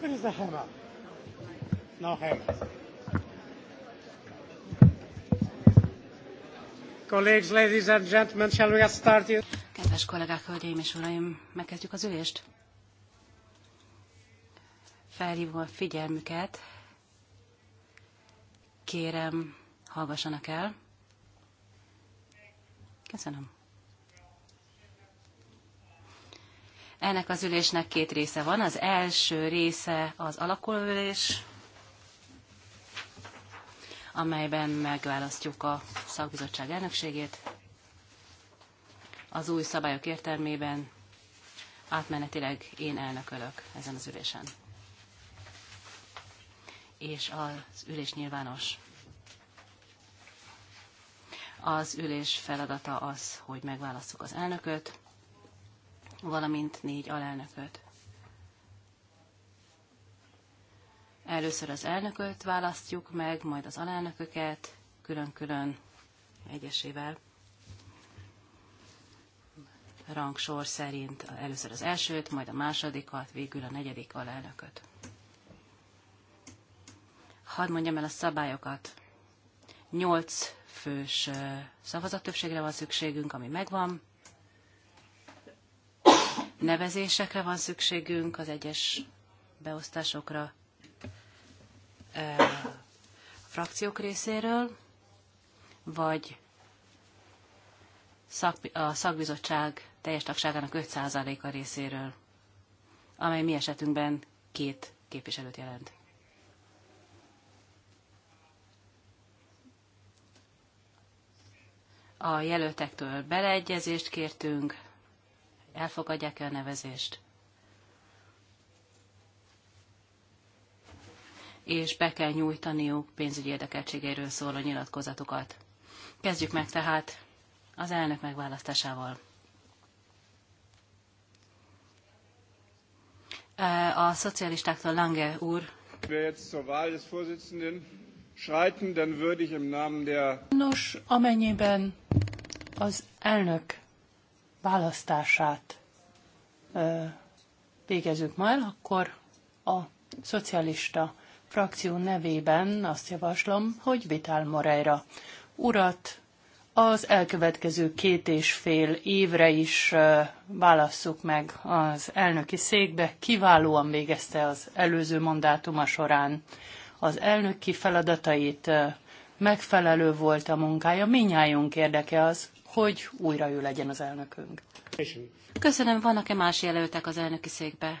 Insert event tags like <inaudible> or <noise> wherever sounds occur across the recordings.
Where is the hammer? No hammer. Colleagues, ladies and gentlemen, shall we get started? Kedves kollégák, hölgyeim és uraim, megkezdjük az ülést. Felhívom a figyelmüket. Kérem, hallgassanak el. Köszönöm. Ennek az ülésnek két része van. Az első része az alakulülés, amelyben megválasztjuk a szakbizottság elnökségét. Az új szabályok értelmében átmenetileg én elnökölök ezen az ülésen. És az ülés nyilvános. Az ülés feladata az, hogy megválasztjuk az elnököt, valamint négy alelnököt. Először az elnököt választjuk meg, majd az alelnököket, külön-külön egyesével rangsor szerint először az elsőt, majd a másodikat, végül a negyedik alelnököt. Hadd mondjam el a szabályokat. Nyolc fős szavazattöbbségre van szükségünk, ami megvan nevezésekre van szükségünk, az egyes beosztásokra a frakciók részéről, vagy a szakbizottság teljes tagságának 5%-a részéről, amely mi esetünkben két képviselőt jelent. A jelöltektől beleegyezést kértünk, elfogadják-e a nevezést. és be kell nyújtaniuk pénzügyi érdekeltségeiről szóló nyilatkozatukat. Kezdjük meg tehát az elnök megválasztásával. A szocialistáktól Lange úr. Nos, amennyiben az elnök választását végezzük már, akkor a szocialista frakció nevében azt javaslom, hogy Vitál Moreira urat az elkövetkező két és fél évre is válasszuk meg az elnöki székbe. Kiválóan végezte az előző mandátuma során az elnöki feladatait, megfelelő volt a munkája. Minnyájunk érdeke az, hogy újra ő legyen az elnökünk. Köszönöm, vannak-e más jelöltek az elnöki székbe?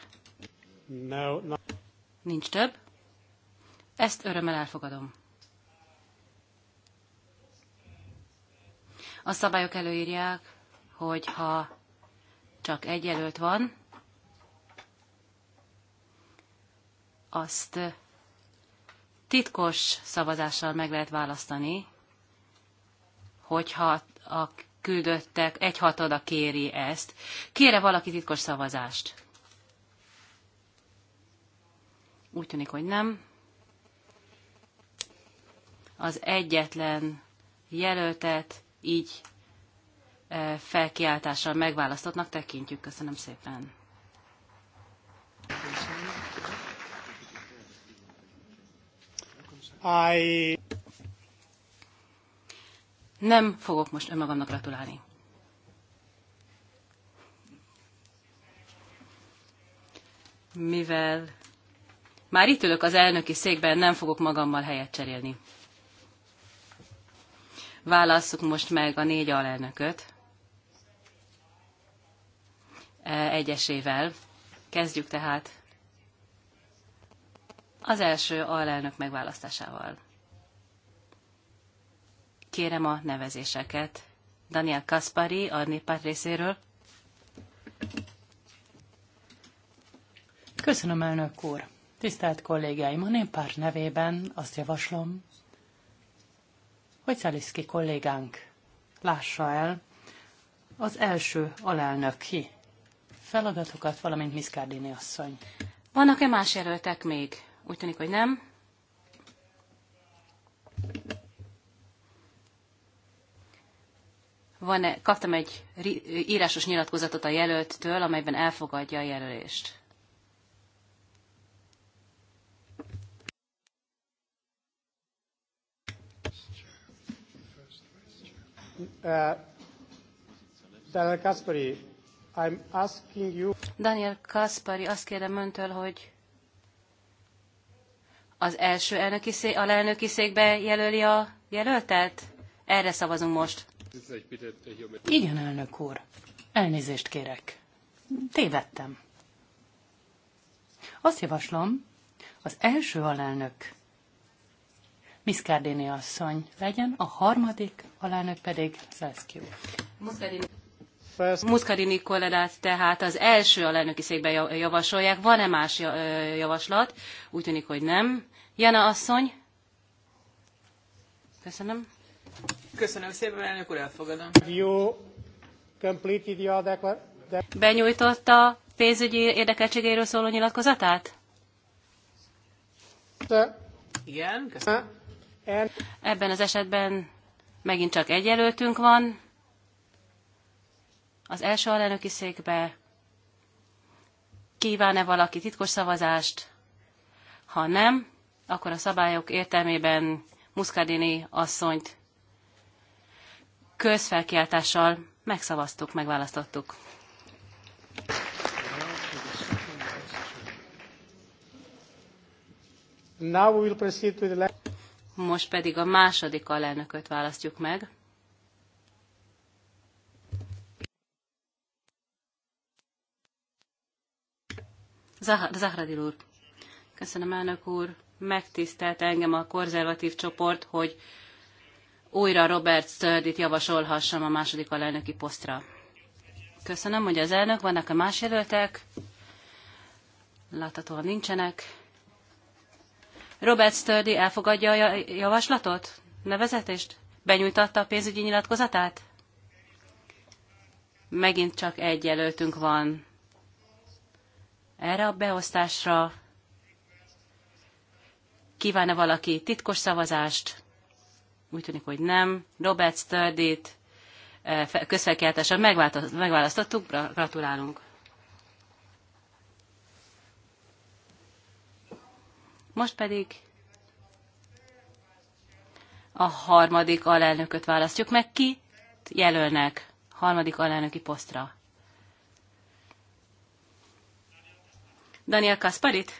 No, no. Nincs több? Ezt örömmel elfogadom. A szabályok előírják, hogy ha csak egy jelölt van, azt titkos szavazással meg lehet választani, hogyha a küldöttek, egy hatada kéri ezt. Kére valaki titkos szavazást? Úgy tűnik, hogy nem. Az egyetlen jelöltet így e, felkiáltással megválasztottnak tekintjük. Köszönöm szépen. I... Nem fogok most önmagamnak gratulálni. Mivel már itt ülök az elnöki székben, nem fogok magammal helyet cserélni. Válasszuk most meg a négy alelnököt. E, egyesével. Kezdjük tehát az első alelnök megválasztásával kérem a nevezéseket. Daniel Kaspari, a néppárt részéről. Köszönöm, elnök úr. Tisztelt kollégáim, a néppárt nevében azt javaslom, hogy Szeliszki kollégánk lássa el az első alelnöki feladatokat, valamint Miszkárdini asszony. Vannak-e más jelöltek még? Úgy tűnik, hogy nem. van -e, kaptam egy írásos nyilatkozatot a jelölttől, amelyben elfogadja a jelölést. Uh, Daniel Kaspari, I'm asking you... Daniel Kaspari, azt kérem öntől, hogy az első elnöki szé- alelnöki székbe jelöli a jelöltet? Erre szavazunk most. Igen, elnök úr. Elnézést kérek. Tévedtem. Azt javaslom, az első alelnök Miszkárdéni asszony legyen, a harmadik alelnök pedig Szeszkiú. Muszkarini kollégát tehát az első alelnöki székbe javasolják. Van-e más javaslat? Úgy tűnik, hogy nem. Jana asszony? Köszönöm. Köszönöm szépen, elnök úr, elfogadom. You completed your declar- Benyújtotta pénzügyi érdekeltségéről szóló nyilatkozatát? De. Igen, köszönöm. Ebben az esetben megint csak egy jelöltünk van. Az első alelnöki székbe kíván-e valaki titkos szavazást? Ha nem, akkor a szabályok értelmében Muscardini asszonyt közfelkiáltással megszavaztuk, megválasztottuk. Most pedig a második alelnököt választjuk meg. Zah Zahradil úr. Köszönöm, elnök úr. Megtisztelt engem a konzervatív csoport, hogy újra Robert sturdy javasolhassam a második alelnöki posztra. Köszönöm, hogy az elnök, vannak a más jelöltek. Láthatóan nincsenek. Robert Sturdy elfogadja a javaslatot? Nevezetést? Benyújtatta a pénzügyi nyilatkozatát? Megint csak egy jelöltünk van. Erre a beosztásra kívánna valaki titkos szavazást? Úgy tűnik, hogy nem. Robert Stördit eh, közfelkiáltással megválasztottuk. Gratulálunk. Most pedig a harmadik alelnököt választjuk meg. Ki jelölnek harmadik alelnöki posztra? Daniel Kasparit?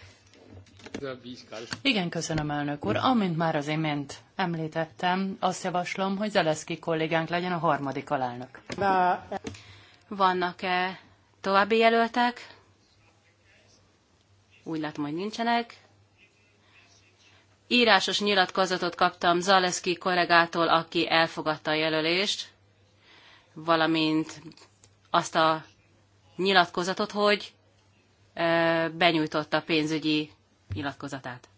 Igen, köszönöm, elnök úr. Amint már az imént említettem, azt javaslom, hogy Zeleszki kollégánk legyen a harmadik alelnök. Vannak-e további jelöltek? Úgy látom, hogy nincsenek. Írásos nyilatkozatot kaptam Zaleszki kollégától, aki elfogadta a jelölést, valamint azt a nyilatkozatot, hogy benyújtotta a pénzügyi nyilatkozatát.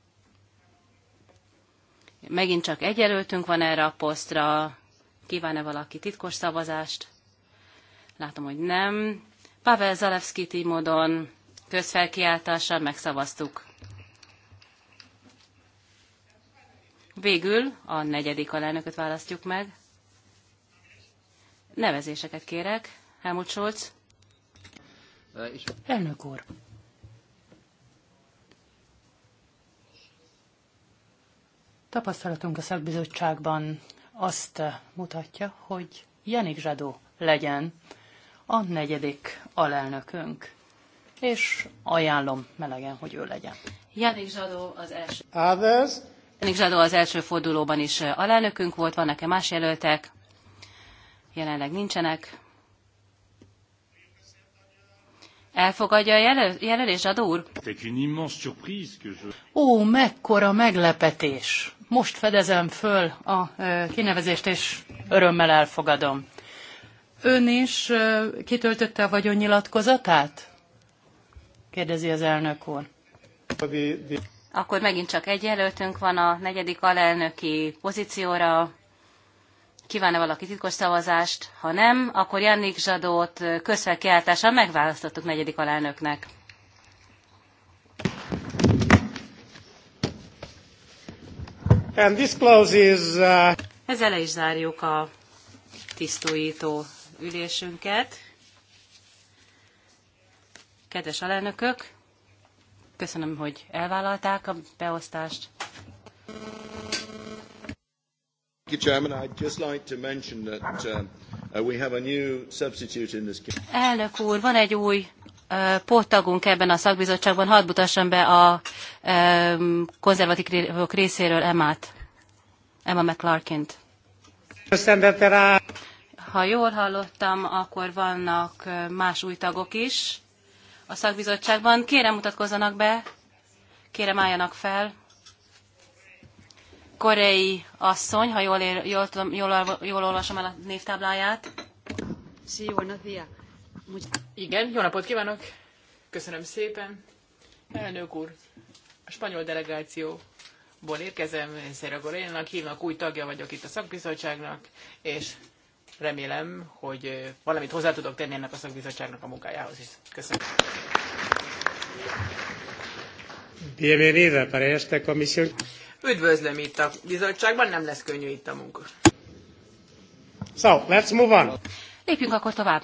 Megint csak egy jelöltünk van erre a posztra. Kíván-e valaki titkos szavazást? Látom, hogy nem. Pavel Zalewski tímodon közfelkiáltással megszavaztuk. Végül a negyedik alelnököt választjuk meg. Nevezéseket kérek. Helmut Scholz. Elnök úr, Tapasztalatunk a szakbizottságban azt mutatja, hogy Janik Zsadó legyen a negyedik alelnökünk, és ajánlom melegen, hogy ő legyen. Janik Zsadó az első. Others? Janik Zsadó az első fordulóban is alelnökünk volt, vannak-e más jelöltek? Jelenleg nincsenek. Elfogadja a jelöl jelölés, Zsadó úr? Ó, mekkora meglepetés! most fedezem föl a kinevezést, és örömmel elfogadom. Ön is kitöltötte a vagyonnyilatkozatát? Kérdezi az elnök úr. Akkor megint csak egy jelöltünk van a negyedik alelnöki pozícióra. Kívánna valaki titkos szavazást? Ha nem, akkor Jannik Zsadót közfelkiáltással megválasztottuk negyedik alelnöknek. And this closes, uh... Ezzel le is zárjuk a tisztújító ülésünket. Kedves alelnökök, köszönöm, hogy elvállalták a beosztást. Uh, uh, Elnök úr, van egy új póttagunk ebben a szakbizottságban, hadd mutassam be a konzervatívok részéről Emmát, Emma McClarkint. Ha jól hallottam, akkor vannak más új tagok is a szakbizottságban. Kérem mutatkozzanak be, kérem álljanak fel. Korei asszony, ha jól, ér, jól, jól, jól olvasom el a névtábláját. Sí, buenos días. Igen, jó napot kívánok! Köszönöm szépen! Elnök úr, a spanyol delegációból érkezem, Szera Gorénak hívnak, új tagja vagyok itt a szakbizottságnak, és remélem, hogy valamit hozzá tudok tenni ennek a szakbizottságnak a munkájához is. Köszönöm. Bienvenida para esta comisión. Üdvözlöm itt a bizottságban, nem lesz könnyű itt a munka. So, let's move on. Lépjünk akkor tovább.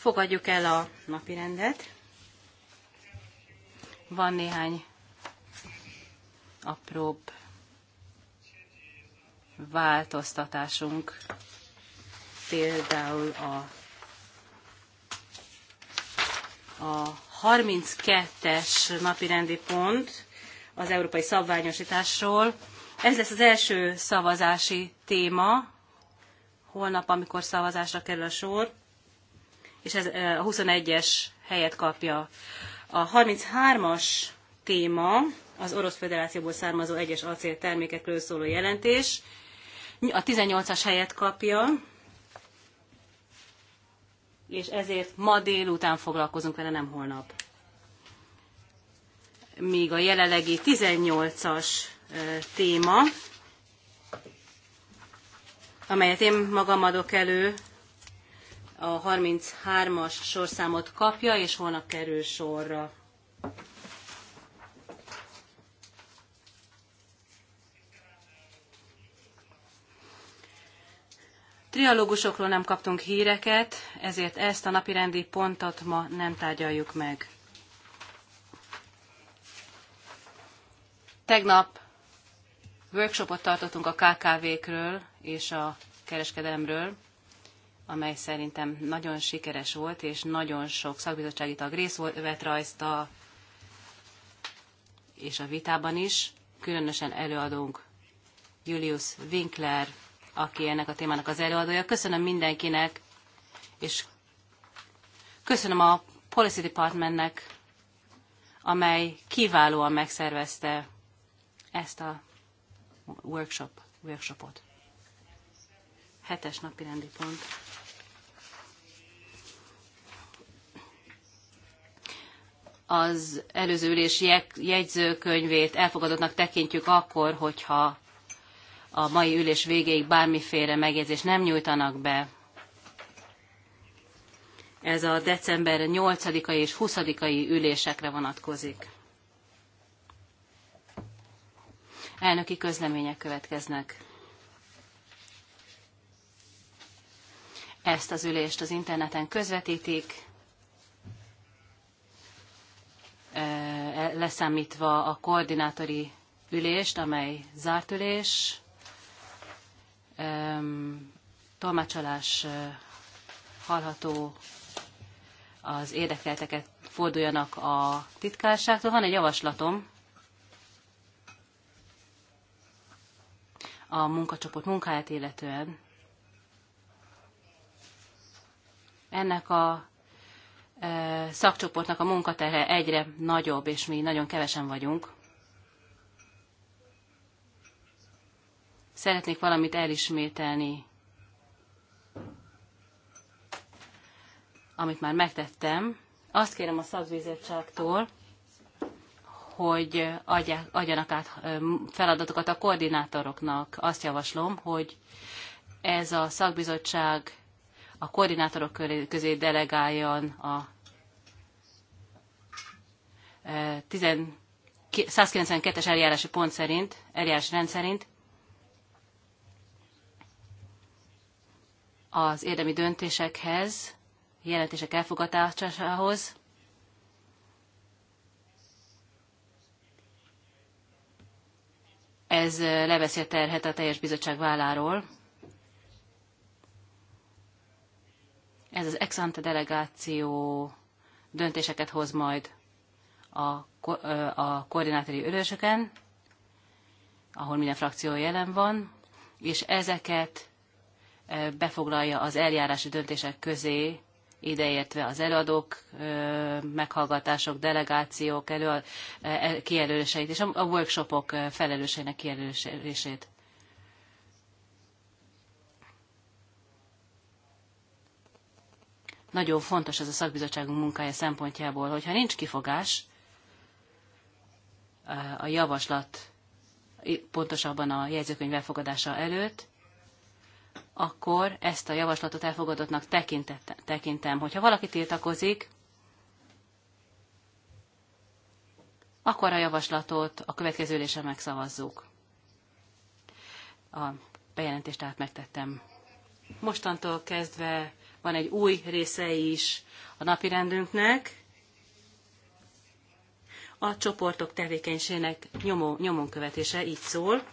Fogadjuk el a napirendet. Van néhány apróbb változtatásunk, például a, a 32-es napirendi pont az európai szabványosításról. Ez lesz az első szavazási téma holnap, amikor szavazásra kerül a sor és ez eh, a 21-es helyet kapja. A 33-as téma az Orosz Föderációból származó egyes termékekről szóló jelentés. A 18-as helyet kapja, és ezért ma délután foglalkozunk vele, nem holnap. Míg a jelenlegi 18-as eh, téma, amelyet én magam adok elő, a 33-as sorszámot kapja, és holnap kerül sorra. Trialógusokról nem kaptunk híreket, ezért ezt a napirendi pontot ma nem tárgyaljuk meg. Tegnap workshopot tartottunk a KKV-kről és a kereskedelemről amely szerintem nagyon sikeres volt, és nagyon sok szakbizottsági tag részt vett rajta, és a vitában is, különösen előadunk Julius Winkler, aki ennek a témának az előadója. Köszönöm mindenkinek, és köszönöm a Policy Departmentnek, amely kiválóan megszervezte ezt a workshop, workshopot. Hetes napi rendi pont. az előző ülés jegyzőkönyvét elfogadottnak tekintjük akkor, hogyha a mai ülés végéig bármiféle megjegyzést nem nyújtanak be. Ez a december 8-ai és 20-ai ülésekre vonatkozik. Elnöki közlemények következnek. Ezt az ülést az interneten közvetítik. E, e, leszámítva a koordinátori ülést, amely zárt ülés, tolmácsolás e, hallható az érdekelteket forduljanak a titkárságtól. Van egy javaslatom a munkacsoport munkáját illetően. Ennek a szakcsoportnak a munkaterhe egyre nagyobb, és mi nagyon kevesen vagyunk. Szeretnék valamit elismételni, amit már megtettem. Azt kérem a szakbizottságtól, hogy adják, adjanak át feladatokat a koordinátoroknak. Azt javaslom, hogy ez a szakbizottság a koordinátorok közé delegáljon a 192-es e, eljárási pont szerint, eljárási rend szerint az érdemi döntésekhez, jelentések elfogadásához, ez leveszi a terhet a teljes bizottság válláról. Ez az ex-ante delegáció döntéseket hoz majd a, ko a koordinátori üléseken, ahol minden frakció jelen van, és ezeket befoglalja az eljárási döntések közé, ideértve az előadók, meghallgatások, delegációk elő, kijelöléseit és a workshopok felelőseinek kijelölését. nagyon fontos ez a szakbizottságunk munkája szempontjából, hogyha nincs kifogás eh, a javaslat, pontosabban a jegyzőkönyv elfogadása előtt, akkor ezt a javaslatot elfogadottnak tekintem. Hogyha valaki tiltakozik, akkor a javaslatot a következő ülésen megszavazzuk. A bejelentést tehát megtettem. Mostantól kezdve van egy új része is a napirendünknek, a csoportok tevékenységének nyomó, nyomon követése így szól.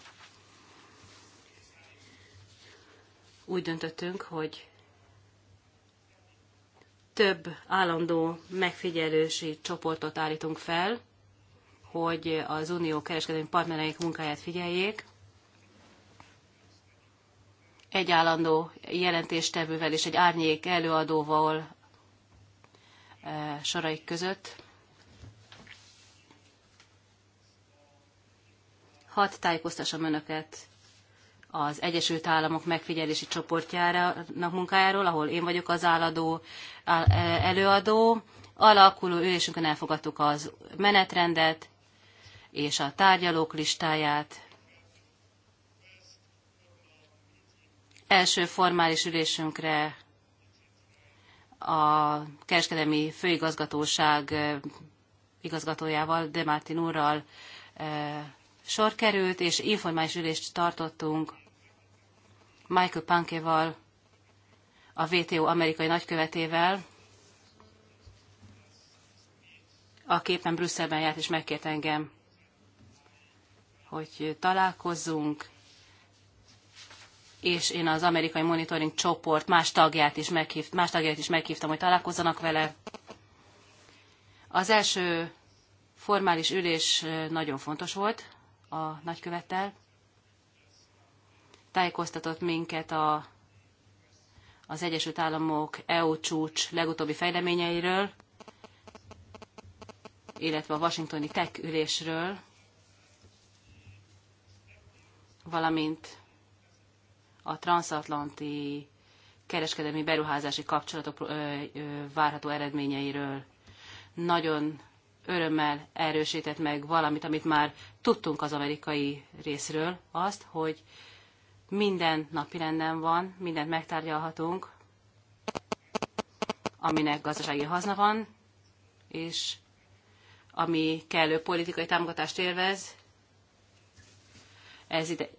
Úgy döntöttünk, hogy több állandó megfigyelősi csoportot állítunk fel, hogy az unió kereskedelmi partnereik munkáját figyeljék, egy állandó jelentéstevővel és egy árnyék előadóval eh, soraik között. Hadd tájékoztassam Önöket az Egyesült Államok megfigyelési csoportjának munkájáról, ahol én vagyok az álladó, eh, előadó. Alakuló ülésünkön elfogadtuk az menetrendet és a tárgyalók listáját, első formális ülésünkre a kereskedelmi főigazgatóság igazgatójával, De Martin úrral sor került, és informális ülést tartottunk Michael Pankéval, a WTO amerikai nagykövetével, a képen Brüsszelben járt, és megkért engem, hogy találkozzunk, és én az amerikai monitoring csoport más tagját is, meghív, más tagját is meghívtam, hogy találkozzanak vele. Az első formális ülés nagyon fontos volt a nagykövettel. Tájékoztatott minket a, az Egyesült Államok EU csúcs legutóbbi fejleményeiről, illetve a washingtoni tech ülésről, valamint a transatlanti kereskedelmi beruházási kapcsolatok várható eredményeiről. Nagyon örömmel erősített meg valamit, amit már tudtunk az amerikai részről, azt, hogy minden napi rendben van, mindent megtárgyalhatunk, aminek gazdasági haszna van, és ami kellő politikai támogatást élvez, ez ide,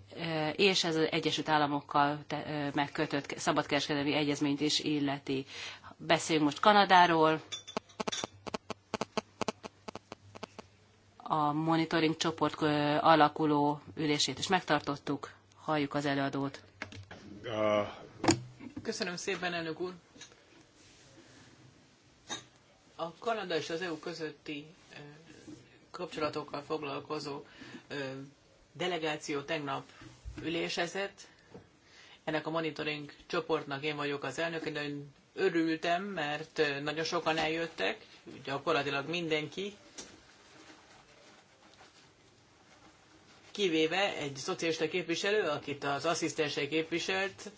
és ez az Egyesült Államokkal megkötött szabadkereskedelmi egyezményt is illeti. Beszéljünk most Kanadáról. A monitoring csoport alakuló ülését is megtartottuk. Halljuk az előadót. Uh, Köszönöm szépen, elnök úr. A Kanada és az EU közötti kapcsolatokkal foglalkozó delegáció tegnap ülésezett, ennek a monitoring csoportnak én vagyok az elnök, de nagyon örültem, mert nagyon sokan eljöttek, gyakorlatilag mindenki, kivéve egy szocialista képviselő, akit az asszisztense képviselt,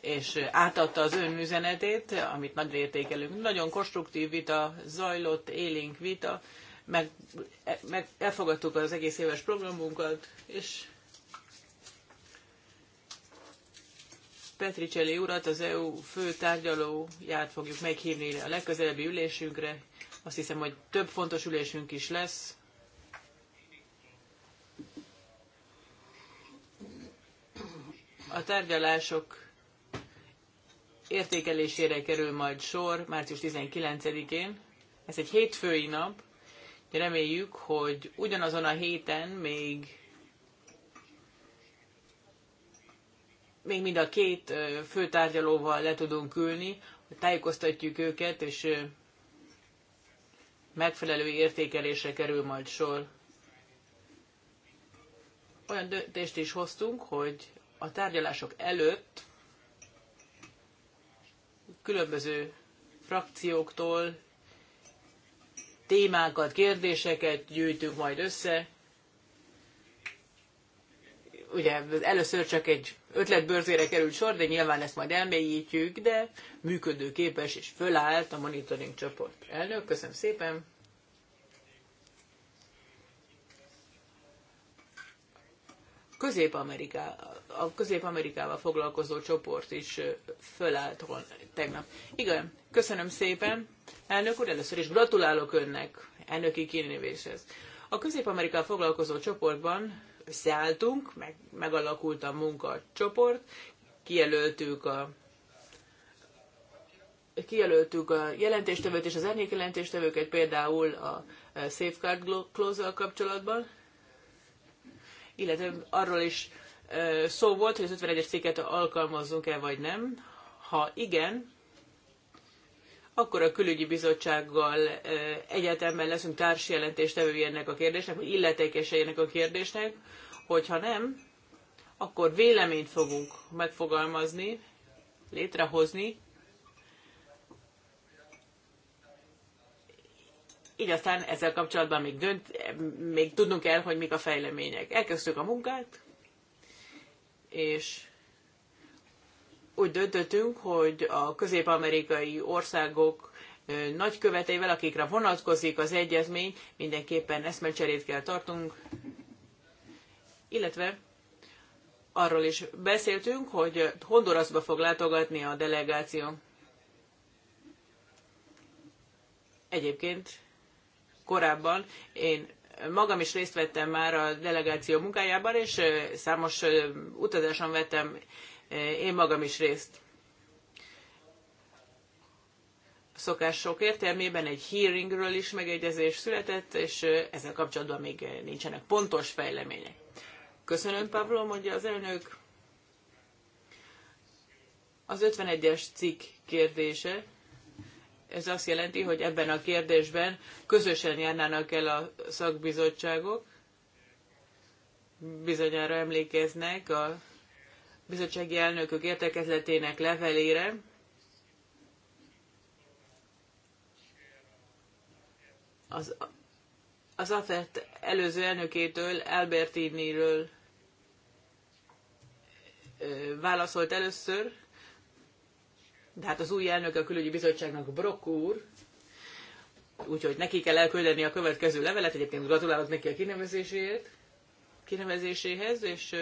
és átadta az ön üzenetét, amit nagyra értékelünk. Nagyon konstruktív vita zajlott, élénk vita, meg, meg elfogadtuk az egész éves programunkat, és Cseli urat, az EU fő tárgyalóját fogjuk meghívni a legközelebbi ülésünkre. Azt hiszem, hogy több fontos ülésünk is lesz. A tárgyalások értékelésére kerül majd sor március 19-én. Ez egy hétfői nap. Reméljük, hogy ugyanazon a héten még még mind a két főtárgyalóval le tudunk ülni, tájékoztatjuk őket, és megfelelő értékelésre kerül majd sor. Olyan döntést is hoztunk, hogy a tárgyalások előtt különböző frakcióktól témákat, kérdéseket gyűjtünk majd össze. Ugye először csak egy ötletbörzére került sor, de nyilván ezt majd elmélyítjük, de működőképes és fölállt a monitoring csoport. Elnök, köszönöm szépen! közép Amerika, a Közép-Amerikával foglalkozó csoport is fölállt hol, tegnap. Igen, köszönöm szépen. Elnök úr, először is gratulálok önnek elnöki kinévéshez. A Közép-Amerikával foglalkozó csoportban összeálltunk, meg, megalakult a munkacsoport, kijelöltük a kijelöltük a jelentéstevőt és az ennyi jelentéstevőket, például a Safeguard close kapcsolatban, illetve arról is szó volt, hogy az 51-es cikket alkalmazzunk-e vagy nem. Ha igen, akkor a külügyi bizottsággal egyetemben leszünk társjelentéstevői ennek a kérdésnek, vagy illetékesei ennek a kérdésnek, hogyha nem, akkor véleményt fogunk megfogalmazni, létrehozni, így aztán ezzel kapcsolatban még, dönt, még tudnunk kell, hogy mik a fejlemények. Elkezdtük a munkát, és úgy döntöttünk, hogy a közép-amerikai országok nagyköveteivel, akikre vonatkozik az egyezmény, mindenképpen eszmecserét kell tartunk, illetve arról is beszéltünk, hogy Hondurasba fog látogatni a delegáció. Egyébként korábban én magam is részt vettem már a delegáció munkájában, és számos utazáson vettem én magam is részt. A szokások értelmében egy hearingről is megegyezés született, és ezzel kapcsolatban még nincsenek pontos fejlemények. Köszönöm, Pavlo, mondja az elnök. Az 51-es cikk kérdése, ez azt jelenti, hogy ebben a kérdésben közösen járnának el a szakbizottságok. Bizonyára emlékeznek a bizottsági elnökök értekezletének levelére, az, az AFET előző elnökétől, Albertiniről válaszolt először, de hát az új elnök a külügyi bizottságnak Brock úr, úgyhogy neki kell elküldeni a következő levelet, egyébként gratulálok neki a kinevezéséért, kinevezéséhez, és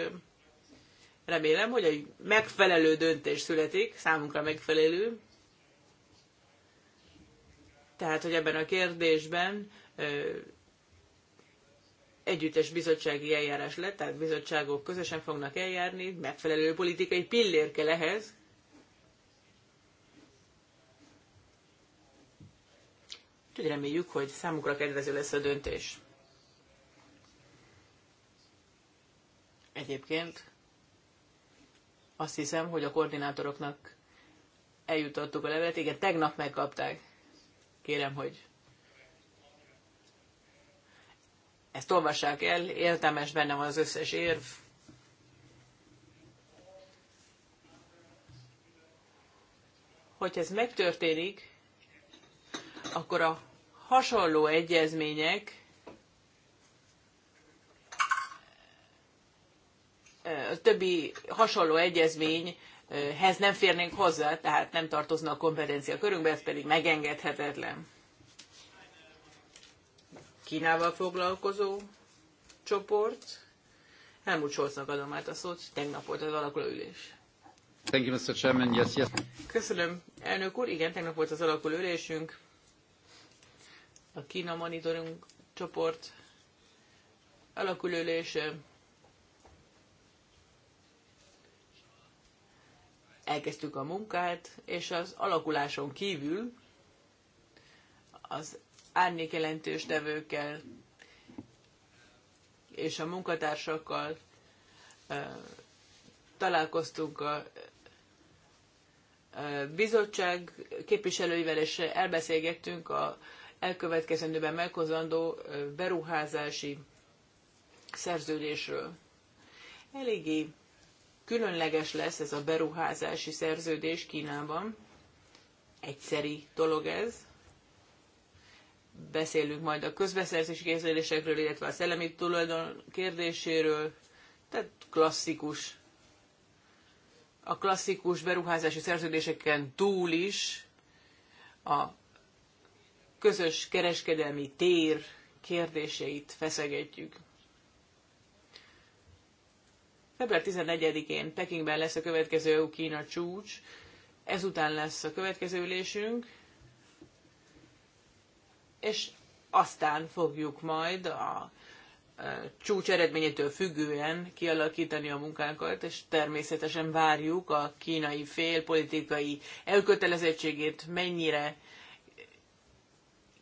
Remélem, hogy egy megfelelő döntés születik, számunkra megfelelő. Tehát, hogy ebben a kérdésben együttes bizottsági eljárás lett, tehát bizottságok közösen fognak eljárni, megfelelő politikai pillér kell ehhez. Úgyhogy reméljük, hogy számukra kedvező lesz a döntés. Egyébként azt hiszem, hogy a koordinátoroknak eljutottuk a levelet. Igen, tegnap megkapták. Kérem, hogy ezt olvassák el, értelmes benne van az összes érv. Hogyha ez megtörténik, akkor a hasonló egyezmények a többi hasonló egyezményhez nem férnénk hozzá, tehát nem tartozna a kompetencia körünkbe, ez pedig megengedhetetlen. Kínával foglalkozó csoport. Helmut Scholznak adom át a szót, tegnap volt az alakuló ülés. Thank you, Mr. Chairman. Yes, yes. Köszönöm, elnök úr. Igen, tegnap volt az alakuló ülésünk. A Kína Monitorunk csoport alakulő ülése elkezdtük a munkát, és az alakuláson kívül az árnyék jelentős tevőkkel és a munkatársakkal találkoztunk a bizottság képviselőivel, és elbeszélgettünk a elkövetkezendőben meghozandó beruházási szerződésről. Eléggé különleges lesz ez a beruházási szerződés Kínában. Egyszeri dolog ez. Beszélünk majd a közbeszerzési kérdésekről, illetve a szellemi tulajdon kérdéséről. Tehát klasszikus. A klasszikus beruházási szerződéseken túl is a közös kereskedelmi tér kérdéseit feszegetjük. Február 11-én Pekingben lesz a következő EU-Kína csúcs, ezután lesz a következő ülésünk, és aztán fogjuk majd a csúcs eredményétől függően kialakítani a munkánkat, és természetesen várjuk a kínai fél politikai elkötelezettségét, mennyire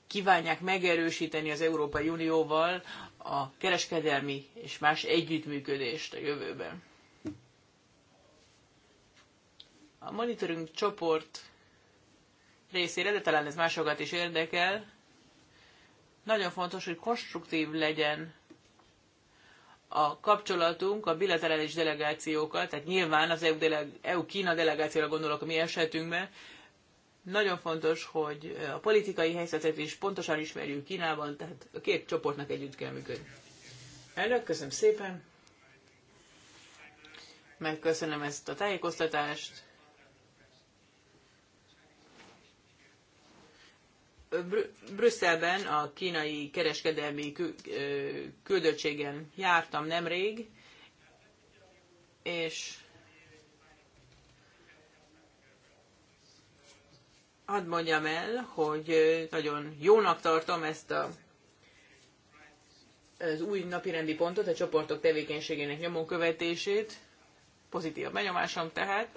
kívánják megerősíteni az Európai Unióval a kereskedelmi és más együttműködést a jövőben. A monitoring csoport részére, de talán ez másokat is érdekel, nagyon fontos, hogy konstruktív legyen a kapcsolatunk a bilaterális delegációkkal, tehát nyilván az EU-Kína delegációra gondolok a mi esetünkben, nagyon fontos, hogy a politikai helyzetet is pontosan ismerjük Kínában, tehát a két csoportnak együtt kell működni. Elnök, köszönöm szépen. Megköszönöm ezt a tájékoztatást. Br- Brüsszelben a kínai kereskedelmi kü- küldöttségen jártam nemrég, és hadd mondjam el, hogy nagyon jónak tartom ezt a, az új napirendi pontot, a csoportok tevékenységének nyomon követését. Pozitív benyomásom tehát.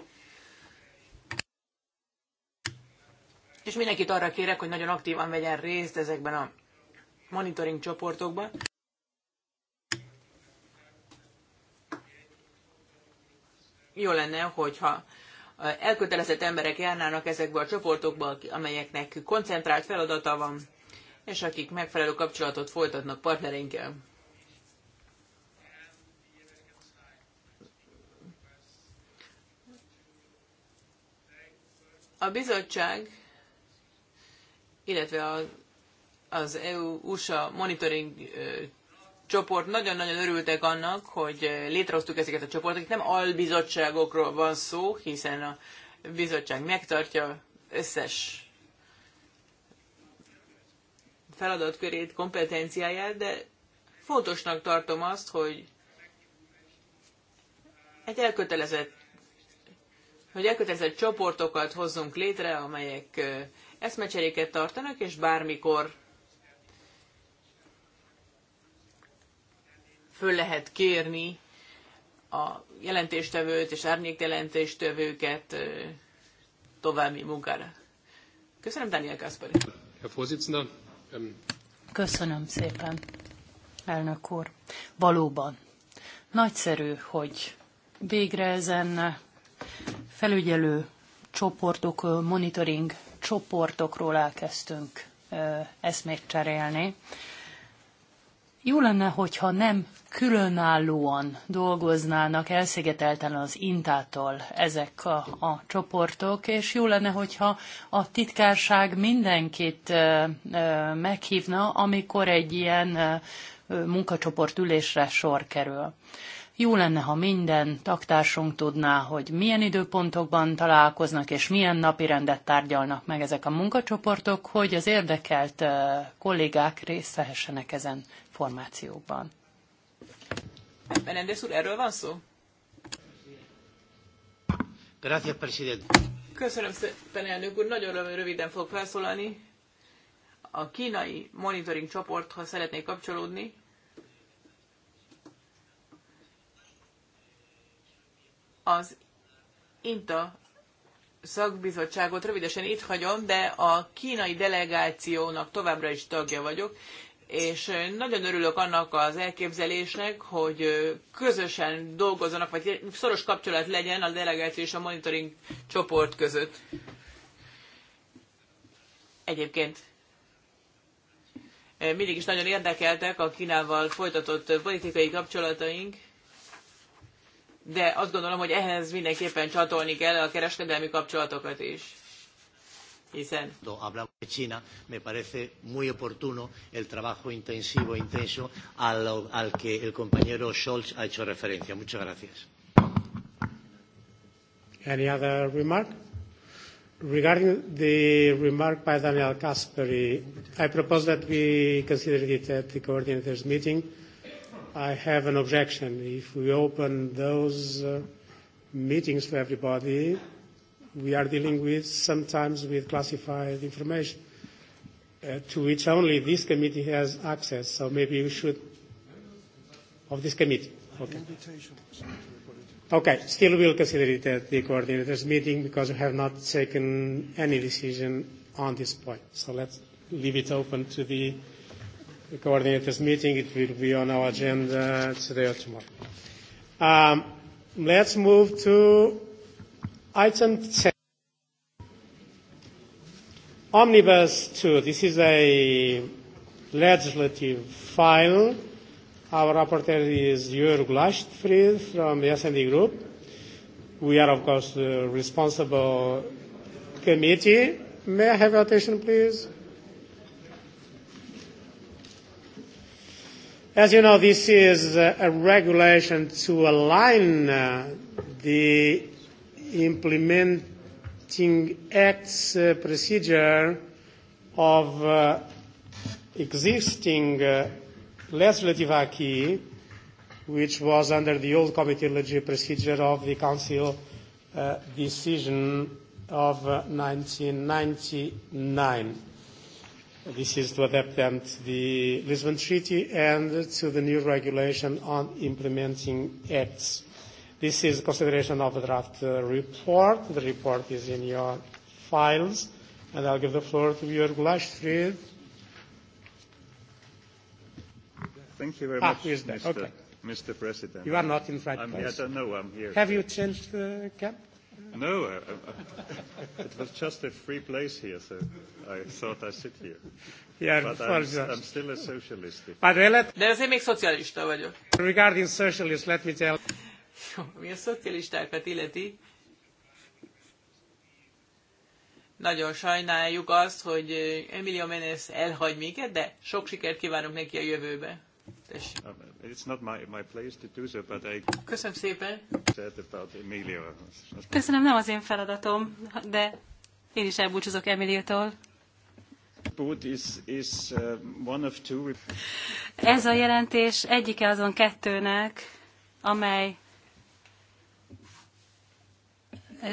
És mindenkit arra kérek, hogy nagyon aktívan vegyen részt ezekben a monitoring csoportokban. Jó lenne, hogyha elkötelezett emberek járnának ezekbe a csoportokba, amelyeknek koncentrált feladata van, és akik megfelelő kapcsolatot folytatnak partnereinkkel. A bizottság, illetve az, az e EU-USA monitoring csoport nagyon-nagyon örültek annak, hogy eh, létrehoztuk ezeket a csoportokat. Nem albizottságokról van szó, hiszen a bizottság megtartja összes feladatkörét, kompetenciáját, de fontosnak tartom azt, hogy egy elkötelezett hogy elkötelezett csoportokat hozzunk létre, amelyek eh, eszmecseréket tartanak, és bármikor föl lehet kérni a jelentéstevőt és árnyék jelentéstevőket további munkára. Köszönöm, Daniel Kaspar. Ähm, Köszönöm szépen, elnök úr. Valóban nagyszerű, hogy végre ezen felügyelő csoportok, monitoring csoportokról elkezdtünk eszmét cserélni, jó lenne, hogyha nem különállóan dolgoznának elszigetelten az intától ezek a, a csoportok, és jó lenne, hogyha a titkárság mindenkit ö, ö, meghívna, amikor egy ilyen munkacsoport ülésre sor kerül. Jó lenne, ha minden taktársunk tudná, hogy milyen időpontokban találkoznak és milyen napi rendet tárgyalnak meg ezek a munkacsoportok, hogy az érdekelt kollégák részt vehessenek ezen formációkban. Menendez úr, erről van szó? Gracias, presidente. Köszönöm szépen, elnök úr. Nagyon röviden fog felszólalni. A kínai monitoring csoporthoz szeretnék kapcsolódni. az INTA szakbizottságot rövidesen itt hagyom, de a kínai delegációnak továbbra is tagja vagyok, és nagyon örülök annak az elképzelésnek, hogy közösen dolgozzanak, vagy szoros kapcsolat legyen a delegáció és a monitoring csoport között. Egyébként mindig is nagyon érdekeltek a Kínával folytatott politikai kapcsolataink, de azt gondolom, hogy ehhez mindenképpen csatolni kell a kereskedelmi kapcsolatokat is. Hiszen... Hablamos de China, me parece muy oportuno el trabajo intensivo, e intenso al, al que el compañero Scholz ha hecho referencia. Muchas gracias. Any other remark? Regarding the remark by Daniel Caspary, I propose that we consider it at the coordinators' meeting I have an objection. If we open those uh, meetings to everybody, we are dealing with sometimes with classified information uh, to which only this committee has access. So maybe we should of this committee. Okay. Okay. Still, we'll consider it at the coordinators' meeting because we have not taken any decision on this point. So let's leave it open to the the this meeting. It will be on our agenda today or tomorrow. Um, let's move to item 10. Omnibus 2. This is a legislative file. Our rapporteur is Jörg Lashtfried from the S&D Group. We are, of course, the responsible committee. May I have your attention, please? As you know, this is a regulation to align uh, the implementing acts uh, procedure of uh, existing legislative acquis, which was under the old Committee legislative procedure of the Council decision of 1999. This is to adapt them to the Lisbon Treaty and to the new regulation on implementing acts. This is consideration of the draft uh, report. The report is in your files, and I'll give the floor to Jörg Lashfried. Thank you very ah, much, Mr. Okay. Mr. President. You are not in front of us. I don't know. I'm here. Have you changed the uh, cap? No, uh, uh, it was just a free place here, so I thought I sit here. Yeah, But I'm, I'm still a socialist. But let... De azért még szocialista vagyok. Regarding socialist, let me tell... Jó, mi a szocialistákat illeti, nagyon sajnáljuk azt, hogy Emilio Menes elhagy minket, de sok sikert kívánunk neki a jövőbe. Um, it's not my, my place to do so, but I... Köszönöm szépen. Said about Emilio. Köszönöm, nem az én feladatom, de én is elbúcsúzok Emiliótól. Uh, Ez a jelentés egyike azon kettőnek, amely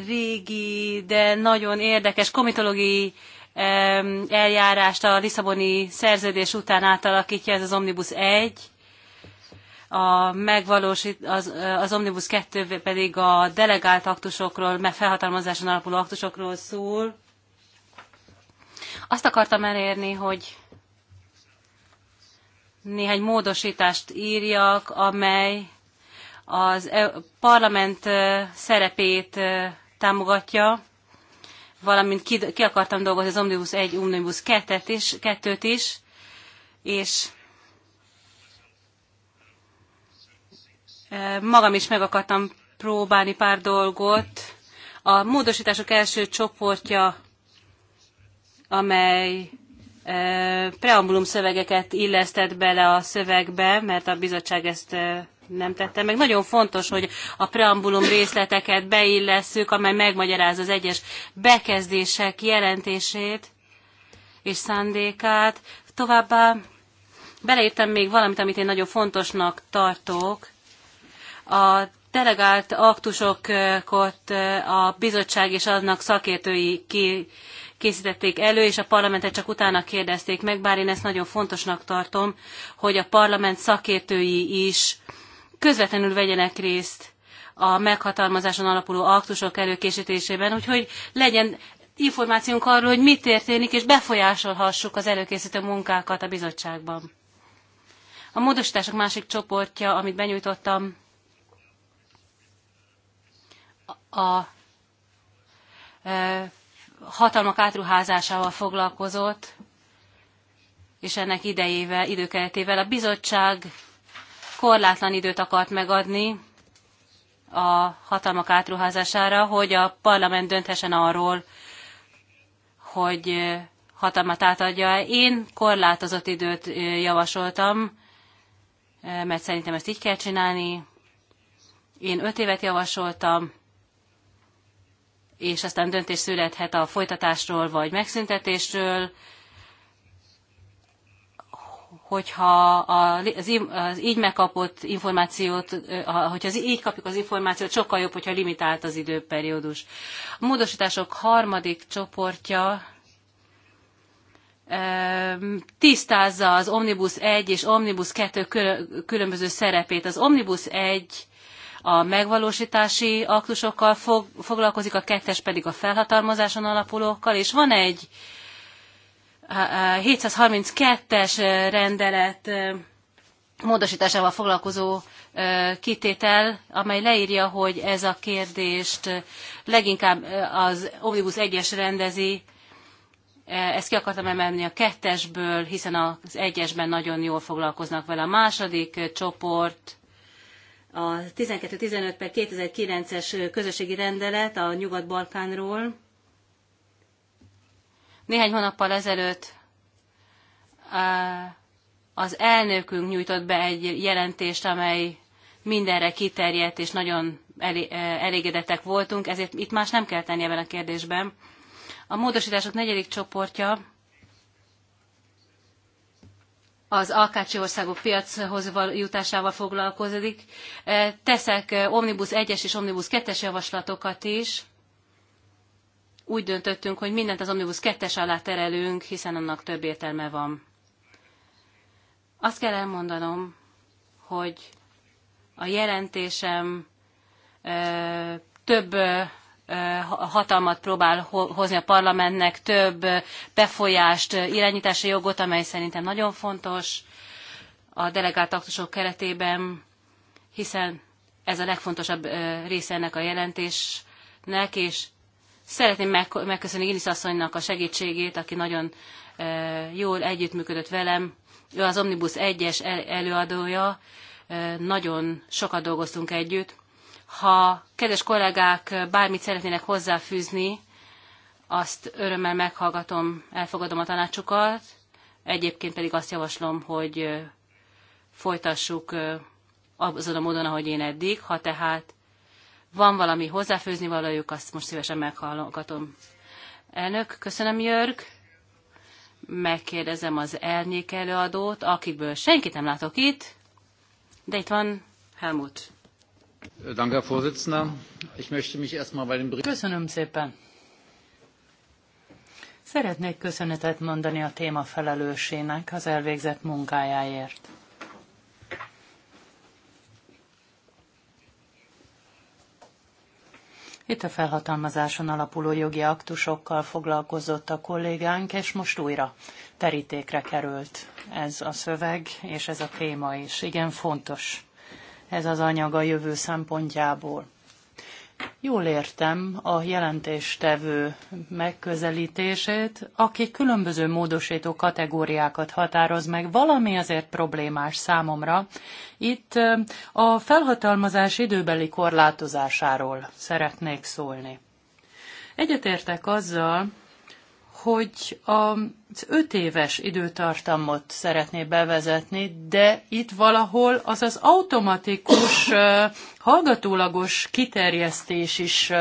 régi, de nagyon érdekes komitológiai eljárást a Lisszaboni szerződés után átalakítja, ez az Omnibus 1, a megvalósít, az, az Omnibus 2 pedig a delegált aktusokról, meg felhatalmazáson alapuló aktusokról szól. Azt akartam elérni, hogy néhány módosítást írjak, amely az e- parlament szerepét támogatja valamint ki, ki akartam dolgozni az Omnibus 1, Omnibus 2-t is, 2-t is, és eh, magam is meg akartam próbálni pár dolgot. A módosítások első csoportja, amely eh, preambulum szövegeket illesztett bele a szövegbe, mert a bizottság ezt eh, nem tette meg. Nagyon fontos, hogy a preambulum részleteket beillesszük, amely megmagyarázza az egyes bekezdések jelentését és szándékát. Továbbá beleírtam még valamit, amit én nagyon fontosnak tartok. A delegált aktusokat a bizottság és annak szakértői ki, készítették elő, és a parlamentet csak utána kérdezték meg, bár én ezt nagyon fontosnak tartom, hogy a parlament szakértői is közvetlenül vegyenek részt a meghatalmazáson alapuló aktusok előkészítésében, úgyhogy legyen információnk arról, hogy mi történik, és befolyásolhassuk az előkészítő munkákat a bizottságban. A módosítások másik csoportja, amit benyújtottam, a e, hatalmak átruházásával foglalkozott, és ennek idejével, időkeretével a bizottság korlátlan időt akart megadni a hatalmak átruházására, hogy a parlament dönthessen arról, hogy hatalmat átadja. Én korlátozott időt javasoltam, mert szerintem ezt így kell csinálni. Én öt évet javasoltam, és aztán döntés születhet a folytatásról vagy megszüntetésről hogyha az, az így megkapott információt, hogyha az így kapjuk az információt, sokkal jobb, hogyha limitált az időperiódus. A módosítások harmadik csoportja tisztázza az Omnibus 1 és Omnibus 2 különböző szerepét. Az Omnibus 1 a megvalósítási aktusokkal fog, foglalkozik, a kettes pedig a felhatalmazáson alapulókkal, és van egy 732-es rendelet módosításával foglalkozó kitétel, amely leírja, hogy ez a kérdést leginkább az Omnibus 1-es rendezi, ezt ki akartam emelni a kettesből, hiszen az egyesben nagyon jól foglalkoznak vele. A második csoport a 12-15 per 2009-es közösségi rendelet a Nyugat-Balkánról, néhány hónappal ezelőtt az elnökünk nyújtott be egy jelentést, amely mindenre kiterjedt, és nagyon elégedettek voltunk, ezért itt más nem kell tenni ebben a kérdésben. A módosítások negyedik csoportja az alkácsi országok piachoz jutásával foglalkozik. Teszek Omnibus 1-es és Omnibus 2-es javaslatokat is, úgy döntöttünk, hogy mindent az Omnibus 2 alá terelünk, hiszen annak több értelme van. Azt kell elmondanom, hogy a jelentésem ö, több hatalmat próbál hozni a parlamentnek, több befolyást, irányítási jogot, amely szerintem nagyon fontos a delegált aktusok keretében, hiszen ez a legfontosabb része ennek a jelentésnek, és Szeretném megköszönni Ginis asszonynak a segítségét, aki nagyon jól együttműködött velem. Ő az Omnibus 1-es előadója, nagyon sokat dolgoztunk együtt. Ha kedves kollégák bármit szeretnének hozzáfűzni, azt örömmel meghallgatom, elfogadom a tanácsukat. Egyébként pedig azt javaslom, hogy folytassuk azon a módon, ahogy én eddig. Ha tehát van valami hozzáfőzni valójuk, azt most szívesen meghallgatom. Elnök, köszönöm Jörg. Megkérdezem az elnék előadót, akiből senkit nem látok itt, de itt van Helmut. Danke, Herr Vorsitzender. Ich möchte mich erstmal bei den Bericht... Köszönöm szépen. Szeretnék köszönetet mondani a téma felelősének az elvégzett munkájáért. Itt a felhatalmazáson alapuló jogi aktusokkal foglalkozott a kollégánk, és most újra terítékre került ez a szöveg, és ez a téma is. Igen, fontos ez az anyag a jövő szempontjából jól értem a jelentéstevő megközelítését, aki különböző módosító kategóriákat határoz meg, valami azért problémás számomra. Itt a felhatalmazás időbeli korlátozásáról szeretnék szólni. Egyetértek azzal, hogy az öt éves időtartamot szeretné bevezetni, de itt valahol az az automatikus, hallgatólagos kiterjesztés is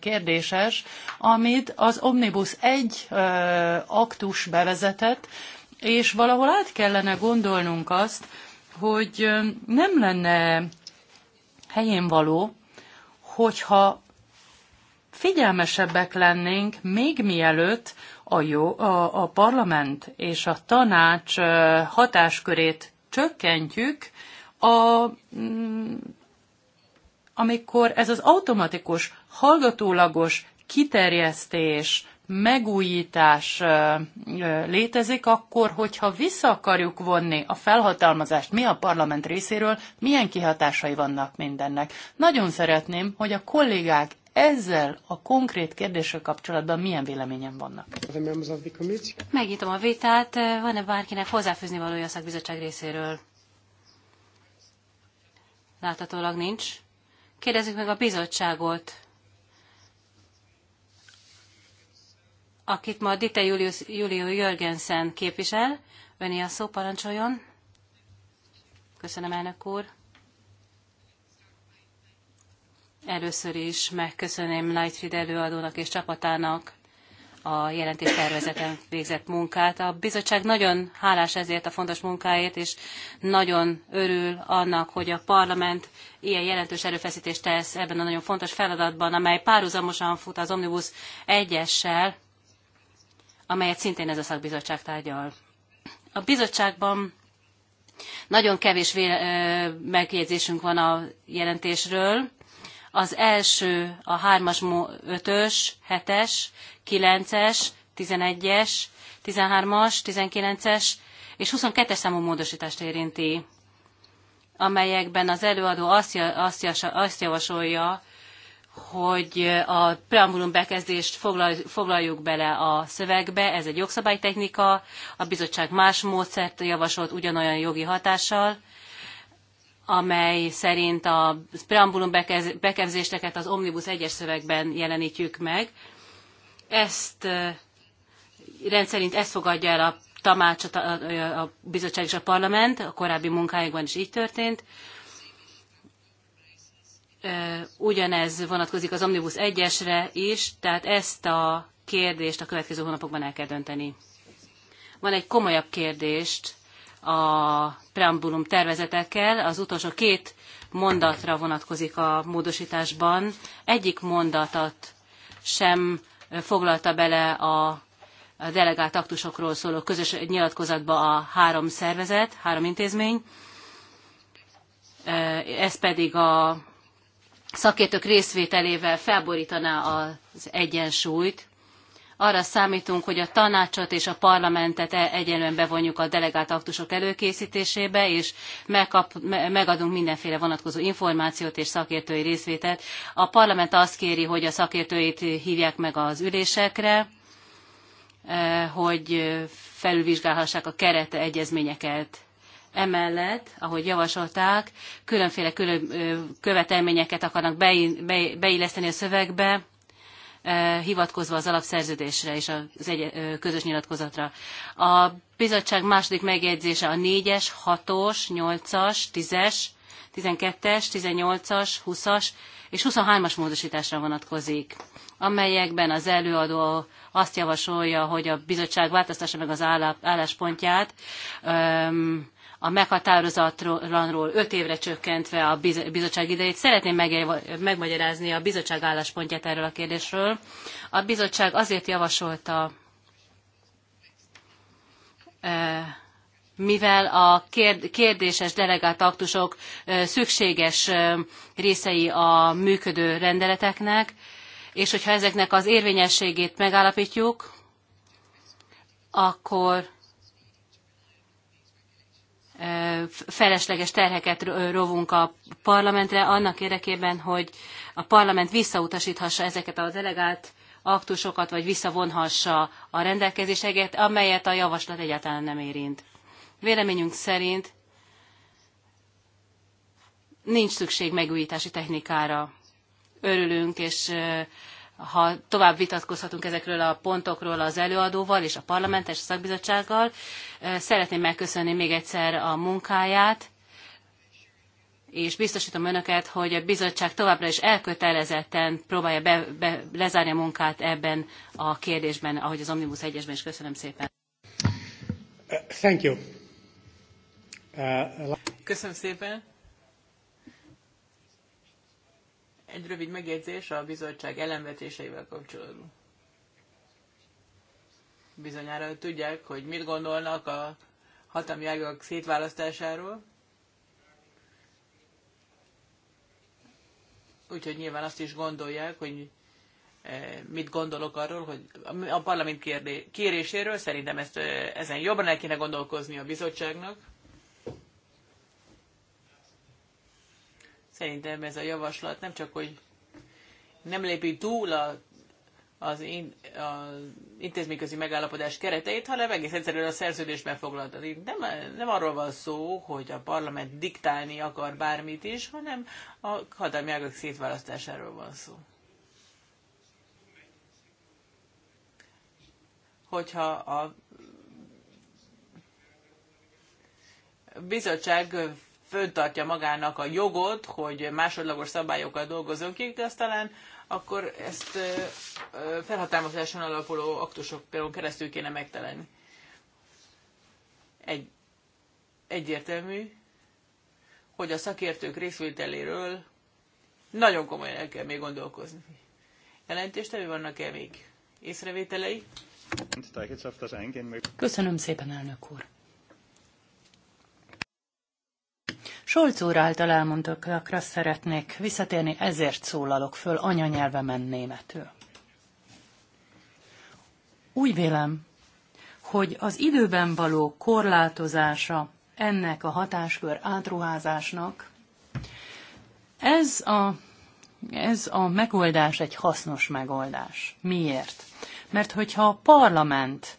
kérdéses, amit az Omnibus 1 aktus bevezetett, és valahol át kellene gondolnunk azt, hogy nem lenne helyén való, hogyha figyelmesebbek lennénk még mielőtt a, jó, a, a parlament és a tanács hatáskörét csökkentjük, a, mm, amikor ez az automatikus, hallgatólagos kiterjesztés, megújítás létezik, akkor hogyha vissza akarjuk vonni a felhatalmazást mi a parlament részéről, milyen kihatásai vannak mindennek. Nagyon szeretném, hogy a kollégák ezzel a konkrét kérdéssel kapcsolatban milyen véleményen vannak? Megnyitom a vitát. Van-e bárkinek hozzáfűzni valója a szakbizottság részéről? Láthatólag nincs. Kérdezzük meg a bizottságot, akit ma Dite Julius, Julio Jörgensen képvisel. Öné a szó, parancsoljon. Köszönöm, elnök úr. Először is megköszönöm Lightfried előadónak és csapatának a jelentéstervezeten végzett munkát. A bizottság nagyon hálás ezért a fontos munkáért, és nagyon örül annak, hogy a parlament ilyen jelentős erőfeszítést tesz ebben a nagyon fontos feladatban, amely párhuzamosan fut az Omnibus 1-essel, amelyet szintén ez a szakbizottság tárgyal. A bizottságban nagyon kevés megjegyzésünk van a jelentésről, az első, a 3-as, 5-ös, 7-es, 9-es, 11-es, 13-as, 19-es és 22-es számú módosítást érinti, amelyekben az előadó azt, azt, azt javasolja, hogy a preambulum bekezdést foglal, foglaljuk bele a szövegbe, ez egy jogszabálytechnika, a bizottság más módszert javasolt ugyanolyan jogi hatással, amely szerint a preambulum bekezdéseket az Omnibus egyes szövegben jelenítjük meg. Ezt rendszerint ezt fogadja el a tanács, a bizottság és a parlament, a korábbi munkáikban is így történt. Ugyanez vonatkozik az Omnibus egyesre is, tehát ezt a kérdést a következő hónapokban el kell dönteni. Van egy komolyabb kérdést, a preambulum tervezetekkel. Az utolsó két mondatra vonatkozik a módosításban. Egyik mondatat sem foglalta bele a delegált aktusokról szóló közös nyilatkozatba a három szervezet, három intézmény. Ez pedig a szakértők részvételével felborítaná az egyensúlyt arra számítunk, hogy a tanácsot és a parlamentet e egyenlően bevonjuk a delegált aktusok előkészítésébe, és megkap, megadunk mindenféle vonatkozó információt és szakértői részvételt. A parlament azt kéri, hogy a szakértőit hívják meg az ülésekre, e, hogy felülvizsgálhassák a keret egyezményeket. Emellett, ahogy javasolták, különféle külön követelményeket akarnak beilleszteni a szövegbe, Eh, hivatkozva az alapszerződésre és az egy, eh, közös nyilatkozatra. A bizottság második megjegyzése a 4-es, 6-os, 8-as, 10-es, 12-es, 18-as, 20-as és 23-as módosításra vonatkozik, amelyekben az előadó azt javasolja, hogy a bizottság változtassa meg az álláspontját, öm, a meghatározatlanról öt évre csökkentve a bizottság idejét. Szeretném megmagyarázni a bizottság álláspontját erről a kérdésről. A bizottság azért javasolta, e, mivel a kérdéses delegált aktusok e, szükséges e, részei a működő rendeleteknek, és hogyha ezeknek az érvényességét megállapítjuk, akkor felesleges terheket rovunk a parlamentre annak érdekében, hogy a parlament visszautasíthassa ezeket a delegált aktusokat, vagy visszavonhassa a rendelkezéseket, amelyet a javaslat egyáltalán nem érint. Véleményünk szerint nincs szükség megújítási technikára. Örülünk, és ha tovább vitatkozhatunk ezekről a pontokról az előadóval és a parlamentes szakbizottsággal. Eh, szeretném megköszönni még egyszer a munkáját, és biztosítom önöket, hogy a bizottság továbbra is elkötelezetten próbálja be, be, lezárni a munkát ebben a kérdésben, ahogy az Omnibus 1-esben is. Köszönöm szépen. Thank you. Uh, Köszönöm szépen. Egy rövid megjegyzés a bizottság ellenvetéseivel kapcsolatban. Bizonyára tudják, hogy mit gondolnak a hatalmi ágak szétválasztásáról. Úgyhogy nyilván azt is gondolják, hogy eh, mit gondolok arról, hogy a parlament kérdé- kéréséről szerintem ezt, eh, ezen jobban el kéne gondolkozni a bizottságnak. Szerintem ez a javaslat nem csak, hogy nem lépi túl a, az, in, az intézményközi megállapodás kereteit, hanem egész egyszerűen a szerződésben foglaltat. nem, nem arról van szó, hogy a parlament diktálni akar bármit is, hanem a hatalmi ágak szétválasztásáról van szó. Hogyha a bizottság föntartja magának a jogot, hogy másodlagos szabályokat dolgozzon ki, de aztán akkor ezt felhatalmazáson alapuló aktusokon keresztül kéne megtalálni. Egy, egyértelmű, hogy a szakértők részvételéről nagyon komolyan el kell még gondolkozni. Jelentéstevő vannak-e még észrevételei? Köszönöm szépen, elnök úr! Solc úr által elmondottakra szeretnék visszatérni, ezért szólalok föl anyanyelvemen németül. Úgy vélem, hogy az időben való korlátozása ennek a hatáskör átruházásnak, ez a, ez a megoldás egy hasznos megoldás. Miért? Mert hogyha a parlament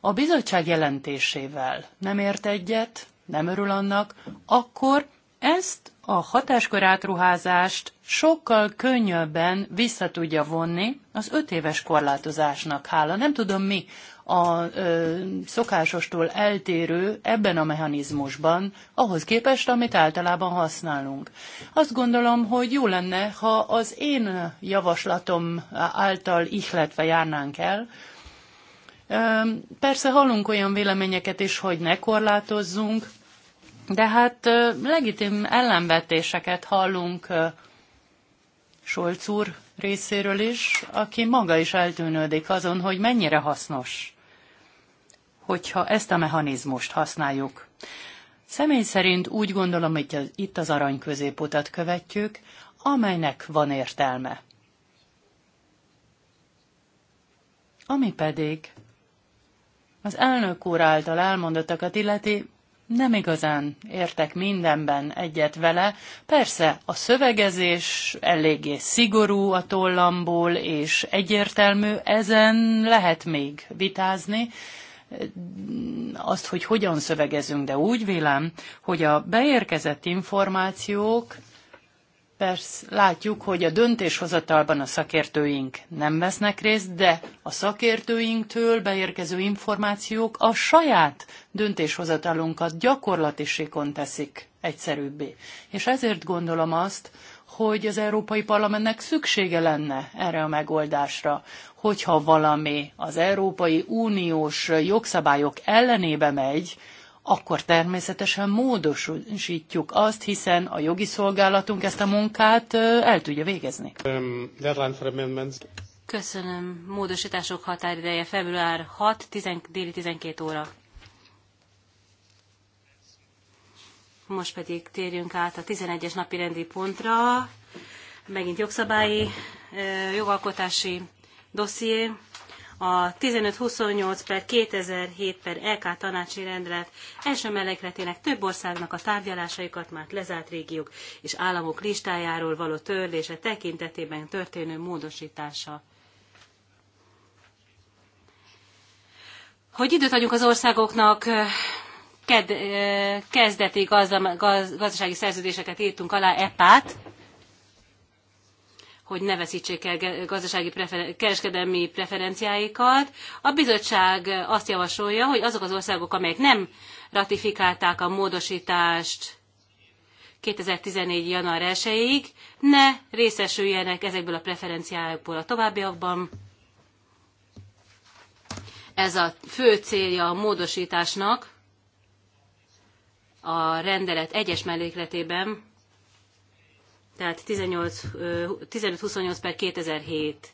a bizottság jelentésével nem ért egyet, nem örül annak, akkor ezt a hatáskör átruházást sokkal könnyebben vissza tudja vonni az öt éves korlátozásnak hála. Nem tudom mi a ö, szokásostól eltérő ebben a mechanizmusban, ahhoz képest, amit általában használunk. Azt gondolom, hogy jó lenne, ha az én javaslatom által ihletve járnánk el, Persze hallunk olyan véleményeket is, hogy ne korlátozzunk, de hát legitim ellenvetéseket hallunk Solc úr részéről is, aki maga is eltűnődik azon, hogy mennyire hasznos, hogyha ezt a mechanizmust használjuk. Személy szerint úgy gondolom, hogy itt az arany középutat követjük, amelynek van értelme. Ami pedig az elnök úr által elmondottakat illeti, nem igazán értek mindenben egyet vele. Persze a szövegezés eléggé szigorú a tollamból, és egyértelmű, ezen lehet még vitázni, azt, hogy hogyan szövegezünk, de úgy vélem, hogy a beérkezett információk persze látjuk, hogy a döntéshozatalban a szakértőink nem vesznek részt, de a szakértőinktől beérkező információk a saját döntéshozatalunkat gyakorlatisíkon teszik egyszerűbbé. És ezért gondolom azt, hogy az Európai Parlamentnek szüksége lenne erre a megoldásra, hogyha valami az Európai Uniós jogszabályok ellenébe megy, akkor természetesen módosítjuk azt, hiszen a jogi szolgálatunk ezt a munkát el tudja végezni. Um, Köszönöm. Módosítások határideje február 6, 10, déli 12 óra. Most pedig térjünk át a 11-es napi rendi pontra. Megint jogszabályi, jogalkotási dosszié a 1528 per 2007 per LK e tanácsi rendelet első mellékletének több országnak a tárgyalásaikat már lezárt régiók és államok listájáról való törlése tekintetében történő módosítása. Hogy időt adjunk az országoknak, kezdeti gazdasági szerződéseket írtunk alá EPÁT, hogy ne veszítsék el gazdasági prefer- kereskedelmi preferenciáikat. A bizottság azt javasolja, hogy azok az országok, amelyek nem ratifikálták a módosítást 2014. január 1-ig, ne részesüljenek ezekből a preferenciákból a továbbiakban. Ez a fő célja a módosításnak a rendelet egyes mellékletében, tehát 1528 per 2007.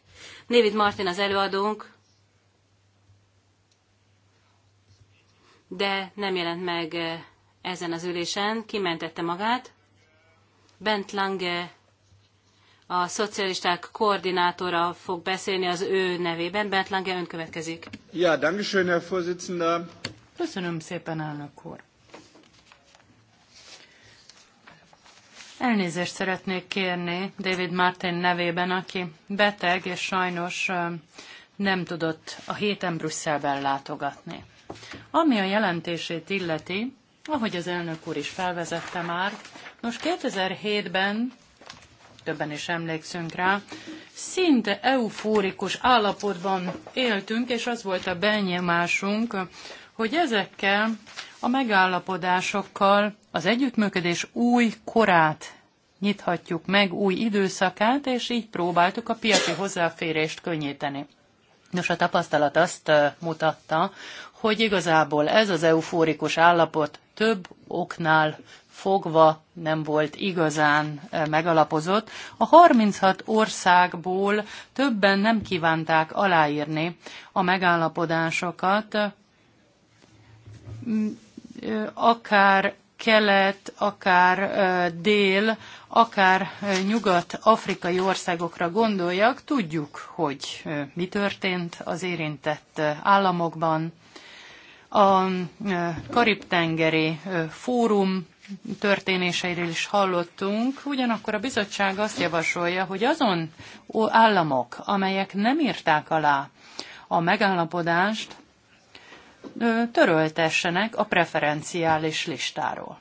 David Martin az előadónk, de nem jelent meg ezen az ülésen, kimentette magát. Bent Lange, a szocialisták koordinátora fog beszélni az ő nevében. Bent Lange, ön következik. Ja, dankeschön, Herr Vorsitzender. Köszönöm szépen, elnök úr. Elnézést szeretnék kérni David Martin nevében, aki beteg és sajnos nem tudott a héten Brüsszelben látogatni. Ami a jelentését illeti, ahogy az elnök úr is felvezette már, nos 2007-ben, többen is emlékszünk rá, szinte eufórikus állapotban éltünk, és az volt a benyomásunk, hogy ezekkel a megállapodásokkal az együttműködés új korát nyithatjuk meg, új időszakát, és így próbáltuk a piaci hozzáférést könnyíteni. Nos, a tapasztalat azt mutatta, hogy igazából ez az eufórikus állapot több oknál fogva nem volt igazán megalapozott. A 36 országból többen nem kívánták aláírni a megállapodásokat, akár kelet, akár dél, akár nyugat-afrikai országokra gondoljak, tudjuk, hogy mi történt az érintett államokban. A Karib-tengeri fórum történéseiről is hallottunk, ugyanakkor a bizottság azt javasolja, hogy azon államok, amelyek nem írták alá a megállapodást, töröltessenek a preferenciális listáról.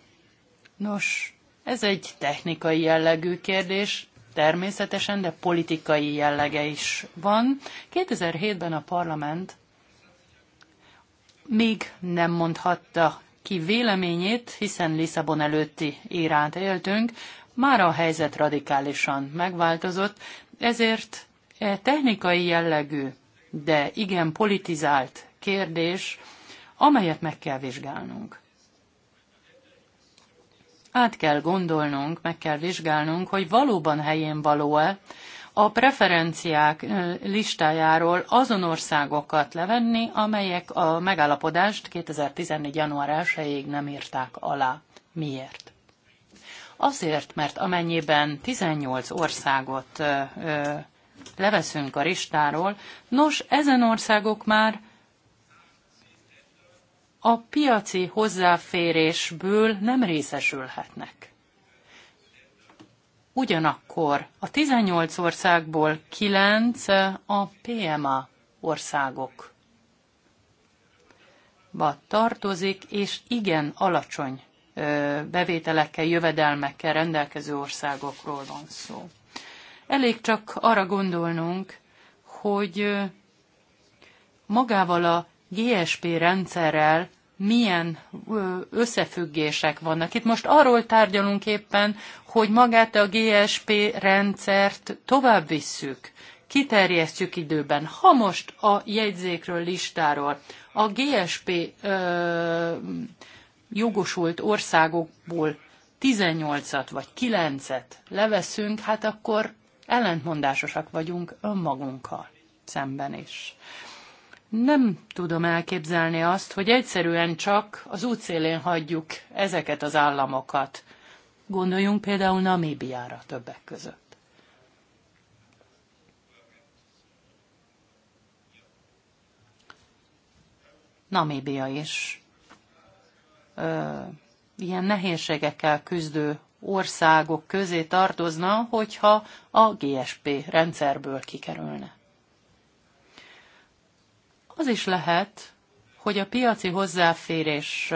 Nos, ez egy technikai jellegű kérdés, természetesen, de politikai jellege is van. 2007-ben a parlament még nem mondhatta ki véleményét, hiszen Lisszabon előtti érát éltünk, már a helyzet radikálisan megváltozott, ezért e technikai jellegű, de igen politizált kérdés amelyet meg kell vizsgálnunk. Át kell gondolnunk, meg kell vizsgálnunk, hogy valóban helyén való-e a preferenciák listájáról azon országokat levenni, amelyek a megállapodást 2014. január 1-ig nem írták alá. Miért? Azért, mert amennyiben 18 országot ö, ö, leveszünk a listáról, nos, ezen országok már a piaci hozzáférésből nem részesülhetnek. Ugyanakkor a 18 országból 9 a PMA országok ba tartozik, és igen alacsony bevételekkel, jövedelmekkel rendelkező országokról van szó. Elég csak arra gondolnunk, hogy magával a GSP rendszerrel milyen összefüggések vannak. Itt most arról tárgyalunk éppen, hogy magát a GSP rendszert tovább visszük, kiterjesztjük időben. Ha most a jegyzékről, listáról a GSP ö, jogosult országokból 18-at vagy 9-et leveszünk, hát akkor ellentmondásosak vagyunk önmagunkkal szemben is. Nem tudom elképzelni azt, hogy egyszerűen csak az útszélén hagyjuk ezeket az államokat. Gondoljunk például Namíbiára többek között. Namíbia is ö, ilyen nehézségekkel küzdő országok közé tartozna, hogyha a GSP rendszerből kikerülne. Az is lehet, hogy a piaci hozzáférés,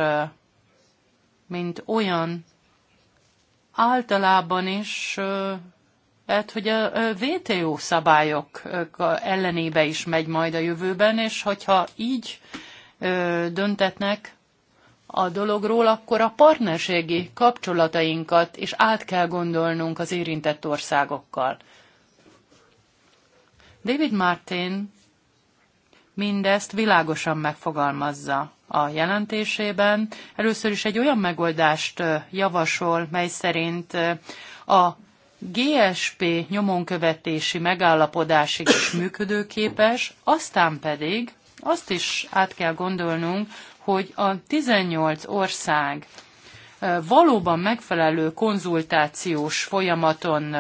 mint olyan, általában is lehet, hogy a WTO szabályok ellenébe is megy majd a jövőben, és hogyha így döntetnek a dologról, akkor a partnerségi kapcsolatainkat is át kell gondolnunk az érintett országokkal. David Martin mindezt világosan megfogalmazza a jelentésében. Először is egy olyan megoldást javasol, mely szerint a GSP nyomonkövetési megállapodásig is működőképes, aztán pedig azt is át kell gondolnunk, hogy a 18 ország valóban megfelelő konzultációs folyamaton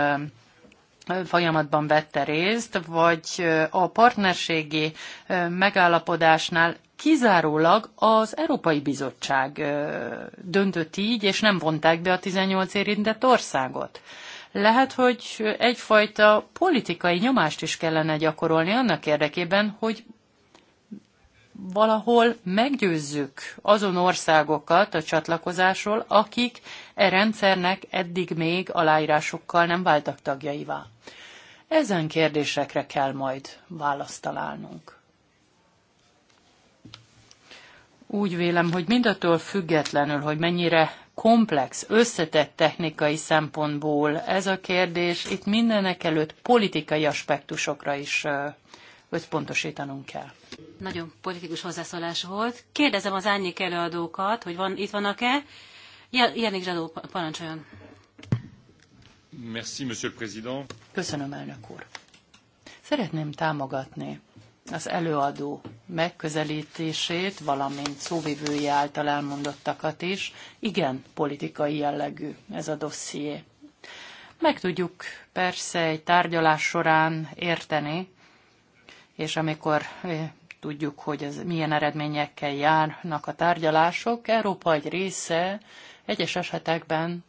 folyamatban vette részt, vagy a partnerségi megállapodásnál kizárólag az Európai Bizottság döntött így, és nem vonták be a 18 érintett országot. Lehet, hogy egyfajta politikai nyomást is kellene gyakorolni annak érdekében, hogy valahol meggyőzzük azon országokat a csatlakozásról, akik e rendszernek eddig még aláírásukkal nem váltak tagjaivá. Ezen kérdésekre kell majd választ találnunk. Úgy vélem, hogy mindattól függetlenül, hogy mennyire komplex, összetett technikai szempontból ez a kérdés, itt mindenek előtt politikai aspektusokra is összpontosítanunk kell. Nagyon politikus hozzászólás volt. Kérdezem az ányik előadókat, hogy van, itt vannak-e. Jenik Zsadó parancsoljon. Merci, Monsieur le Président. Köszönöm, elnök úr. Szeretném támogatni az előadó megközelítését, valamint szóvivői által elmondottakat is. Igen, politikai jellegű ez a dosszié. Meg tudjuk persze egy tárgyalás során érteni, és amikor eh, tudjuk, hogy ez milyen eredményekkel járnak a tárgyalások, Európa egy része egyes esetekben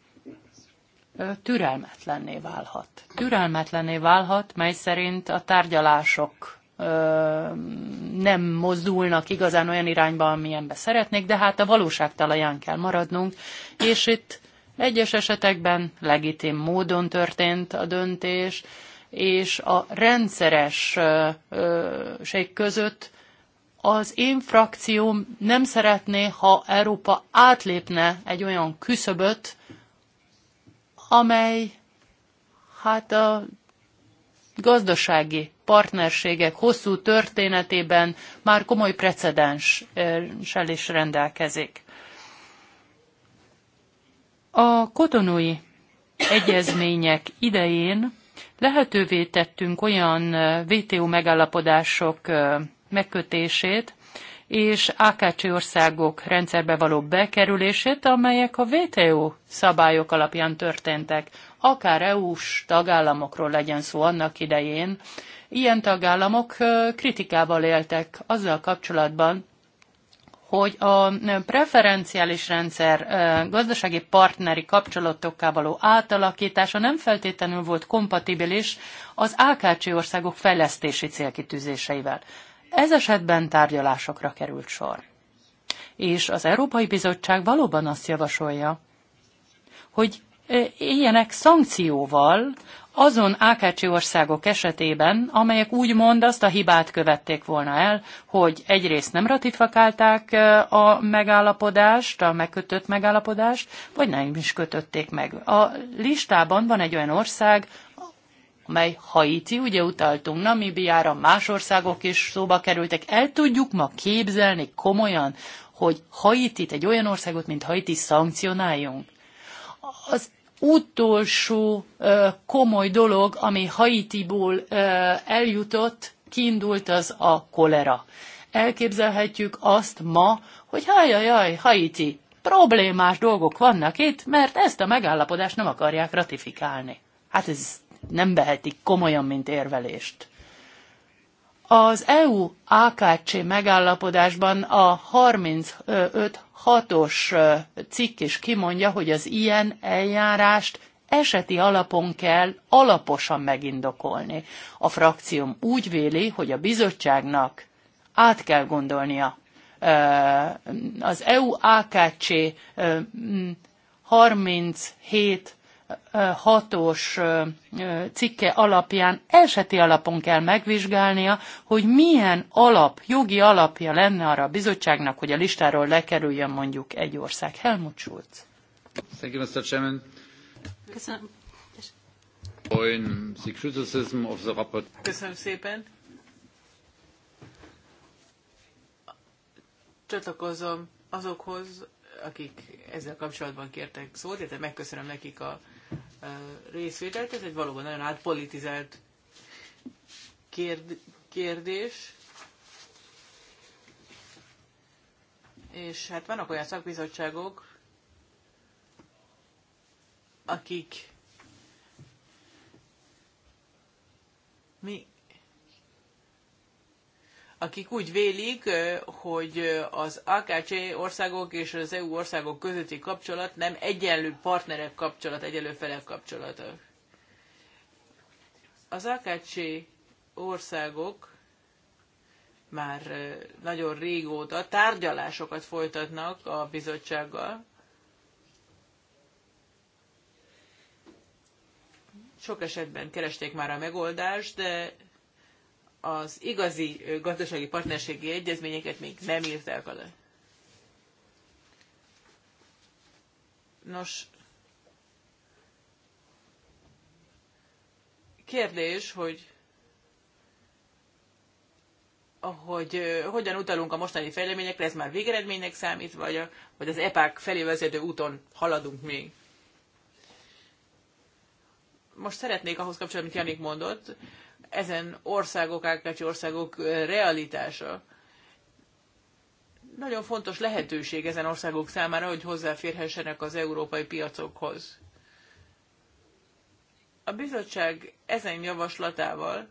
türelmetlenné válhat. Türelmetlenné válhat, mely szerint a tárgyalások nem mozdulnak igazán olyan irányba, amilyenbe szeretnék, de hát a valóság talaján kell maradnunk, és itt egyes esetekben legitim módon történt a döntés, és a rendszeresség között az én frakcióm nem szeretné, ha Európa átlépne egy olyan küszöböt, amely hát a gazdasági partnerségek hosszú történetében már komoly precedenssel is rendelkezik. A kotonói egyezmények idején lehetővé tettünk olyan eh, VTO megállapodások eh, megkötését, és AKC országok rendszerbe való bekerülését, amelyek a WTO szabályok alapján történtek, akár EU-s tagállamokról legyen szó annak idején. Ilyen tagállamok kritikával éltek azzal kapcsolatban, hogy a preferenciális rendszer gazdasági partneri kapcsolatokká való átalakítása nem feltétlenül volt kompatibilis az AKC országok fejlesztési célkitűzéseivel. Ez esetben tárgyalásokra került sor. És az Európai Bizottság valóban azt javasolja, hogy e, éljenek szankcióval azon AKC országok esetében, amelyek úgymond azt a hibát követték volna el, hogy egyrészt nem ratifikálták e, a megállapodást, a megkötött megállapodást, vagy nem is kötötték meg. A listában van egy olyan ország, amely Haiti, ugye utaltunk Namibiára, más országok is szóba kerültek. El tudjuk ma képzelni komolyan, hogy Haitit, egy olyan országot, mint Haiti szankcionáljunk. Az utolsó ö, komoly dolog, ami Haitiból ö, eljutott, kiindult, az a kolera. Elképzelhetjük azt ma, hogy hajajaj, Haiti, problémás dolgok vannak itt, mert ezt a megállapodást nem akarják ratifikálni. Hát ez nem vehetik komolyan, mint érvelést. Az EU-AKC megállapodásban a 35-6-os cikk is kimondja, hogy az ilyen eljárást eseti alapon kell alaposan megindokolni. A frakcióm úgy véli, hogy a bizottságnak át kell gondolnia az EU-AKC 37 hatos cikke alapján eseti alapon kell megvizsgálnia, hogy milyen alap, jogi alapja lenne arra a bizottságnak, hogy a listáról lekerüljön mondjuk egy ország. Helmut Schulz. Thank you, Mr. Chairman. Köszönöm. Köszönöm szépen. Csatlakozom azokhoz, akik ezzel kapcsolatban kértek szót, illetve megköszönöm nekik a részvételt. Ez egy valóban nagyon átpolitizált kérd kérdés. És hát vannak olyan szakbizottságok, akik mi akik úgy vélik, hogy az AKC országok és az EU országok közötti kapcsolat nem egyenlő partnerek kapcsolat, egyenlő felek kapcsolata. Az AKC országok már nagyon régóta tárgyalásokat folytatnak a bizottsággal. Sok esetben keresték már a megoldást, de az igazi gazdasági partnerségi egyezményeket még nem írták alá. Nos, kérdés, hogy hogy hogyan utalunk a mostani fejleményekre, ez már végeredménynek számít, vagy, a, vagy az EPÁK felé vezető úton haladunk még? Most szeretnék ahhoz kapcsolatban, amit Janik mondott, ezen országok, Ákácsi országok realitása. Nagyon fontos lehetőség ezen országok számára, hogy hozzáférhessenek az európai piacokhoz. A bizottság ezen javaslatával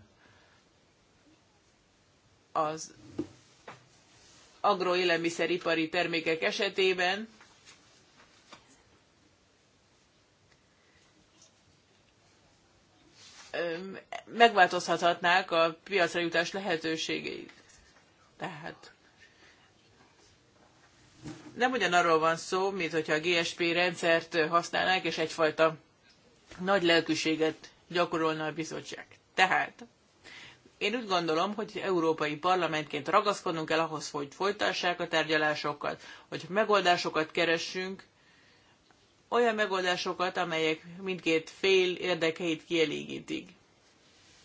az agroélelmiszeripari termékek esetében megváltozhatnák a piacra jutás lehetőségeit. Tehát nem ugyanarról van szó, mint hogyha a GSP rendszert használnák, és egyfajta nagy lelkűséget gyakorolna a bizottság. Tehát én úgy gondolom, hogy európai parlamentként ragaszkodnunk kell ahhoz, hogy folytassák a tárgyalásokat, hogy megoldásokat keressünk, olyan megoldásokat, amelyek mindkét fél érdekeit kielégítik.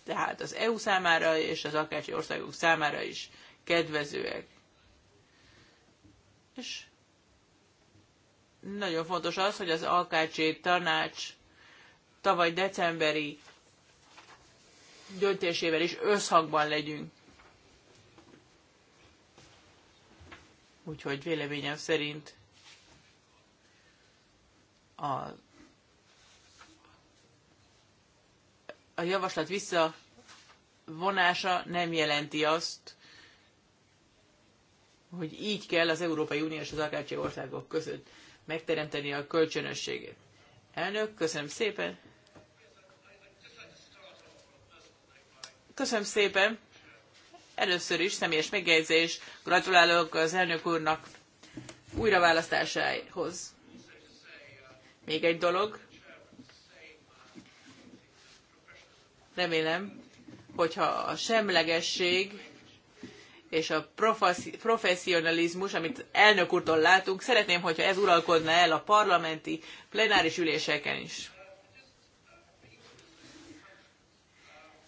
Tehát az EU számára és az akácsi országok számára is kedvezőek. És nagyon fontos az, hogy az AKC tanács tavaly decemberi döntésével is összhangban legyünk. Úgyhogy véleményem szerint a, a javaslat visszavonása nem jelenti azt, hogy így kell az Európai Unió és az Akácsi országok között megteremteni a kölcsönösséget. Elnök, köszönöm szépen! Köszönöm szépen! Először is személyes megjegyzés. Gratulálok az elnök úrnak újraválasztásához. Még egy dolog. Remélem, hogyha a semlegesség és a professzionalizmus, amit elnök úrtól látunk, szeretném, hogyha ez uralkodna el a parlamenti plenáris üléseken is.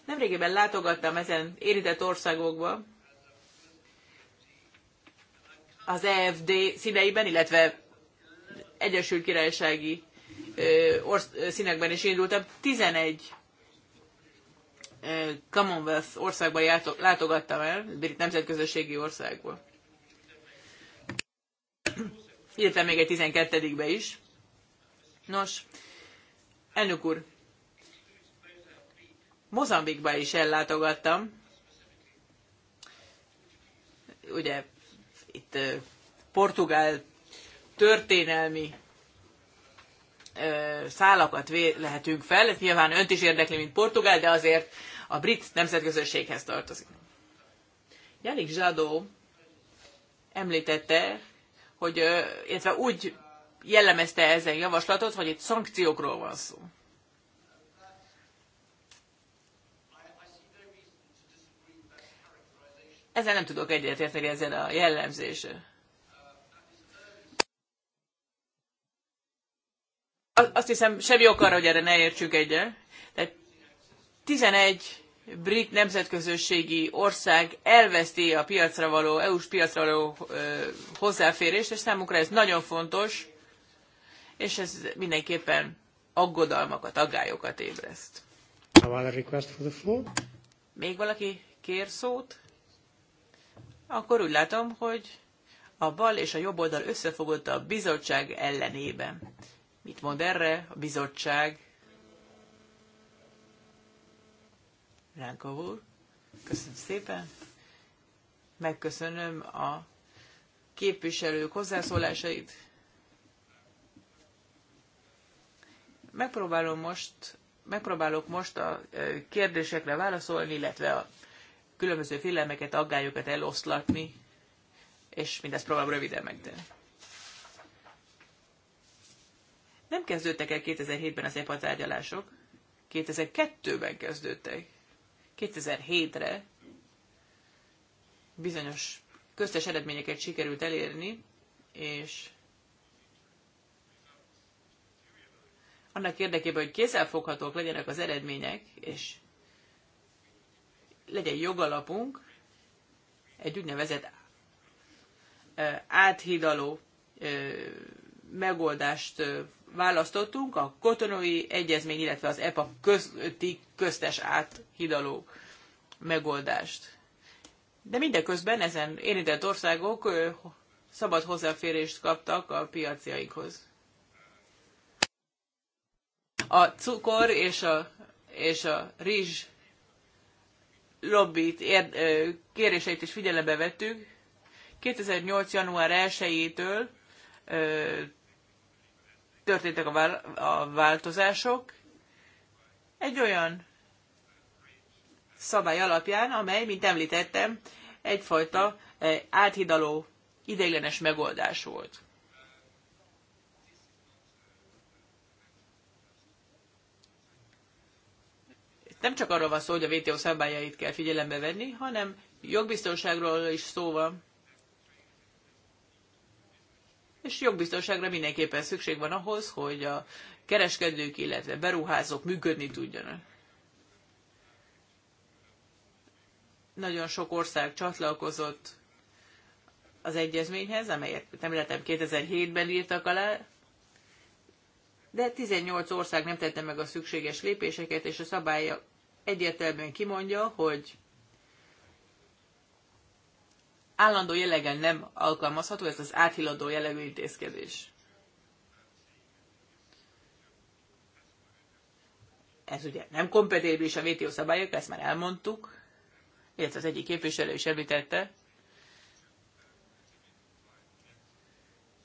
Nemrégiben látogattam ezen érintett országokba, az EFD színeiben, illetve Egyesült Királysági színekben is indultam. 11 Commonwealth országban látogattam el, brit nemzetközösségi országból. Írtam még egy 12-be is. Nos, elnök úr, Mozambikba is ellátogattam. Ugye itt portugál történelmi szálakat lehetünk fel. Ez nyilván önt is érdekli, mint Portugál, de azért a brit nemzetközösséghez tartozik. Janik Zsadó említette, hogy, illetve úgy jellemezte ezen javaslatot, hogy itt szankciókról van szó. Ezzel nem tudok egyetérteni ezzel a jellemzéssel. azt hiszem semmi ok arra, hogy erre ne értsük egyet. de 11 brit nemzetközösségi ország elveszti a piacra való, EU-s piacra való ö, hozzáférést, és számukra ez nagyon fontos, és ez mindenképpen aggodalmakat, aggályokat ébreszt. Még valaki kér szót? Akkor úgy látom, hogy a bal és a jobb oldal összefogott a bizottság ellenében. Mit mond erre a bizottság? Ránka úr, köszönöm szépen. Megköszönöm a képviselők hozzászólásait. Megpróbálom most, megpróbálok most a kérdésekre válaszolni, illetve a különböző félelmeket, aggályokat eloszlatni, és mindezt próbálom röviden megtenni. Nem kezdődtek el 2007-ben az EPA tárgyalások, 2002-ben kezdődtek. 2007-re bizonyos köztes eredményeket sikerült elérni, és annak érdekében, hogy kézzelfoghatók legyenek az eredmények, és legyen jogalapunk, egy úgynevezett áthidaló megoldást választottunk a kotonói egyezmény, illetve az EPA közötti köztes áthidaló megoldást. De mindeközben ezen érintett országok szabad hozzáférést kaptak a piaciaikhoz. A cukor és a, és a rizs lobbit ér, kéréseit is figyelembe vettük. 2008. január 1-től történtek a, vál, a változások egy olyan szabály alapján, amely, mint említettem, egyfajta eh, áthidaló ideiglenes megoldás volt. nem csak arról van szó, hogy a WTO szabályait kell figyelembe venni, hanem jogbiztonságról is szó van és jogbiztonságra mindenképpen szükség van ahhoz, hogy a kereskedők, illetve beruházók működni tudjanak. Nagyon sok ország csatlakozott az egyezményhez, amelyet említettem 2007-ben írtak alá, de 18 ország nem tette meg a szükséges lépéseket, és a szabálya egyértelműen kimondja, hogy állandó jelleggel nem alkalmazható, ez az áthiladó jellegű intézkedés. Ez ugye nem kompetibilis a WTO szabályok, ezt már elmondtuk, illetve az egyik képviselő is említette.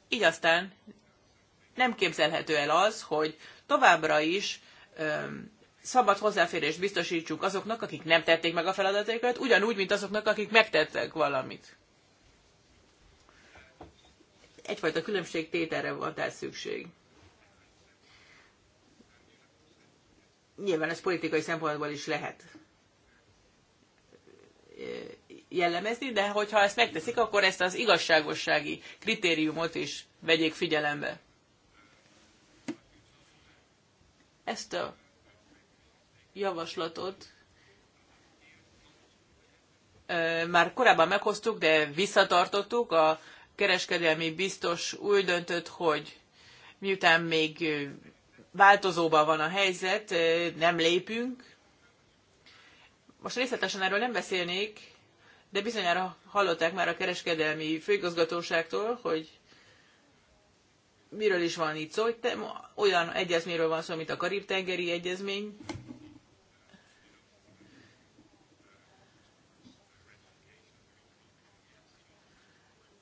Így aztán nem képzelhető el az, hogy továbbra is öm, szabad hozzáférést biztosítsuk azoknak, akik nem tették meg a feladatokat, ugyanúgy, mint azoknak, akik megtettek valamit egyfajta különbségtételre volt el szükség. Nyilván ez politikai szempontból is lehet jellemezni, de hogyha ezt megteszik, akkor ezt az igazságossági kritériumot is vegyék figyelembe. Ezt a javaslatot már korábban meghoztuk, de visszatartottuk a kereskedelmi biztos úgy döntött, hogy miután még változóban van a helyzet, nem lépünk. Most részletesen erről nem beszélnék, de bizonyára hallották már a kereskedelmi főigazgatóságtól, hogy miről is van itt szó. hogy olyan egyezményről van szó, mint a Karib-tengeri egyezmény.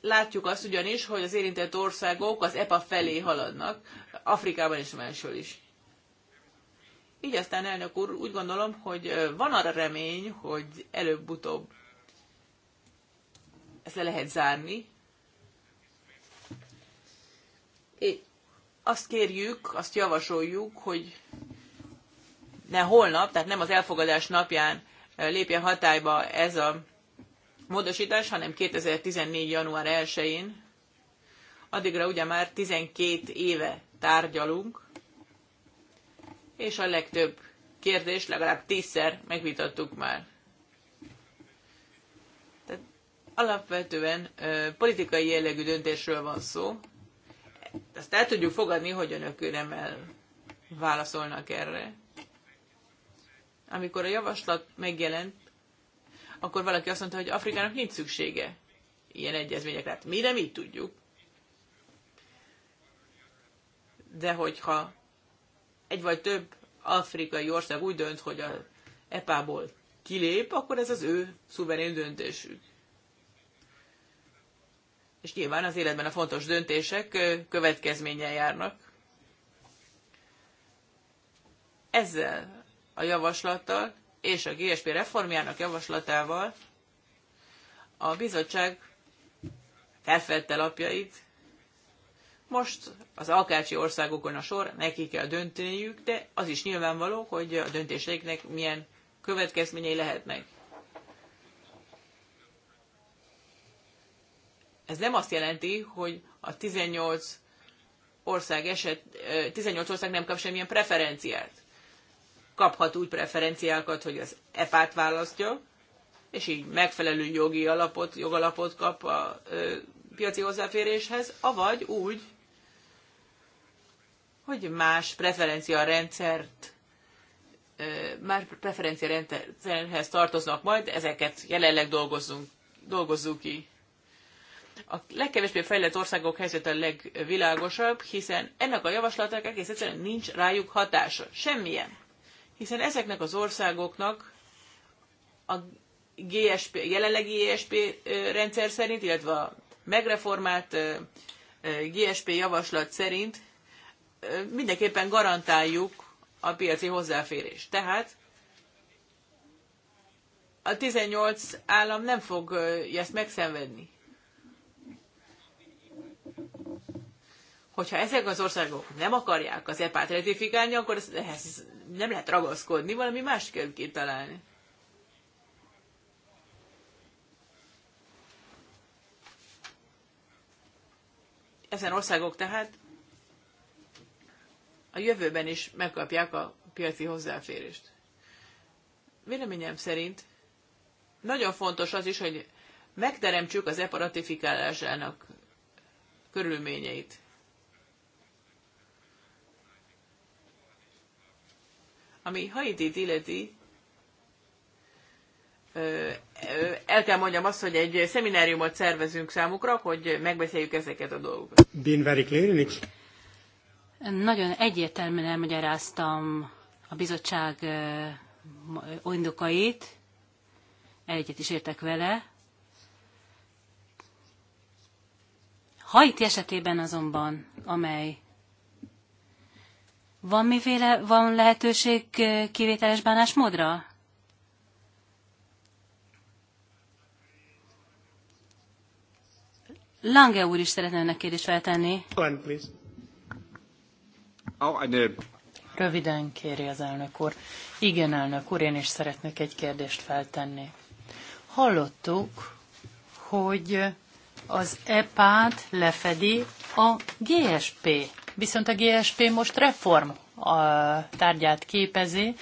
Látjuk azt ugyanis, hogy az érintett országok az EPA felé haladnak, Afrikában és máshol is. Így aztán, elnök úr, úgy gondolom, hogy van arra remény, hogy előbb-utóbb ezt le lehet zárni. É, azt kérjük, azt javasoljuk, hogy ne holnap, tehát nem az elfogadás napján lépjen hatályba ez a módosítás, hanem 2014. január 1-én. Addigra ugye már 12 éve tárgyalunk, és a legtöbb kérdést legalább tízszer megvitattuk már. Tehát alapvetően ö, politikai jellegű döntésről van szó. Ezt el tudjuk fogadni, hogy önök nem el válaszolnak erre. Amikor a javaslat megjelent, akkor valaki azt mondta, hogy Afrikának nincs szüksége ilyen egyezményekre. Hát mi nem így tudjuk. De hogyha egy vagy több afrikai ország úgy dönt, hogy a EPA-ból kilép, akkor ez az ő szuverén döntésük. És nyilván az életben a fontos döntések következménnyel járnak. Ezzel a javaslattal és a GSP reformjának javaslatával a bizottság felfedte lapjait. Most az alkácsi országokon a sor, neki kell dönteniük, de az is nyilvánvaló, hogy a döntéseiknek milyen következményei lehetnek. Ez nem azt jelenti, hogy a 18 ország eset, 18 ország nem kap semmilyen preferenciát kaphat úgy preferenciákat, hogy az EPA-t választja, és így megfelelő jogi alapot, jogalapot kap a ö, piaci hozzáféréshez, avagy úgy, hogy más preferencia rendszert már preferencia rendszerhez tartoznak majd, ezeket jelenleg dolgozzunk, dolgozzuk ki. A legkevésbé fejlett országok helyzet a legvilágosabb, hiszen ennek a javaslatnak egész egyszerűen nincs rájuk hatása. Semmilyen hiszen ezeknek az országoknak a GSP, jelenlegi GSP rendszer szerint, illetve a megreformált GSP javaslat szerint mindenképpen garantáljuk a piaci hozzáférést. Tehát a 18 állam nem fog ezt megszenvedni. hogyha ezek az országok nem akarják az EPÁ-t ratifikálni, akkor ehhez nem lehet ragaszkodni, valami más kell kitalálni. Ezen országok tehát a jövőben is megkapják a piaci hozzáférést. Véleményem szerint nagyon fontos az is, hogy megteremtsük az EPA ratifikálásának körülményeit. Ami Haidi illeti, el kell mondjam azt, hogy egy szemináriumot szervezünk számukra, hogy megbeszéljük ezeket a dolgokat. Been very clear, Nagyon egyértelműen elmagyaráztam a bizottság indokait, egyet is értek vele. Haiti esetében azonban, amely van, miféle, van lehetőség kivételes bánásmódra? Lange úr is szeretne önnek kérdést feltenni. Oh, Röviden kéri az elnök úr. Igen, elnök úr, én is szeretnék egy kérdést feltenni. Hallottuk, hogy az epa lefedi a GSP viszont a GSP most reform a tárgyát képezi,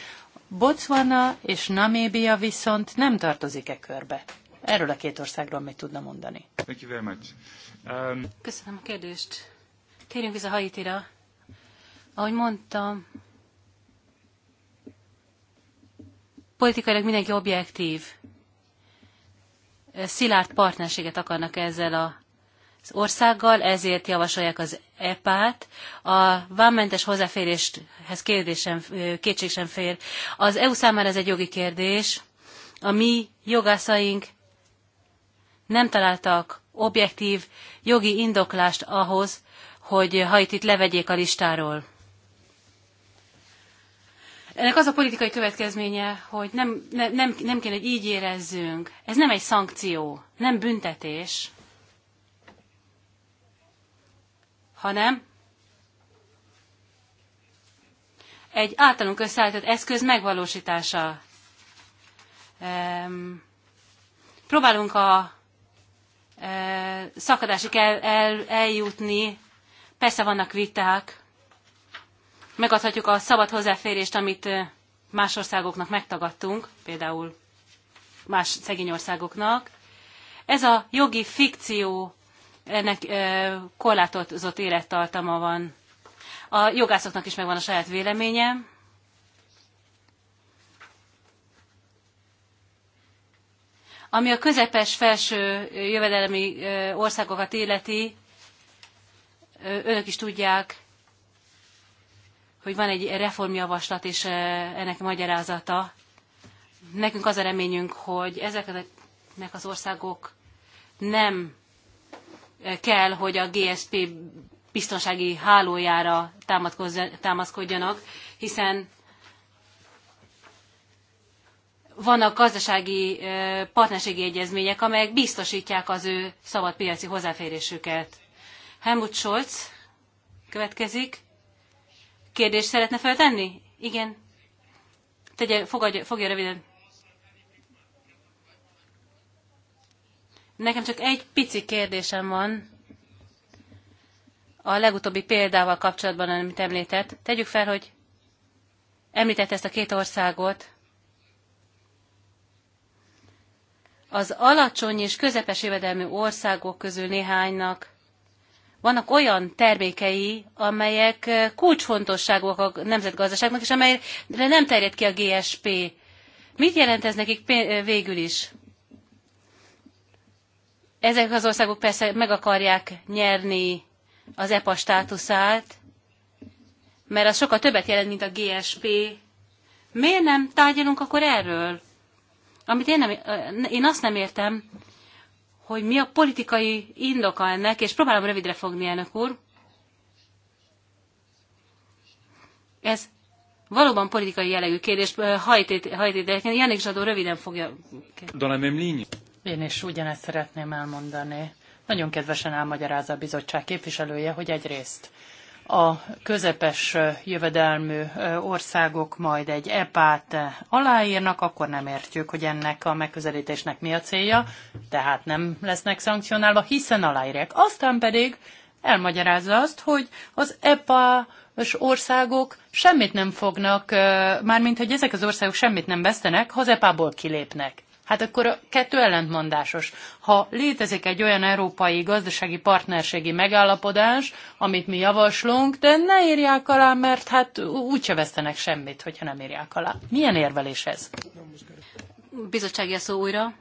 Botswana és Namíbia viszont nem tartozik-e körbe? Erről a két országról mit tudna mondani? Thank you very much. Um... Köszönöm a kérdést. Térjünk vissza Haitira. Ahogy mondtam, politikailag mindenki objektív. Szilárd partnerséget akarnak ezzel a országgal, ezért javasolják az EPÁ-t. A vámmentes hozzáféréshez kérdésem, kétség sem fér. Az EU számára ez egy jogi kérdés. A mi jogászaink nem találtak objektív jogi indoklást ahhoz, hogy Haitit levegyék a listáról. Ennek az a politikai következménye, hogy nem, ne, nem, nem kéne, hogy így érezzünk. Ez nem egy szankció, nem büntetés, hanem egy általunk összeállított eszköz megvalósítása. Próbálunk a e, szakadásig el, el, eljutni, persze vannak viták, megadhatjuk a szabad hozzáférést, amit e, más országoknak megtagadtunk, például más szegény országoknak. Ez a jogi fikció ennek korlátozott élettartama van. A jogászoknak is megvan a saját véleménye. Ami a közepes felső jövedelmi országokat életi önök is tudják, hogy van egy reformjavaslat és ennek magyarázata. Nekünk az a reményünk, hogy ezeknek az országok nem kell, hogy a GSP biztonsági hálójára támaszkodjanak, hiszen vannak gazdasági partnerségi egyezmények, amelyek biztosítják az ő szabad piaci hozzáférésüket. Helmut Scholz következik. Kérdést szeretne feltenni? Igen. Tegye, fogadja, fogja röviden. Nekem csak egy pici kérdésem van a legutóbbi példával kapcsolatban, amit említett. Tegyük fel, hogy említett ezt a két országot. Az alacsony és közepes jövedelmű országok közül néhánynak vannak olyan termékei, amelyek kulcsfontosságúak a nemzetgazdaságnak, és amelyre nem terjed ki a GSP. Mit jelent ez nekik végül is? Ezek az országok persze meg akarják nyerni az EPA státuszát, mert az sokkal többet jelent, mint a GSP. Miért nem tárgyalunk akkor erről? Amit én, nem, eh, én azt nem értem, hogy mi a politikai indoka ennek, és próbálom rövidre fogni, elnök úr. Ez valóban politikai jellegű kérdés, eh, hajtét, Hajtét, Janik Zsadó röviden fogja... Dans la même ligne. Én is ugyanezt szeretném elmondani. Nagyon kedvesen elmagyarázza a bizottság képviselője, hogy egyrészt a közepes jövedelmű országok majd egy epát aláírnak, akkor nem értjük, hogy ennek a megközelítésnek mi a célja, tehát nem lesznek szankcionálva, hiszen aláírják. Aztán pedig elmagyarázza azt, hogy az EPA és országok semmit nem fognak, mármint hogy ezek az országok semmit nem vesztenek, ha az EPA-ból kilépnek. Hát akkor a kettő ellentmondásos. Ha létezik egy olyan európai gazdasági partnerségi megállapodás, amit mi javaslunk, de ne írják alá, mert hát úgyse vesztenek semmit, hogyha nem írják alá. Milyen érvelés ez? Bizottsági a szó újra.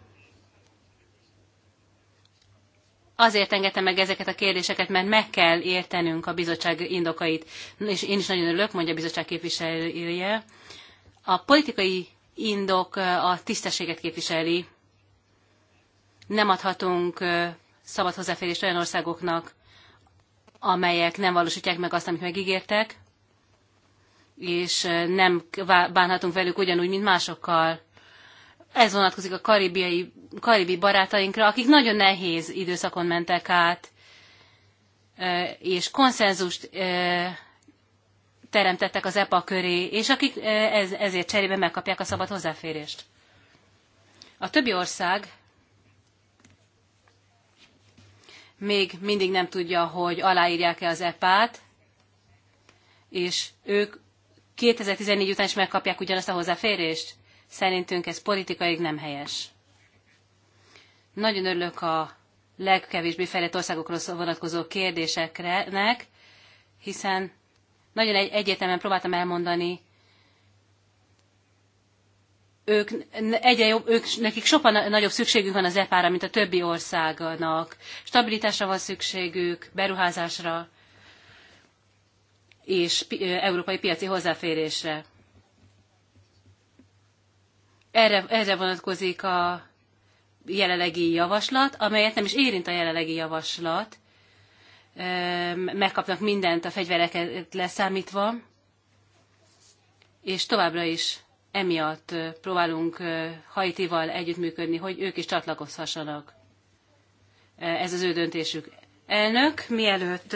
Azért engedtem meg ezeket a kérdéseket, mert meg kell értenünk a bizottság indokait, és én is nagyon örülök, mondja a bizottság képviselője. A politikai indok a tisztességet képviseli. Nem adhatunk szabad hozzáférést olyan országoknak, amelyek nem valósítják meg azt, amit megígértek, és nem bánhatunk velük ugyanúgy, mint másokkal. Ez vonatkozik a karibiai, karibi barátainkra, akik nagyon nehéz időszakon mentek át, és konszenzust teremtettek az EPA köré, és akik e, ez, ezért cserébe megkapják a szabad hozzáférést. A többi ország még mindig nem tudja, hogy aláírják-e az EPA-t, és ők 2014 után is megkapják ugyanazt a hozzáférést. Szerintünk ez politikai nem helyes. Nagyon örülök a legkevésbé fejlett országokról vonatkozó kérdéseknek, hiszen nagyon egy, egyértelműen próbáltam elmondani, ők, egyre jobb, ők, nekik sokkal nagyobb szükségük van az epá ra mint a többi országnak. Stabilitásra van szükségük, beruházásra és európai piaci hozzáférésre. Erre, erre vonatkozik a jelenlegi javaslat, amelyet nem is érint a jelenlegi javaslat, megkapnak mindent a fegyvereket leszámítva, és továbbra is emiatt próbálunk Haitival együttműködni, hogy ők is csatlakozhassanak. Ez az ő döntésük. Elnök, mielőtt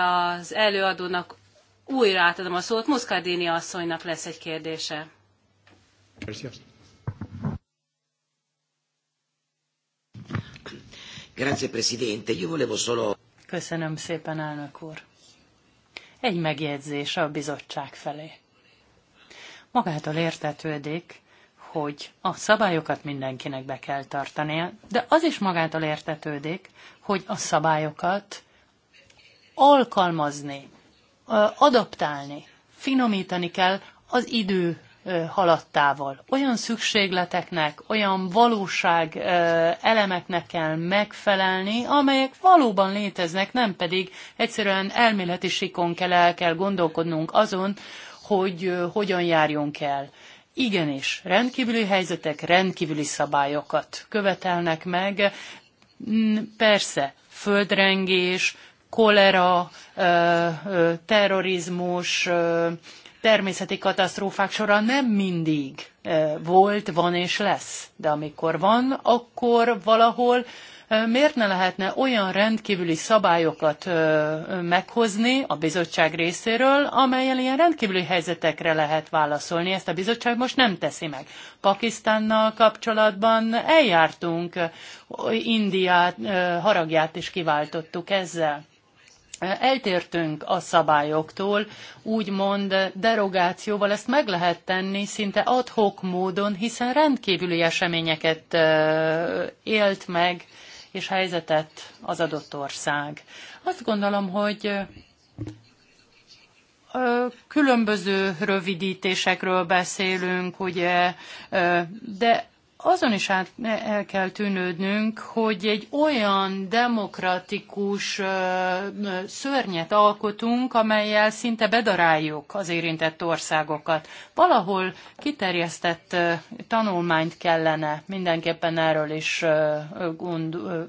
az előadónak újra átadom a szót, Muszkardini asszonynak lesz egy kérdése. Köszönöm. Grazie Presidente, io volevo solo... Köszönöm szépen, elnök úr. Egy megjegyzés a bizottság felé. Magától értetődik, hogy a szabályokat mindenkinek be kell tartania, de az is magától értetődik, hogy a szabályokat alkalmazni, adaptálni, finomítani kell az idő haladtával. Olyan szükségleteknek, olyan valóság elemeknek kell megfelelni, amelyek valóban léteznek, nem pedig egyszerűen elméleti sikon kell el kell gondolkodnunk azon, hogy hogyan járjunk el. Igenis, rendkívüli helyzetek rendkívüli szabályokat követelnek meg. Persze, földrengés, kolera, terrorizmus, természeti katasztrófák során nem mindig e, volt, van és lesz. De amikor van, akkor valahol e, miért ne lehetne olyan rendkívüli szabályokat e, meghozni a bizottság részéről, amelyen ilyen rendkívüli helyzetekre lehet válaszolni. Ezt a bizottság most nem teszi meg. Pakisztánnal kapcsolatban eljártunk, Indiát haragját is kiváltottuk ezzel eltértünk a szabályoktól, úgymond derogációval ezt meg lehet tenni szinte ad hoc módon, hiszen rendkívüli eseményeket élt meg, és helyzetet az adott ország. Azt gondolom, hogy különböző rövidítésekről beszélünk, ugye, de azon is át, e, el kell tűnődnünk, hogy egy olyan demokratikus ö, ö, szörnyet alkotunk, amelyel szinte bedaráljuk az érintett országokat. Valahol kiterjesztett ö, tanulmányt kellene mindenképpen erről is ö, gond, ö,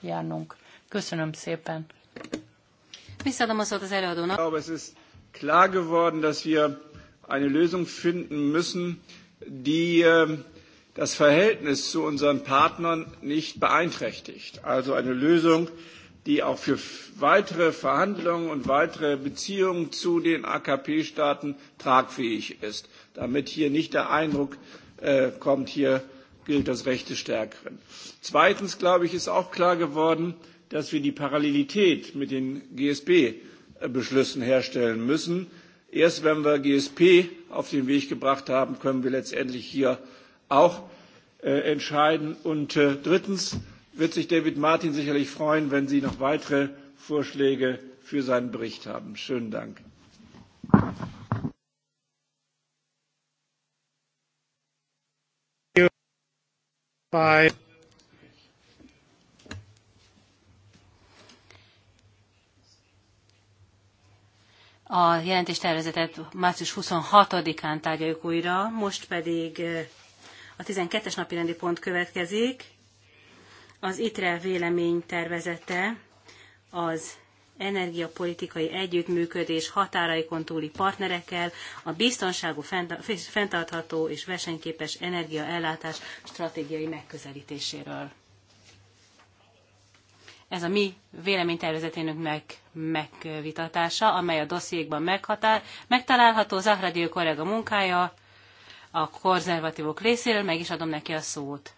járnunk. Köszönöm szépen. Visszadom a szót az előadónak. Ich klar geworden, dass wir eine Lösung finden müssen, die äh, das Verhältnis zu unseren Partnern nicht beeinträchtigt. Also eine Lösung, die auch für weitere Verhandlungen und weitere Beziehungen zu den AKP-Staaten tragfähig ist, damit hier nicht der Eindruck äh, kommt, hier gilt das Recht des Stärkeren. Zweitens, glaube ich, ist auch klar geworden, dass wir die Parallelität mit den GSB-Beschlüssen herstellen müssen. Erst wenn wir GSP auf den Weg gebracht haben, können wir letztendlich hier auch äh, entscheiden. Und äh, drittens wird sich David Martin sicherlich freuen, wenn Sie noch weitere Vorschläge für seinen Bericht haben. Schönen Dank. Bye. A jelentéstervezetet március 26-án tárgyaljuk újra, most pedig a 12-es napi rendi pont következik. Az ITRE vélemény tervezete az energiapolitikai együttműködés határaikon túli partnerekkel, a biztonságú, fenntartható és versenyképes energiaellátás stratégiai megközelítéséről. Ez a mi véleménytervezeténünk meg, megvitatása, amely a dossziékban meghatár, megtalálható Zahradi kollega munkája, a konzervatívok részéről, meg is adom neki a szót.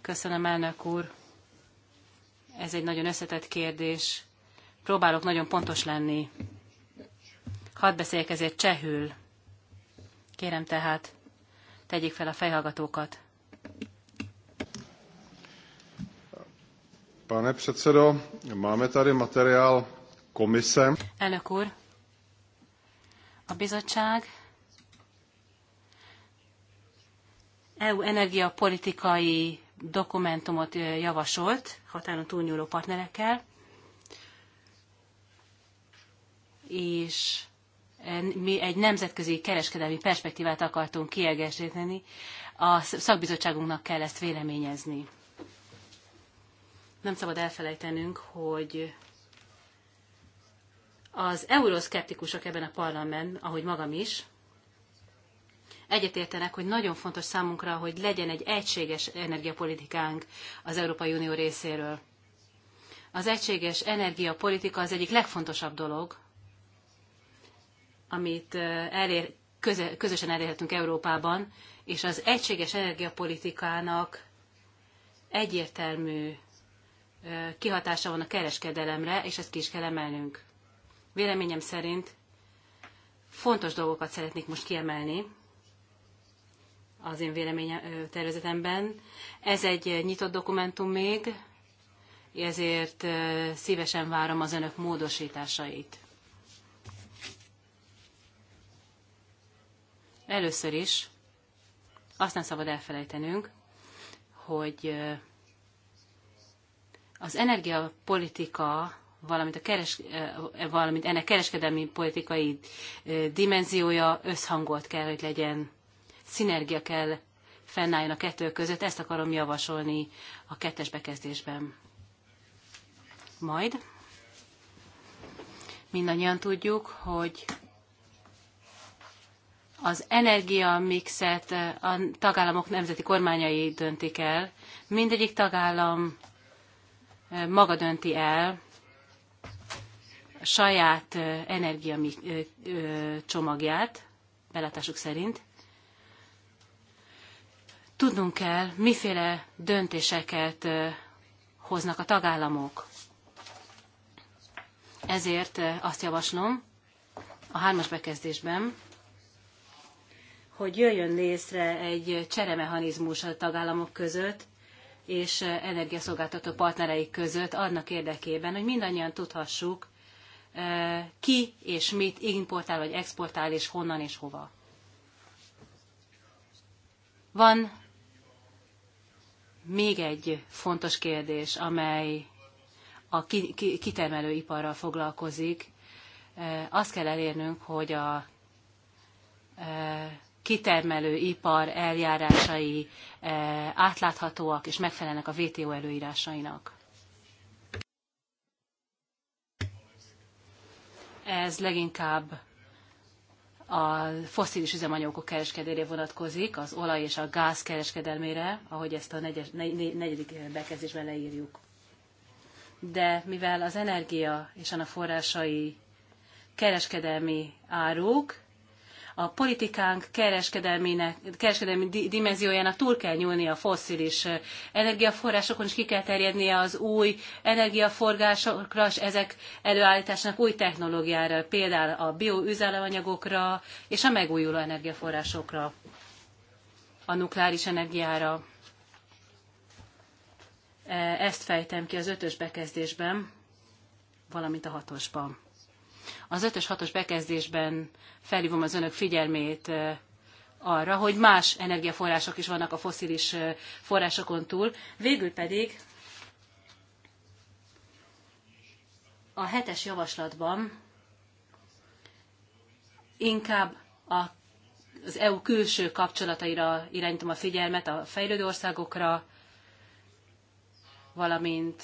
Köszönöm, elnök úr. Ez egy nagyon összetett kérdés. Próbálok nagyon pontos lenni. Hadd beszéljek ezért csehül. Kérem tehát, tegyék fel a fejhallgatókat. Pane předsedo, máme tady materiál komise. Elnök úr, a bizottság EU energiapolitikai dokumentumot javasolt határon túlnyúló partnerekkel, és mi egy nemzetközi kereskedelmi perspektívát akartunk kiegészíteni, a szakbizottságunknak kell ezt véleményezni. Nem szabad elfelejtenünk, hogy az euroszkeptikusok ebben a parlamentben, ahogy magam is, egyetértenek, hogy nagyon fontos számunkra, hogy legyen egy egységes energiapolitikánk az Európai Unió részéről. Az egységes energiapolitika az egyik legfontosabb dolog, amit elér, köze, közösen elérhetünk Európában, és az egységes energiapolitikának egyértelmű kihatása van a kereskedelemre, és ezt ki is kell emelnünk. Véleményem szerint fontos dolgokat szeretnék most kiemelni az én véleményem tervezetemben. Ez egy nyitott dokumentum még, ezért szívesen várom az önök módosításait. Először is azt nem szabad elfelejtenünk, hogy az energiapolitika, valamint, a keres, valamint ennek kereskedelmi politikai dimenziója összhangolt kell, hogy legyen szinergia kell fennálljon a kettő között, ezt akarom javasolni a kettes bekezdésben. Majd mindannyian tudjuk, hogy az energiamixet a tagállamok nemzeti kormányai döntik el. Mindegyik tagállam eh, maga dönti el saját eh, eh, csomagját, belátásuk szerint. Tudnunk kell, miféle döntéseket hoznak a tagállamok. Ezért azt javaslom a hármas bekezdésben, hogy jöjjön létre egy cseremechanizmus a tagállamok között, és energiaszolgáltató partnereik között annak érdekében, hogy mindannyian tudhassuk, ki és mit importál vagy exportál, és honnan és hova. Van még egy fontos kérdés, amely a kitermelő iparral foglalkozik. Azt kell elérnünk, hogy a kitermelő ipar eljárásai átláthatóak és megfelelnek a VTO előírásainak. Ez leginkább a foszilis üzemanyagok kereskedére vonatkozik, az olaj és a gáz kereskedelmére, ahogy ezt a negyes, negy, negyedik bekezdésben leírjuk. De mivel az energia és annak forrásai kereskedelmi áruk, a politikánk kereskedelmének, kereskedelmi dimenziójának túl kell nyúlni a fosszilis energiaforrásokon, és ki kell terjednie az új energiaforrásokra, és ezek előállításának új technológiára, például a bioüzemanyagokra és a megújuló energiaforrásokra, a nukleáris energiára. Ezt fejtem ki az ötös bekezdésben, valamint a hatosban. Az 5-ös 6-os bekezdésben felhívom az önök figyelmét arra, hogy más energiaforrások is vannak a foszilis forrásokon túl. Végül pedig a hetes javaslatban inkább a, az EU külső kapcsolataira irányítom a figyelmet, a fejlődő országokra, valamint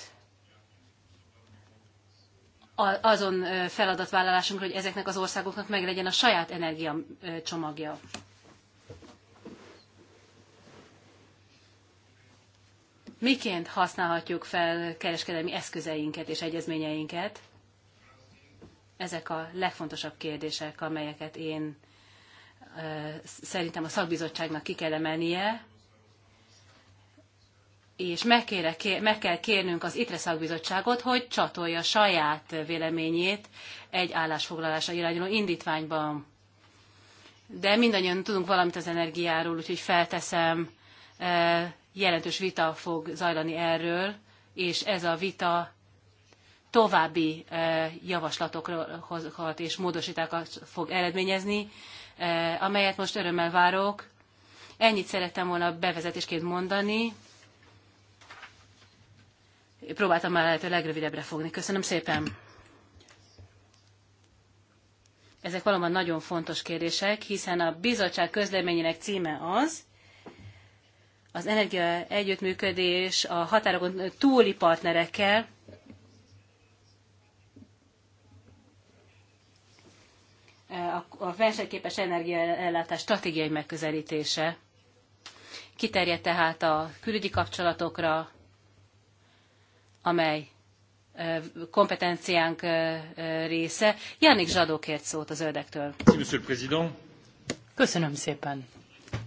azon feladatvállalásunkra, hogy ezeknek az országoknak meglegyen a saját energiacsomagja. Miként használhatjuk fel kereskedelmi eszközeinket és egyezményeinket? Ezek a legfontosabb kérdések, amelyeket én szerintem a szakbizottságnak ki kell emelnie, és meg, meg kell kérnünk az ITRE szakbizottságot, hogy csatolja saját véleményét egy állásfoglalásra irányuló indítványban. De mindannyian tudunk valamit az energiáról, úgyhogy felteszem, e, jelentős vita fog zajlani erről, és ez a vita további e, javaslatokat és módosításokat fog eredményezni, e, amelyet most örömmel várok. Ennyit szerettem volna bevezetésként mondani próbáltam már lehető legrövidebbre fogni. Köszönöm szépen! Ezek valóban nagyon fontos kérdések, hiszen a bizottság közleményének címe az, az energia együttműködés a határokon túli partnerekkel, a versenyképes energiaellátás stratégiai megközelítése. Kiterjed tehát a külügyi kapcsolatokra, amely kompetenciánk része. Jánik Zsadó kért szót az zöldektől. Köszönöm szépen,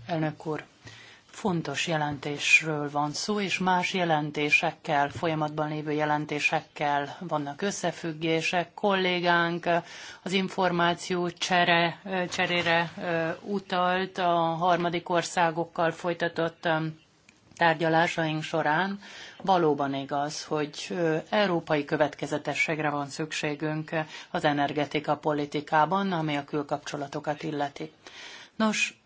elnök úr. Fontos jelentésről van szó, és más jelentésekkel, folyamatban lévő jelentésekkel vannak összefüggések. Kollégánk az információ csere, cserére utalt a harmadik országokkal folytatott tárgyalásaink során valóban igaz, hogy európai következetességre van szükségünk az energetika politikában, ami a külkapcsolatokat illeti. Nos,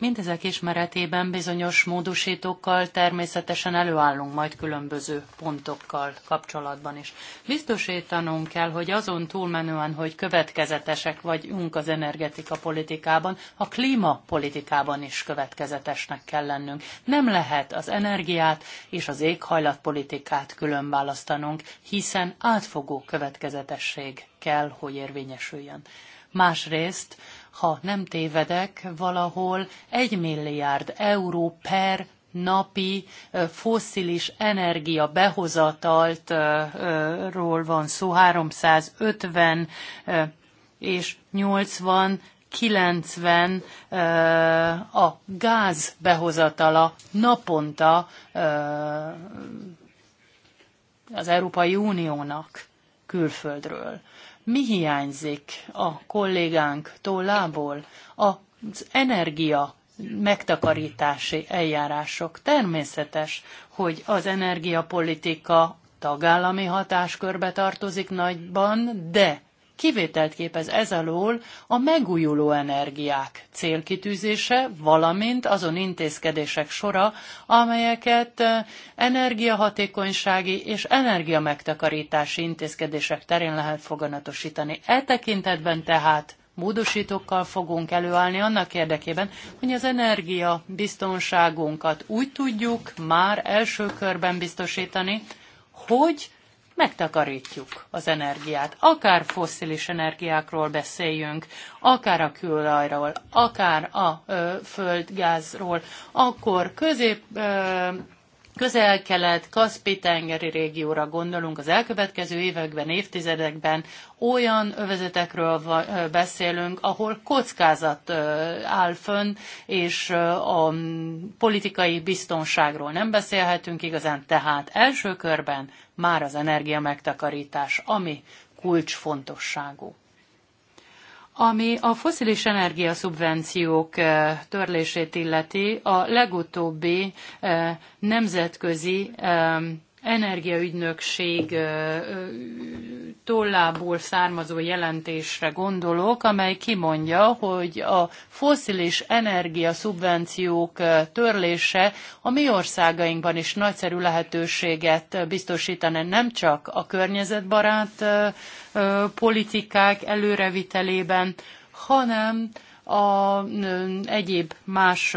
Mindezek ismeretében bizonyos módosítókkal természetesen előállunk majd különböző pontokkal kapcsolatban is. Biztosítanunk kell, hogy azon túlmenően, hogy következetesek vagyunk az energetika politikában, a klímapolitikában is következetesnek kell lennünk. Nem lehet az energiát és az éghajlatpolitikát külön választanunk, hiszen átfogó következetesség kell, hogy érvényesüljön. Másrészt ha nem tévedek, valahol egy milliárd euró per napi fosszilis energia behozataltról van szó, 350 és 80 90 a gáz behozatala naponta az Európai Uniónak külföldről mi hiányzik a kollégánk tollából? Az energia megtakarítási eljárások. Természetes, hogy az energiapolitika tagállami hatáskörbe tartozik nagyban, de Kivételt képez ez alól a megújuló energiák célkitűzése, valamint azon intézkedések sora, amelyeket energiahatékonysági és energiamegtakarítási intézkedések terén lehet foganatosítani. E tekintetben tehát módosítókkal fogunk előállni annak érdekében, hogy az energia biztonságunkat úgy tudjuk már első körben biztosítani, hogy megtakarítjuk az energiát. Akár fosszilis energiákról beszéljünk, akár a kőolajról, akár a földgázról, akkor közép ö, közel-kelet, kaszpi tengeri régióra gondolunk az elkövetkező években, évtizedekben, olyan övezetekről beszélünk, ahol kockázat áll fönn, és a politikai biztonságról nem beszélhetünk igazán. Tehát első körben már az energia megtakarítás, ami kulcsfontosságú. Ami a foszilis energiaszubvenciók eh, törlését illeti, a legutóbbi eh, nemzetközi eh, energiaügynökség tollából származó jelentésre gondolok, amely kimondja, hogy a foszilis energia szubvenciók törlése a mi országainkban is nagyszerű lehetőséget biztosítana nem csak a környezetbarát politikák előrevitelében, hanem a egyéb más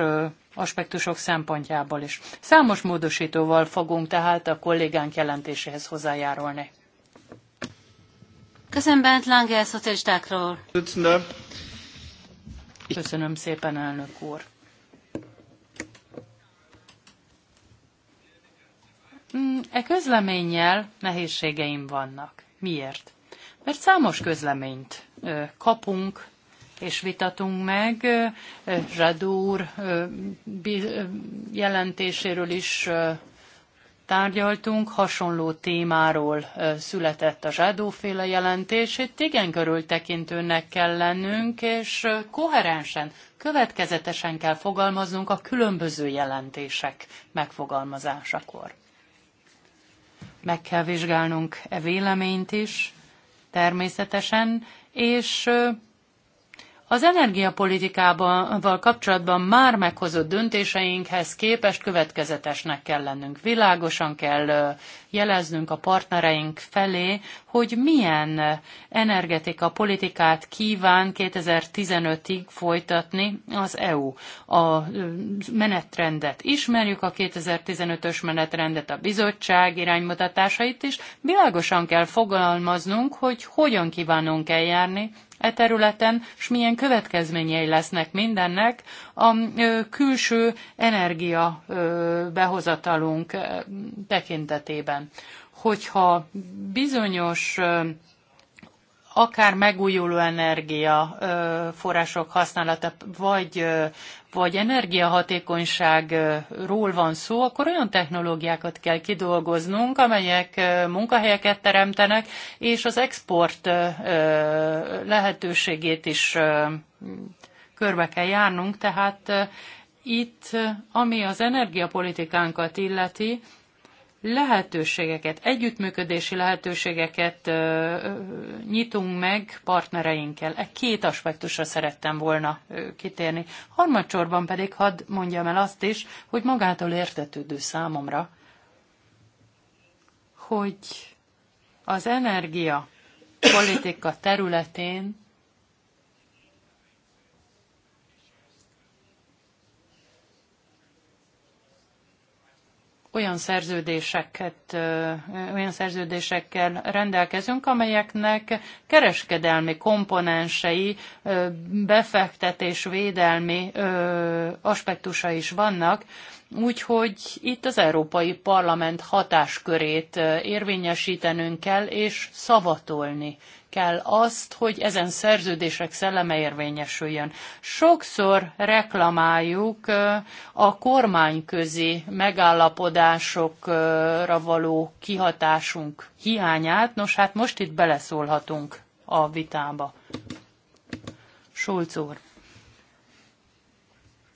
aspektusok szempontjából is. Számos módosítóval fogunk tehát a kollégánk jelentéséhez hozzájárulni. Köszönöm Bent Lange, szocialistákról. Köszönöm. Köszönöm szépen, elnök úr. Mm, e közleménnyel nehézségeim vannak. Miért? Mert számos közleményt kapunk és vitatunk meg. Zsadó úr jelentéséről is tárgyaltunk, hasonló témáról született a zsadóféle jelentés. Itt igen körültekintőnek kell lennünk, és koherensen, következetesen kell fogalmaznunk a különböző jelentések megfogalmazásakor. Meg kell vizsgálnunk e véleményt is, természetesen, és az energiapolitikával kapcsolatban már meghozott döntéseinkhez képest következetesnek kell lennünk. Világosan kell jeleznünk a partnereink felé, hogy milyen energetika politikát kíván 2015-ig folytatni az EU. A menetrendet ismerjük, a 2015-ös menetrendet, a bizottság iránymutatásait is. Világosan kell fogalmaznunk, hogy hogyan kívánunk eljárni, e területen, és milyen következményei lesznek mindennek a külső energia behozatalunk tekintetében hogyha bizonyos akár megújuló energia források használata, vagy, vagy energiahatékonyságról van szó, akkor olyan technológiákat kell kidolgoznunk, amelyek munkahelyeket teremtenek, és az export lehetőségét is körbe kell járnunk, tehát itt, ami az energiapolitikánkat illeti, lehetőségeket, együttműködési lehetőségeket nyitunk meg partnereinkkel. E két aspektusra szerettem volna kitérni. Harmadsorban pedig hadd mondjam el azt is, hogy magától értetődő számomra, hogy az energia politika területén olyan szerződéseket, olyan szerződésekkel rendelkezünk, amelyeknek kereskedelmi komponensei, befektetés, védelmi aspektusa is vannak, Úgyhogy itt az Európai Parlament hatáskörét érvényesítenünk kell, és szavatolni kell azt, hogy ezen szerződések szelleme érvényesüljön. Sokszor reklamáljuk a kormányközi megállapodásokra való kihatásunk hiányát, nos hát most itt beleszólhatunk a vitába. Schulz úr.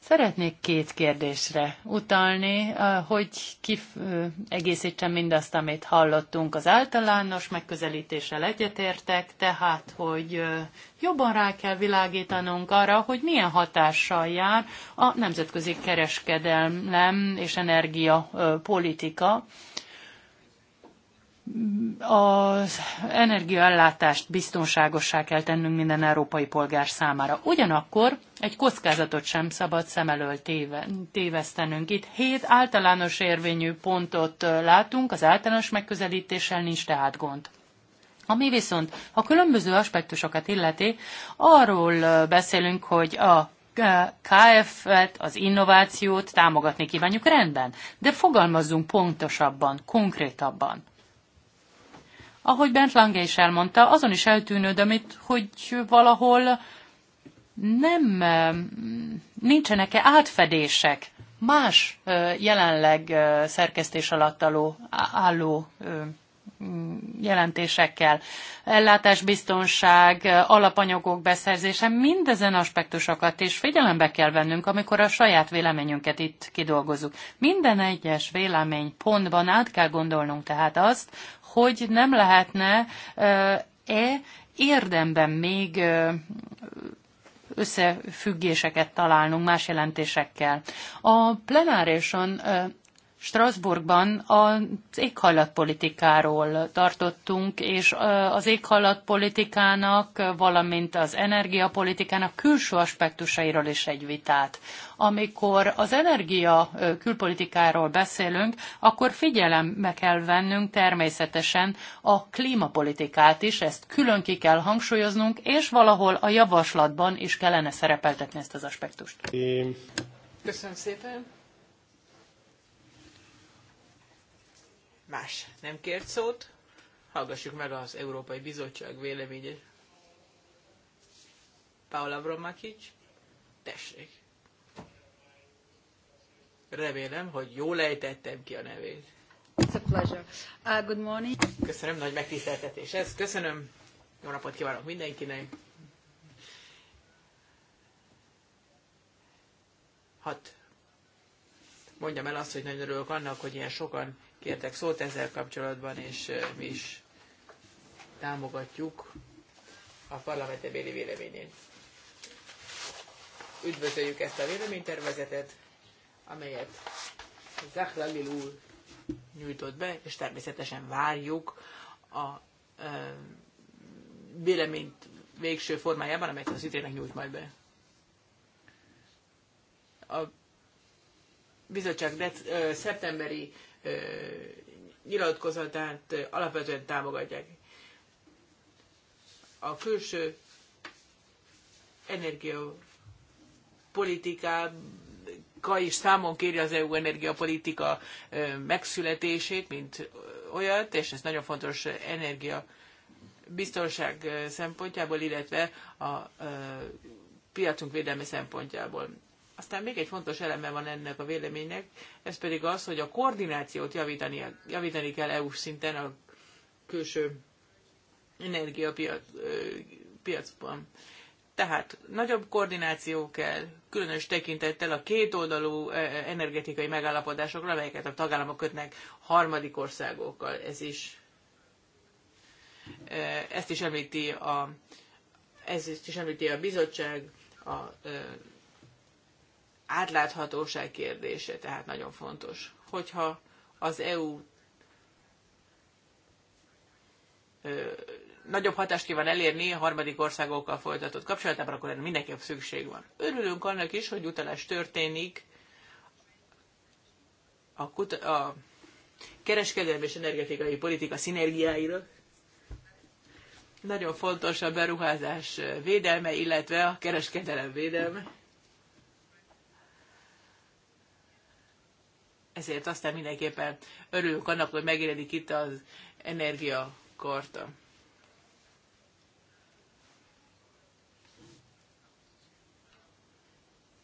Szeretnék két kérdésre utalni, eh, hogy kiegészítsem eh, mindazt, amit hallottunk. Az általános megközelítéssel egyetértek, tehát, hogy eh, jobban rá kell világítanunk arra, hogy milyen hatással jár a nemzetközi kereskedelem és energiapolitika az energiaellátást biztonságossá kell tennünk minden európai polgár számára. Ugyanakkor egy kockázatot sem szabad szem elől téve, tévesztenünk. Itt hét általános érvényű pontot látunk, az általános megközelítéssel nincs tehát gond. Ami viszont a különböző aspektusokat illeti, arról beszélünk, hogy a KF-et, az innovációt támogatni kívánjuk, rendben, de fogalmazzunk pontosabban, konkrétabban. Ahogy Bent Lange is elmondta, azon is eltűnődöm itt, hogy valahol nem, nincsenek-e átfedések más jelenleg szerkesztés alatt álló jelentésekkel, ellátásbiztonság, alapanyagok beszerzése, mindezen aspektusokat is figyelembe kell vennünk, amikor a saját véleményünket itt kidolgozunk. Minden egyes vélemény pontban át kell gondolnunk tehát azt, hogy nem lehetne-e érdemben még összefüggéseket találnunk más jelentésekkel. A plenárison Strasbourgban az éghajlatpolitikáról tartottunk, és az éghajlatpolitikának, valamint az energiapolitikának külső aspektusairól is egy vitát. Amikor az energia külpolitikáról beszélünk, akkor figyelembe kell vennünk természetesen a klímapolitikát is, ezt külön ki kell hangsúlyoznunk, és valahol a javaslatban is kellene szerepeltetni ezt az aspektust. Köszönöm szépen! Más nem kért szót. Hallgassuk meg az Európai Bizottság véleményét. Paula Bromakics, tessék. Remélem, hogy jól ejtettem ki a nevét. It's a pleasure. Uh, good morning. Köszönöm, nagy megtiszteltetés ez. Köszönöm. Jó napot kívánok mindenkinek. Hát Mondjam el azt, hogy nagyon örülök annak, hogy ilyen sokan kértek szót ezzel kapcsolatban, és mi is támogatjuk a parlamente béli véleményét. Üdvözöljük ezt a véleménytervezetet, amelyet Zahlalil úr nyújtott be, és természetesen várjuk a ö, véleményt végső formájában, amelyet az ütének nyújt majd be. A bizottság de, ö, szeptemberi nyilatkozatát alapvetően támogatják. A külső energiapolitiká is számon kéri az EU energiapolitika megszületését, mint olyat, és ez nagyon fontos energia biztonság szempontjából, illetve a piacunk védelme szempontjából. Aztán még egy fontos eleme van ennek a véleménynek, ez pedig az, hogy a koordinációt javítani, javítani kell EU-s szinten a külső energiapiacban. Tehát nagyobb koordináció kell, különös tekintettel a kétoldalú energetikai megállapodásokra, amelyeket a tagállamok kötnek harmadik országokkal. Ez is, ezt is említi a, ez is említi a bizottság, a átláthatóság kérdése, tehát nagyon fontos. Hogyha az EU ö, nagyobb hatást kíván elérni a harmadik országokkal folytatott kapcsolatában, akkor erre mindenképp szükség van. Örülünk annak is, hogy utalás történik a, kut- a kereskedelmi és energetikai politika szinergiáira. Nagyon fontos a beruházás védelme, illetve a kereskedelem védelme. ezért aztán mindenképpen örülünk annak, hogy megjelenik itt az energiakarta.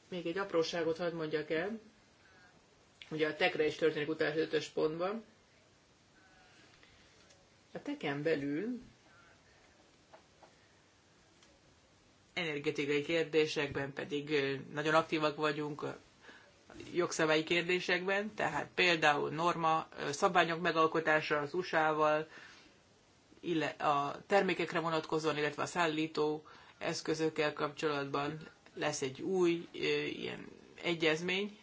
Még egy apróságot hadd mondjak el. Ugye a tekre is történik utána 5 pontban. A teken belül energetikai kérdésekben pedig nagyon aktívak vagyunk, jogszabályi kérdésekben, tehát például norma, szabványok megalkotása az USA-val, a termékekre vonatkozóan, illetve a szállító eszközökkel kapcsolatban lesz egy új ilyen egyezmény,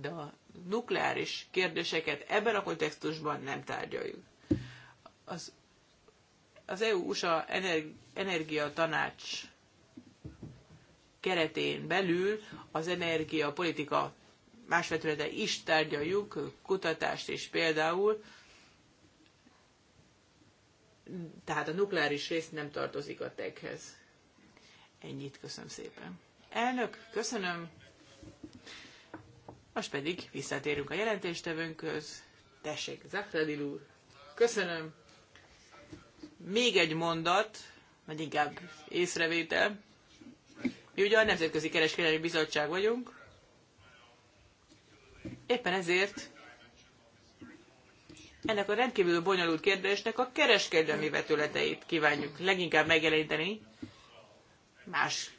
de a nukleáris kérdéseket ebben a kontextusban nem tárgyaljuk. Az, az EU-USA energia tanács keretén belül az energiapolitika más vetülete is tárgyaljuk, kutatást is például, tehát a nukleáris rész nem tartozik a teghez. Ennyit köszönöm szépen. Elnök, köszönöm. Most pedig visszatérünk a jelentéstevőnkhöz. Tessék, Zakradil úr. Köszönöm. Még egy mondat, vagy inkább észrevétel. Mi ugye a Nemzetközi Kereskedelmi Bizottság vagyunk, éppen ezért ennek a rendkívül bonyolult kérdésnek a kereskedelmi vetületeit kívánjuk leginkább megjeleníteni. Más,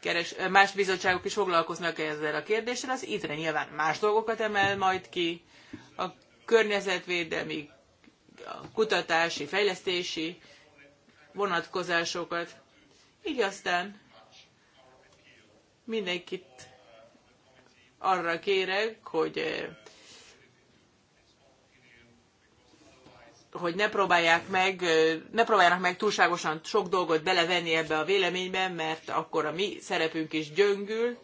keres, más bizottságok is foglalkoznak ezzel a kérdéssel, az ITRE nyilván más dolgokat emel majd ki, a környezetvédelmi, a kutatási, fejlesztési vonatkozásokat. Így aztán Mindenkit arra kérek, hogy eh, hogy ne próbálják meg, eh, ne próbáljanak meg túlságosan sok dolgot belevenni ebbe a véleménybe, mert akkor a mi szerepünk is gyöngül,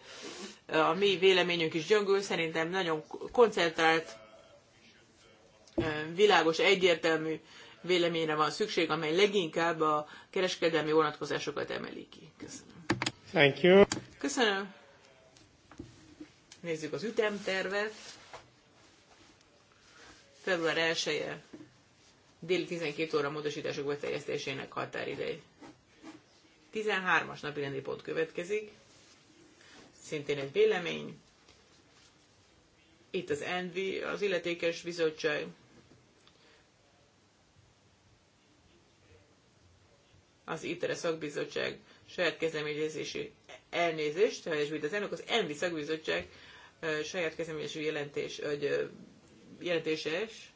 eh, a mi véleményünk is gyöngül, szerintem nagyon koncentrált, világos, egyértelmű véleményre van szükség, amely leginkább a kereskedelmi vonatkozásokat emeli ki. Köszönöm. Thank you. Köszönöm. Nézzük az ütemtervet. Február 1-e déli 12 óra módosítások beterjesztésének határidej. 13-as napi rendi pont következik. Szintén egy vélemény. Itt az ENVI, az illetékes bizottság. Az ITRE szakbizottság saját kezdeményezési elnézést, helyesbít az elnök, az ENVI szakbizottság saját kezdeményező jelentés, hogy jelentéses,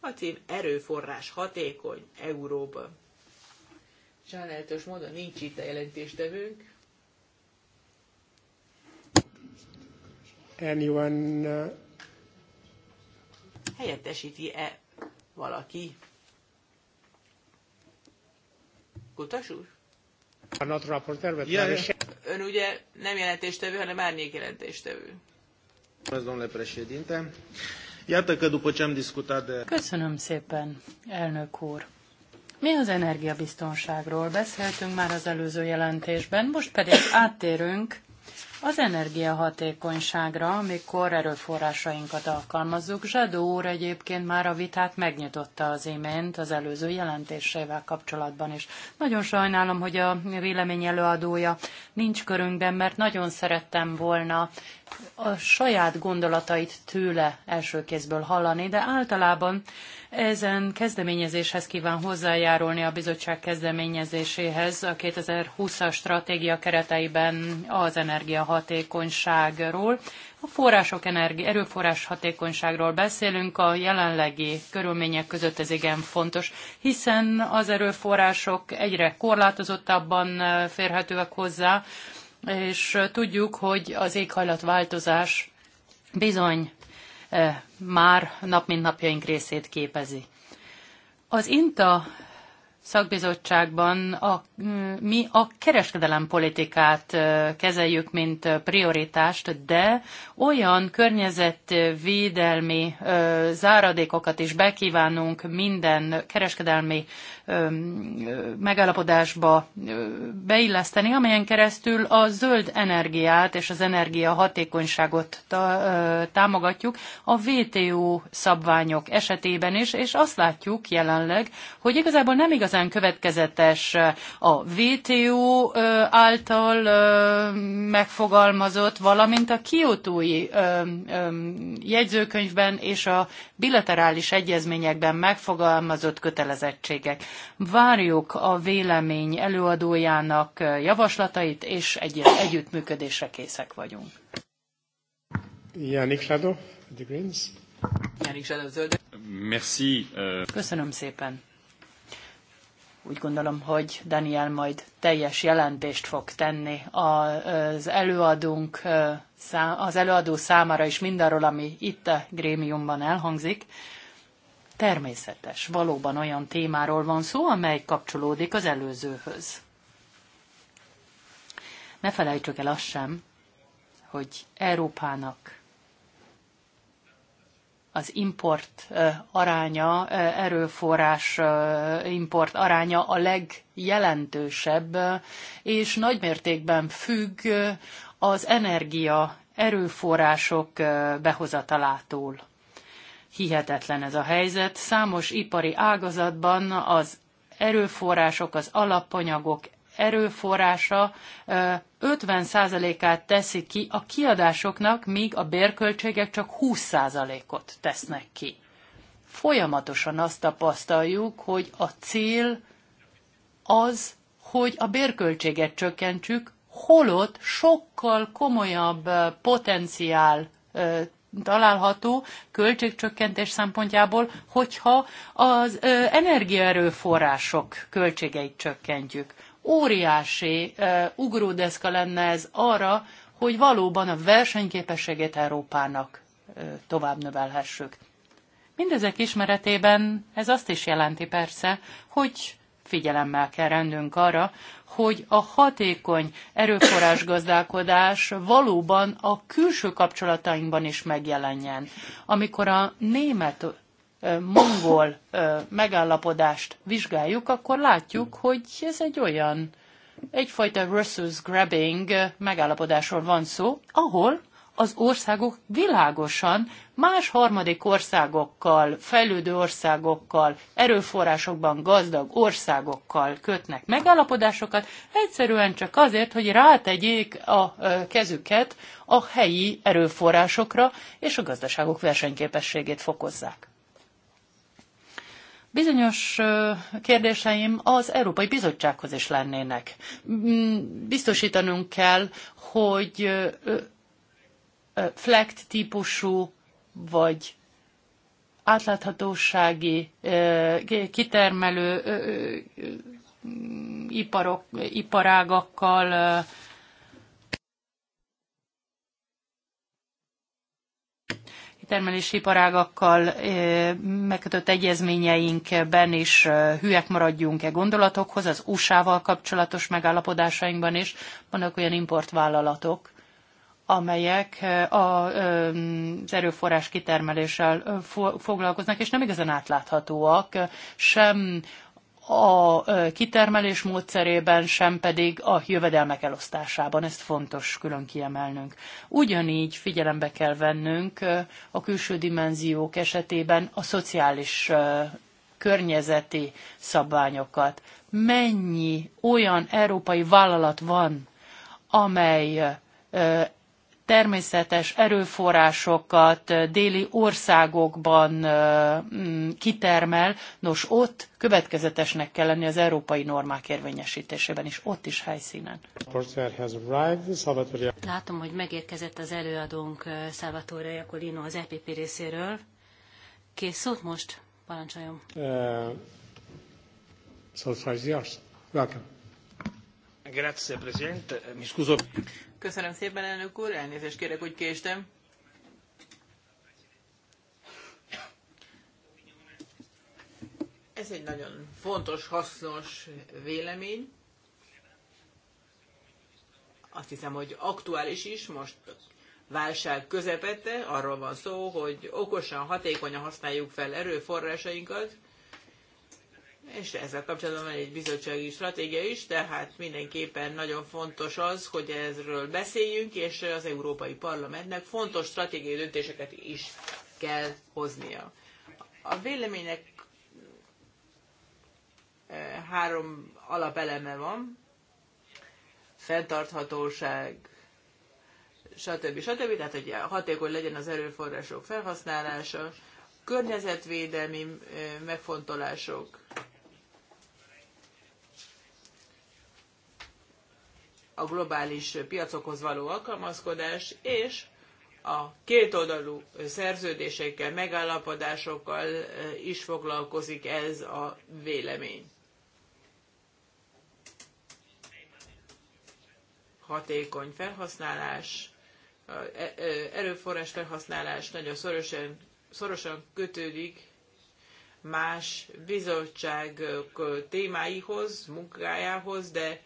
a cím erőforrás hatékony Euróba. Sajnálatos módon nincs itt a jelentéstevőnk. Anyone uh, helyettesíti-e valaki? Kutas úr? A not reporter yeah, yeah. Ön ugye nem jelentéstevő, hanem árnyék jelentéstevő. Köszönöm szépen, elnök úr. Mi az energiabiztonságról beszéltünk már az előző jelentésben, most pedig áttérünk az energiahatékonyságra, amikor erőforrásainkat alkalmazzuk, Zsadó úr egyébként már a vitát megnyitotta az imént az előző jelentésével kapcsolatban is. Nagyon sajnálom, hogy a vélemény előadója nincs körünkben, mert nagyon szerettem volna a saját gondolatait tőle első kézből hallani, de általában ezen kezdeményezéshez kíván hozzájárulni a bizottság kezdeményezéséhez a 2020-as stratégia kereteiben az energiahatékonyságról. A források energi, erőforrás hatékonyságról beszélünk, a jelenlegi körülmények között ez igen fontos, hiszen az erőforrások egyre korlátozottabban eh, férhetőek hozzá, és tudjuk, hogy az éghajlatváltozás bizony már nap mint napjaink részét képezi. Az INTA szakbizottságban a, mi a kereskedelempolitikát kezeljük, mint prioritást, de olyan környezetvédelmi záradékokat is bekívánunk minden kereskedelmi megállapodásba beilleszteni, amelyen keresztül a zöld energiát és az energia hatékonyságot támogatjuk a VTO szabványok esetében is, és azt látjuk jelenleg, hogy igazából nem igazán következetes a VTO által megfogalmazott, valamint a kiotói jegyzőkönyvben és a bilaterális egyezményekben megfogalmazott kötelezettségek. Várjuk a vélemény előadójának javaslatait, és egy együttműködésre készek vagyunk. Janik Lado, The Greens. Janik Lado, Zöldek. Merci. Euh, Köszönöm szépen. Úgy gondolom, hogy Daniel majd teljes jelentést fog tenni az előadunk, az előadó számára is mindarról, ami itt a grémiumban elhangzik. Természetes, valóban olyan témáról van szó, amely kapcsolódik az előzőhöz. Ne felejtsük el azt sem, hogy Európának az import aránya, erőforrás import aránya a legjelentősebb, és nagymértékben függ az energia erőforrások behozatalától Hihetetlen ez a helyzet. Számos ipari ágazatban az erőforrások, az alapanyagok erőforrása 50%-át teszi ki a kiadásoknak, míg a bérköltségek csak 20%-ot tesznek ki. Folyamatosan azt tapasztaljuk, hogy a cél az, hogy a bérköltséget csökkentsük, holott sokkal komolyabb potenciál található költségcsökkentés szempontjából, hogyha az energiaerőforrások költségeit csökkentjük. Óriási ugródeszka lenne ez arra, hogy valóban a versenyképességét Európának tovább növelhessük. Mindezek ismeretében ez azt is jelenti persze, hogy figyelemmel kell rendünk arra, hogy a hatékony erőforrás gazdálkodás valóban a külső kapcsolatainkban is megjelenjen. Amikor a német mongol megállapodást vizsgáljuk, akkor látjuk, hogy ez egy olyan egyfajta versus grabbing megállapodásról van szó, ahol az országok világosan más harmadik országokkal, fejlődő országokkal, erőforrásokban gazdag országokkal kötnek megállapodásokat, egyszerűen csak azért, hogy rátegyék a kezüket a helyi erőforrásokra, és a gazdaságok versenyképességét fokozzák. Bizonyos kérdéseim az Európai Bizottsághoz is lennének. Mm, biztosítanunk kell, hogy flekt típusú vagy átláthatósági kitermelő iparok, iparágakkal termelési iparágakkal megkötött egyezményeinkben is hülyek maradjunk-e gondolatokhoz, az USA-val kapcsolatos megállapodásainkban is vannak olyan importvállalatok, amelyek az erőforrás kitermeléssel foglalkoznak, és nem igazán átláthatóak, sem a kitermelés módszerében, sem pedig a jövedelmek elosztásában. Ezt fontos külön kiemelnünk. Ugyanígy figyelembe kell vennünk a külső dimenziók esetében a szociális környezeti szabványokat. Mennyi olyan európai vállalat van, amely természetes erőforrásokat déli országokban mm, kitermel, nos ott következetesnek kell lenni az európai normák érvényesítésében is, ott is helyszínen. Látom, hogy megérkezett az előadónk Salvatore Iacolino az EPP részéről. Kész szót most, parancsoljon. Uh, so Grazie, Presidente. Mi scuso. Köszönöm szépen, elnök úr, elnézést kérek, hogy késtem. Ez egy nagyon fontos, hasznos vélemény. Azt hiszem, hogy aktuális is, most válság közepette, arról van szó, hogy okosan, hatékonyan használjuk fel erőforrásainkat, és ezzel kapcsolatban van egy bizottsági stratégia is, tehát mindenképpen nagyon fontos az, hogy ezről beszéljünk, és az Európai Parlamentnek fontos stratégiai döntéseket is kell hoznia. A véleménynek eh, három alapeleme van, fenntarthatóság, stb. stb. Tehát, hogy hatékony legyen az erőforrások felhasználása, környezetvédelmi eh, megfontolások, a globális piacokhoz való alkalmazkodás, és a kétoldalú szerződésekkel, megállapodásokkal eh, is foglalkozik ez a vélemény. Hatékony felhasználás, eh, eh, erőforrás felhasználás nagyon szorosan, szorosan kötődik más bizottság témáihoz, munkájához, de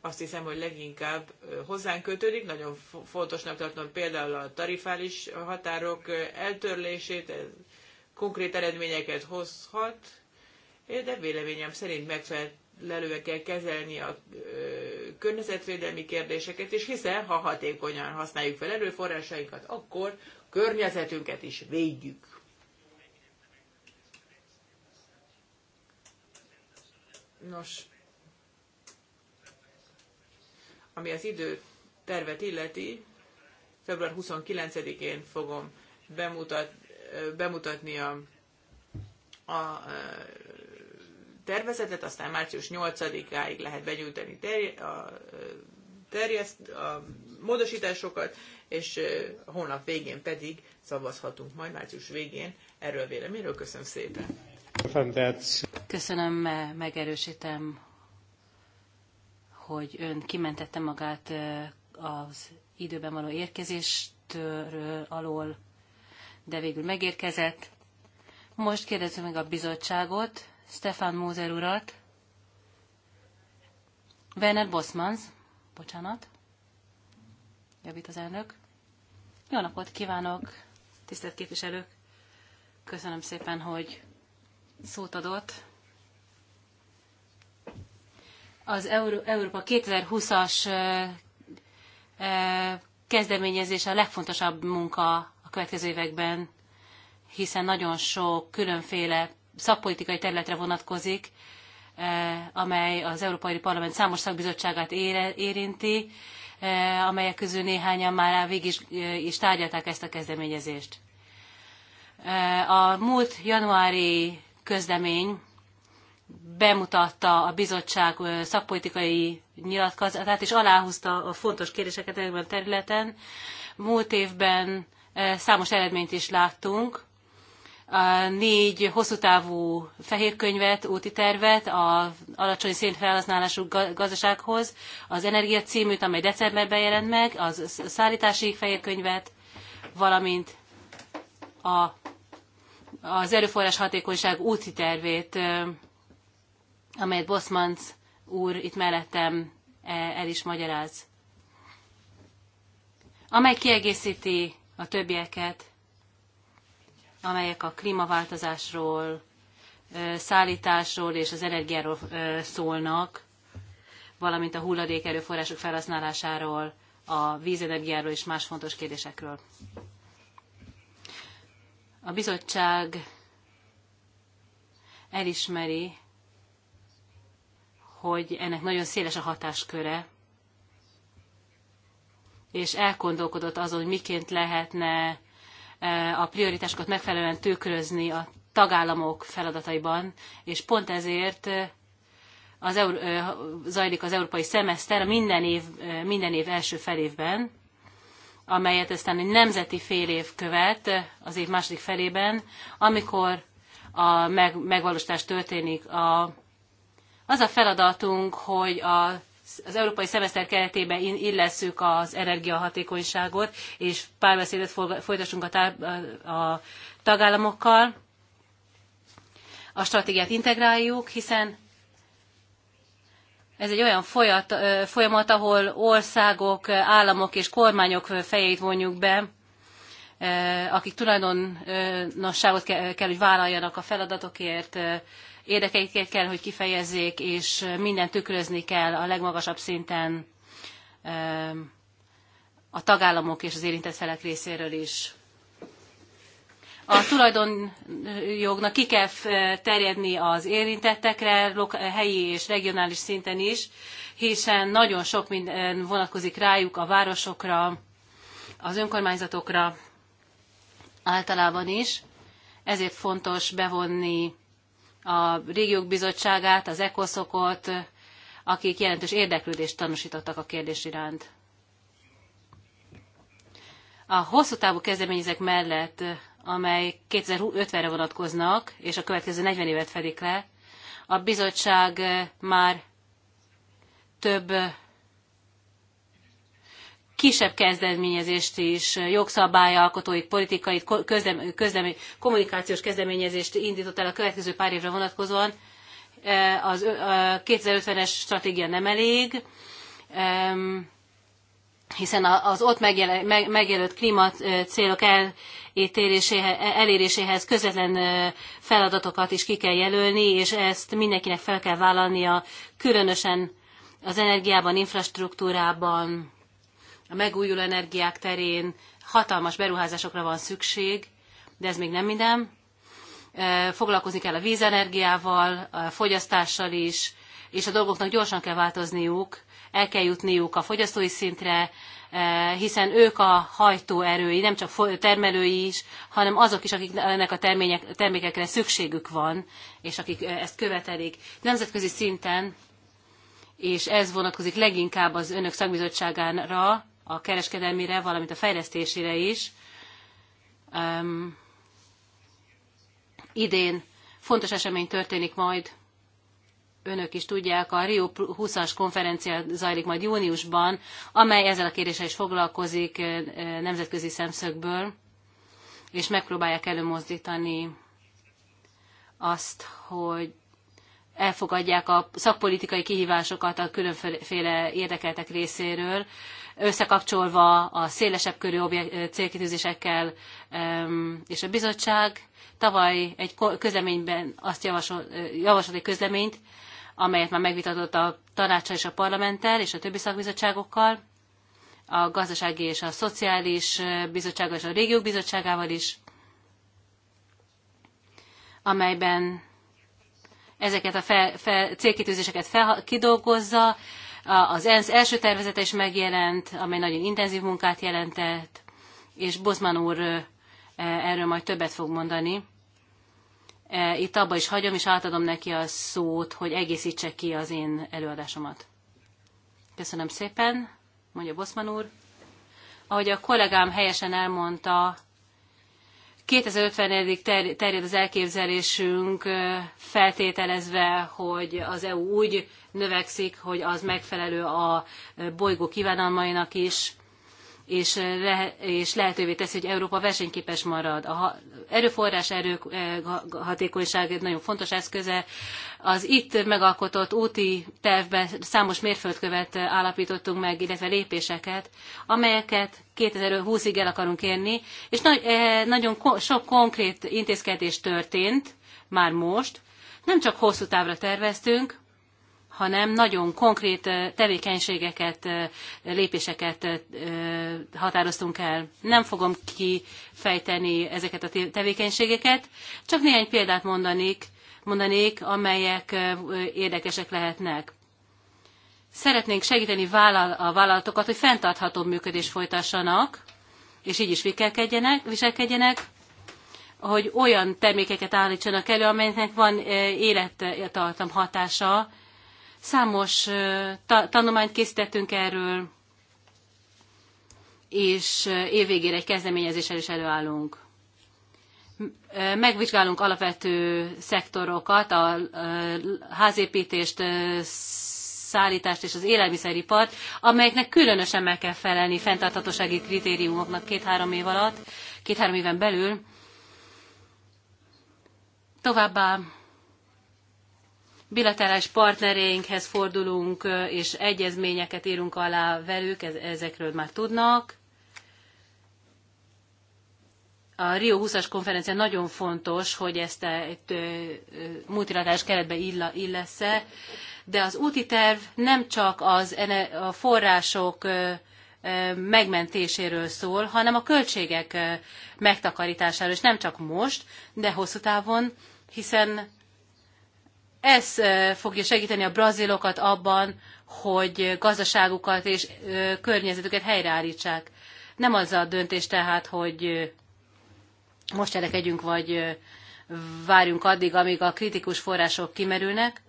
azt hiszem, hogy leginkább hozzánk kötődik. Nagyon fontosnak tartom például a tarifális határok eltörlését, ez konkrét eredményeket hozhat, de véleményem szerint megfelelően kell kezelni a környezetvédelmi kérdéseket, és hiszen ha hatékonyan használjuk fel erőforrásainkat, akkor környezetünket is védjük. Nos, ami az időtervet illeti, február 29-én fogom bemutat, bemutatni a, a tervezetet, aztán március 8-áig lehet begyűjteni terje, a, terjeszt, a módosításokat, és a hónap végén pedig szavazhatunk majd március végén erről véleményről. Köszönöm szépen! Köszönöm, eh, megerősítem, hogy ön kimentette magát az időben való érkezéstől alól, de végül megérkezett. Most kérdezzük meg a bizottságot, Stefan Mózer urat, Werner Bosmans, bocsánat, javít az elnök. Jó napot kívánok, tisztelt képviselők! Köszönöm szépen, hogy szót adott az Európa 2020-as kezdeményezése a legfontosabb munka a következő években, hiszen nagyon sok különféle szakpolitikai területre vonatkozik, amely az Európai Parlament számos szakbizottságát érinti, amelyek közül néhányan már végig is, is tárgyalták ezt a kezdeményezést. A múlt januári közlemény bemutatta a bizottság szakpolitikai nyilatkozatát, és aláhúzta a fontos kérdéseket ebben a területen. Múlt évben számos eredményt is láttunk, a négy hosszú távú fehérkönyvet, úti tervet az alacsony szénfelhasználású gazdasághoz, az energia címűt, amely decemberben jelent meg, az szállítási fehérkönyvet, valamint a, az erőforrás hatékonyság úti tervét amelyet Boszmanc úr itt mellettem e, el is magyaráz, amely kiegészíti a többieket, amelyek a klímaváltozásról, szállításról és az energiáról szólnak, valamint a hulladék erőforrások felhasználásáról, a vízenergiáról és más fontos kérdésekről. A bizottság elismeri, hogy ennek nagyon széles a hatásköre, és elgondolkodott azon, hogy miként lehetne e, a prioritásokat megfelelően tükrözni a tagállamok feladataiban, és pont ezért e, az Euró- e, zajlik az európai szemeszter minden év, minden év első felévben, amelyet aztán egy nemzeti fél év követ az év második felében, amikor a meg, megvalósítás történik a az a feladatunk, hogy a az európai szemeszter keretében illesszük az energiahatékonyságot, és párbeszédet folytassunk a, a tagállamokkal. A stratégiát integráljuk, hiszen ez egy olyan folyat, folyamat, ahol országok, államok és kormányok fejeit vonjuk be, akik tulajdonosságot kell, hogy vállaljanak a feladatokért, érdekeiket kell, hogy kifejezzék, és minden tükrözni kell a legmagasabb szinten eh, a tagállamok és az érintett felek részéről is. A tulajdonjognak ki kell eh, terjedni az érintettekre, helyi és regionális szinten is, hiszen nagyon sok minden vonatkozik rájuk, a városokra, az önkormányzatokra általában is. Ezért fontos bevonni a régiók bizottságát, az ECOSZokot, akik jelentős érdeklődést tanúsítottak a kérdés iránt. A hosszú távú kezdeményezek mellett, amely 2050-re vonatkoznak, és a következő 40 évet fedik le, a bizottság már több kisebb kezdeményezést is, jogszabályalkotói, politikai, közlem, közlem, kommunikációs kezdeményezést indított el a következő pár évre vonatkozóan. E, az 2050-es stratégia nem elég, hiszen az ott megjelölt klímacélok e, el, eléréséhez közvetlen e, feladatokat is ki kell jelölni, és ezt mindenkinek fel kell vállalnia, különösen az energiában, infrastruktúrában, a megújuló energiák terén hatalmas beruházásokra van szükség, de ez még nem minden. Foglalkozni kell a vízenergiával, a fogyasztással is, és a dolgoknak gyorsan kell változniuk, el kell jutniuk a fogyasztói szintre, hiszen ők a hajtóerői, nem csak termelői is, hanem azok is, akik ennek a termények, termékekre szükségük van, és akik ezt követelik. Nemzetközi szinten, és ez vonatkozik leginkább az önök szakbizottságára, a kereskedelmére, valamint a fejlesztésére is. Um, idén fontos esemény történik majd, önök is tudják, a Rio 20-as konferencia zajlik majd júniusban, amely ezzel a kérdéssel is foglalkozik eh, eh, nemzetközi szemszögből, és megpróbálják előmozdítani azt, hogy elfogadják a szakpolitikai kihívásokat a különféle érdekeltek részéről, összekapcsolva a szélesebb körű célkitűzésekkel, és a bizottság tavaly egy közleményben azt javasol, javasolt egy közleményt, amelyet már megvitatott a tanácsa és a parlamenttel és a többi szakbizottságokkal, a gazdasági és a szociális bizottsággal és a régiók bizottságával is, amelyben ezeket a fel, fel, célkitűzéseket fel, kidolgozza. Az ENSZ első tervezete is megjelent, amely nagyon intenzív munkát jelentett, és Bozman úr e, erről majd többet fog mondani. E, itt abba is hagyom, és átadom neki a szót, hogy egészítse ki az én előadásomat. Köszönöm szépen, mondja Boszman úr. Ahogy a kollégám helyesen elmondta, 2050-ig terjed az elképzelésünk, feltételezve, hogy az EU úgy növekszik, hogy az megfelelő a bolygó kívánalmainak is és, le, és lehetővé teszi, hogy Európa versenyképes marad. A erőforrás erő eh, hatékonyság egy nagyon fontos eszköze. Az itt megalkotott úti tervben számos mérföldkövet állapítottunk meg, illetve lépéseket, amelyeket 2020-ig el akarunk érni, és nagy, eh, nagyon sok konkrét intézkedés történt már most. Nem csak hosszú távra terveztünk, hanem nagyon konkrét tevékenységeket, lépéseket határoztunk el. Nem fogom kifejteni ezeket a tevékenységeket, csak néhány példát mondanék, mondanék amelyek érdekesek lehetnek. Szeretnénk segíteni a vállalatokat, hogy fenntartható működést folytassanak, és így is viselkedjenek, viselkedjenek hogy olyan termékeket állítsanak elő, amelynek van élettartam hatása, Számos ta tanulmányt készítettünk erről, és évvégére egy kezdeményezéssel is előállunk. Megvizsgálunk alapvető szektorokat, a házépítést, szállítást és az élelmiszeripart, amelyeknek különösen meg kell felelni fenntarthatósági kritériumoknak két-három év alatt, két-három éven belül. Továbbá bilaterális partnereinkhez fordulunk, és egyezményeket írunk alá velük, ezekről már tudnak. A Rio 20-as konferencia nagyon fontos, hogy ezt egy multilaterális keretbe illesz de az úti terv nem csak az a források megmentéséről szól, hanem a költségek megtakarításáról, és nem csak most, de hosszú távon, hiszen ez fogja segíteni a brazilokat abban, hogy gazdaságukat és környezetüket helyreállítsák. Nem az a döntés tehát, hogy most cselekedjünk, vagy várjunk addig, amíg a kritikus források kimerülnek,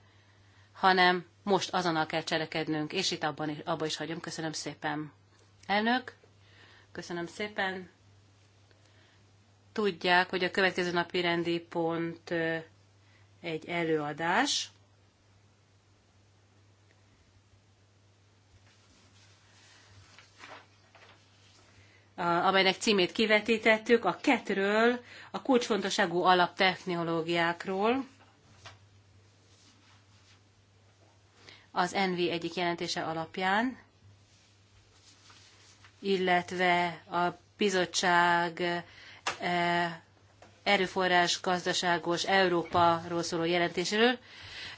hanem most azonnal kell cselekednünk, és itt abban is, abba is hagyom. Köszönöm szépen. Elnök, köszönöm szépen. Tudják, hogy a következő napi rendi pont egy előadás. amelynek címét kivetítettük, a ketről, a kulcsfontosságú alaptechnológiákról. Az NV egyik jelentése alapján, illetve a bizottság eh, erőforrás gazdaságos Európáról szóló jelentéséről.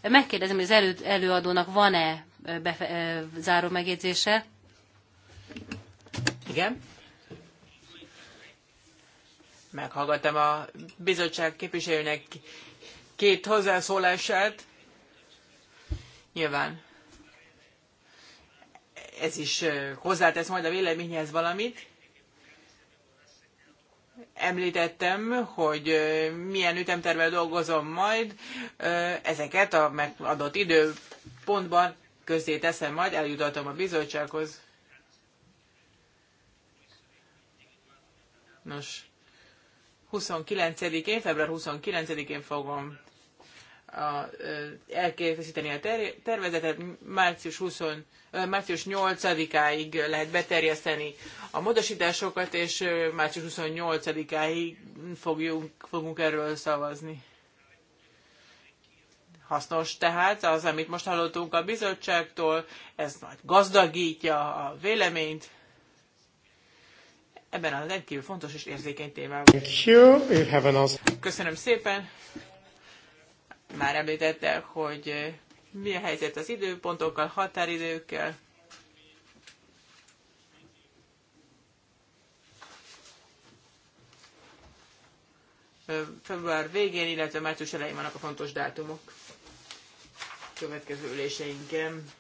Megkérdezem, hogy az elő, előadónak van-e befe, záró megjegyzése? Igen. Meghallgattam a bizottság képviselőnek két hozzászólását. Nyilván ez is hozzátesz majd a véleményhez valamit említettem, hogy milyen ütemtervel dolgozom majd, ezeket a megadott időpontban közzé teszem majd, eljutatom a bizottsághoz. Nos, 29-én, február 29-én fogom a, elkészíteni a ter- tervezetet, március, 20, március 8-áig lehet beterjeszteni a módosításokat, és március 28-áig fogjunk, fogunk erről szavazni. Hasznos tehát az, amit most hallottunk a bizottságtól, ez majd gazdagítja a véleményt ebben a rendkívül fontos és érzékeny témában. Köszönöm szépen! Már említette, hogy eh, mi a helyzet az időpontokkal, határidőkkel. Eh, február végén, illetve március elején vannak a fontos dátumok következő üléseinken.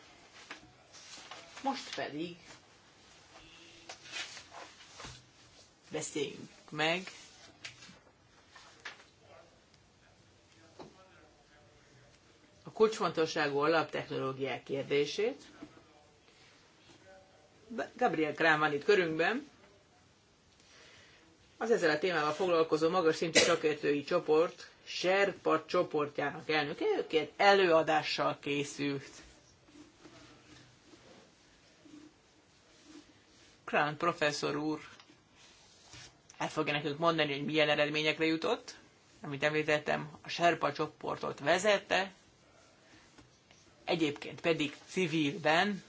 Most pedig beszéljünk meg kulcsfontosságú alaptechnológiák kérdését. Gabriel Krám van itt körünkben. Az ezzel a témával foglalkozó magas szintű szakértői csoport, Serpa csoportjának elnöke, ők egy előadással készült. Krán professzor úr el fogja nekünk mondani, hogy milyen eredményekre jutott. Amit említettem, a Serpa csoportot vezette, egyébként pedig civilben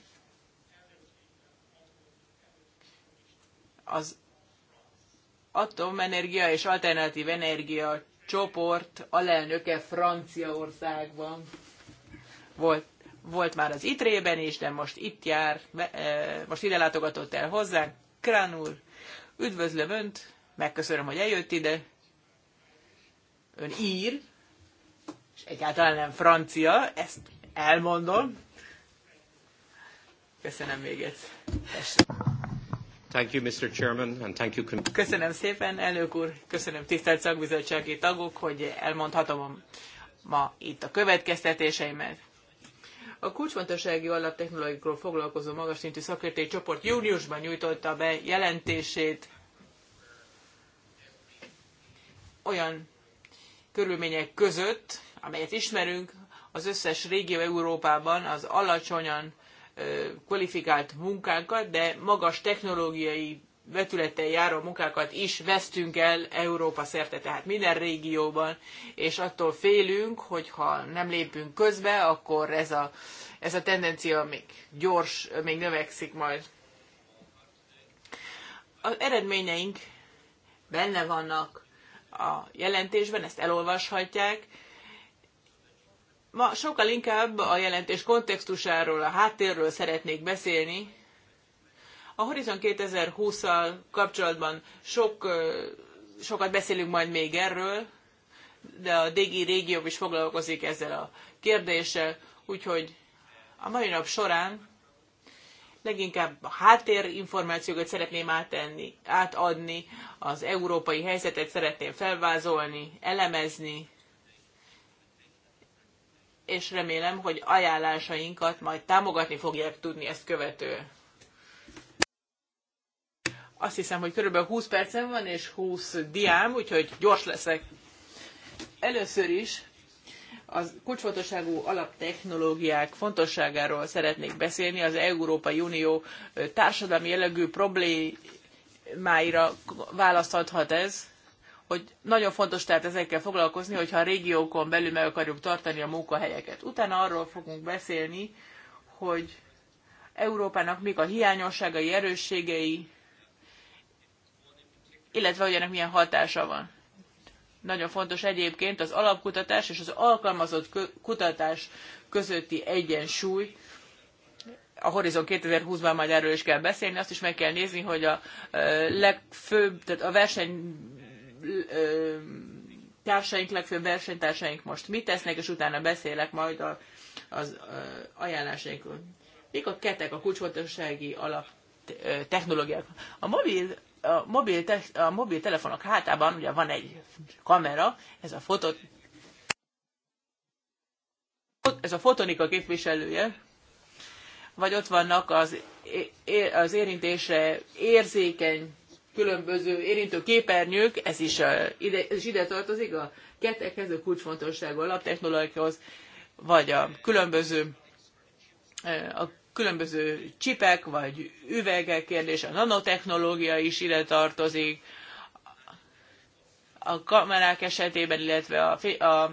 az atomenergia és alternatív energia csoport alelnöke Franciaországban volt, volt már az ITRE-ben is, de most itt jár, e, most ide látogatott el hozzánk. Krán úr, üdvözlöm Önt, megköszönöm, hogy eljött ide. Ön ír, és egyáltalán nem francia, ezt elmondom. Köszönöm még egyszer. Thank you, Mr. Chairman, and thank you. Köszönöm szépen, elnök úr, köszönöm tisztelt szakbizottsági tagok, hogy elmondhatom ma itt a következtetéseimet. A kulcsfontosságú alaptechnológikról foglalkozó magas szintű szakértői csoport júniusban nyújtotta be jelentését olyan körülmények között, amelyet ismerünk, az összes régió Európában az alacsonyan kvalifikált munkákat, de magas technológiai vetülettel járó munkákat is vesztünk el Európa szerte, tehát minden régióban, és attól félünk, hogy ha nem lépünk közbe, akkor ez a, ez a tendencia még gyors, még növekszik majd. Az eredményeink benne vannak a jelentésben, ezt elolvashatják, Ma sokkal inkább a jelentés kontextusáról, a háttérről szeretnék beszélni. A Horizon 2020-al kapcsolatban sok, sokat beszélünk majd még erről, de a DG régió is foglalkozik ezzel a kérdéssel, úgyhogy a mai nap során leginkább a háttérinformációkat szeretném átenni, átadni, az európai helyzetet szeretném felvázolni, elemezni, és remélem, hogy ajánlásainkat majd támogatni fogják tudni ezt követő. Azt hiszem, hogy körülbelül 20 percem van, és 20 diám, úgyhogy gyors leszek. Először is az kulcsfontosságú alaptechnológiák fontosságáról szeretnék beszélni, az Európai Unió társadalmi jellegű problémáira választ adhat ez hogy nagyon fontos tehát ezekkel foglalkozni, hogyha a régiókon belül meg akarjuk tartani a munkahelyeket. Utána arról fogunk beszélni, hogy Európának mik a hiányosságai, erősségei, illetve hogy ennek milyen hatása van. Nagyon fontos egyébként az alapkutatás és az alkalmazott kutatás közötti egyensúly. A Horizon 2020-ban majd erről is kell beszélni, azt is meg kell nézni, hogy a legfőbb, tehát a verseny társaink, legfőbb versenytársaink most mit tesznek, és utána beszélek majd a, az ajánlásainkról. Mik a ketek a kulcsfontossági alap technológiák? A mobil a, mobil te, a mobiltelefonok hátában ugye van egy kamera, ez a fotot, ez a fotonika képviselője, vagy ott vannak az, az érintésre érzékeny különböző érintő képernyők, ez is, ide, ez is ide tartozik a a kulcsfontosságú alaptechnológiához, vagy a különböző a különböző csipek vagy üvegek kérdése, a nanotechnológia is ide tartozik, a kamerák esetében, illetve a, a, a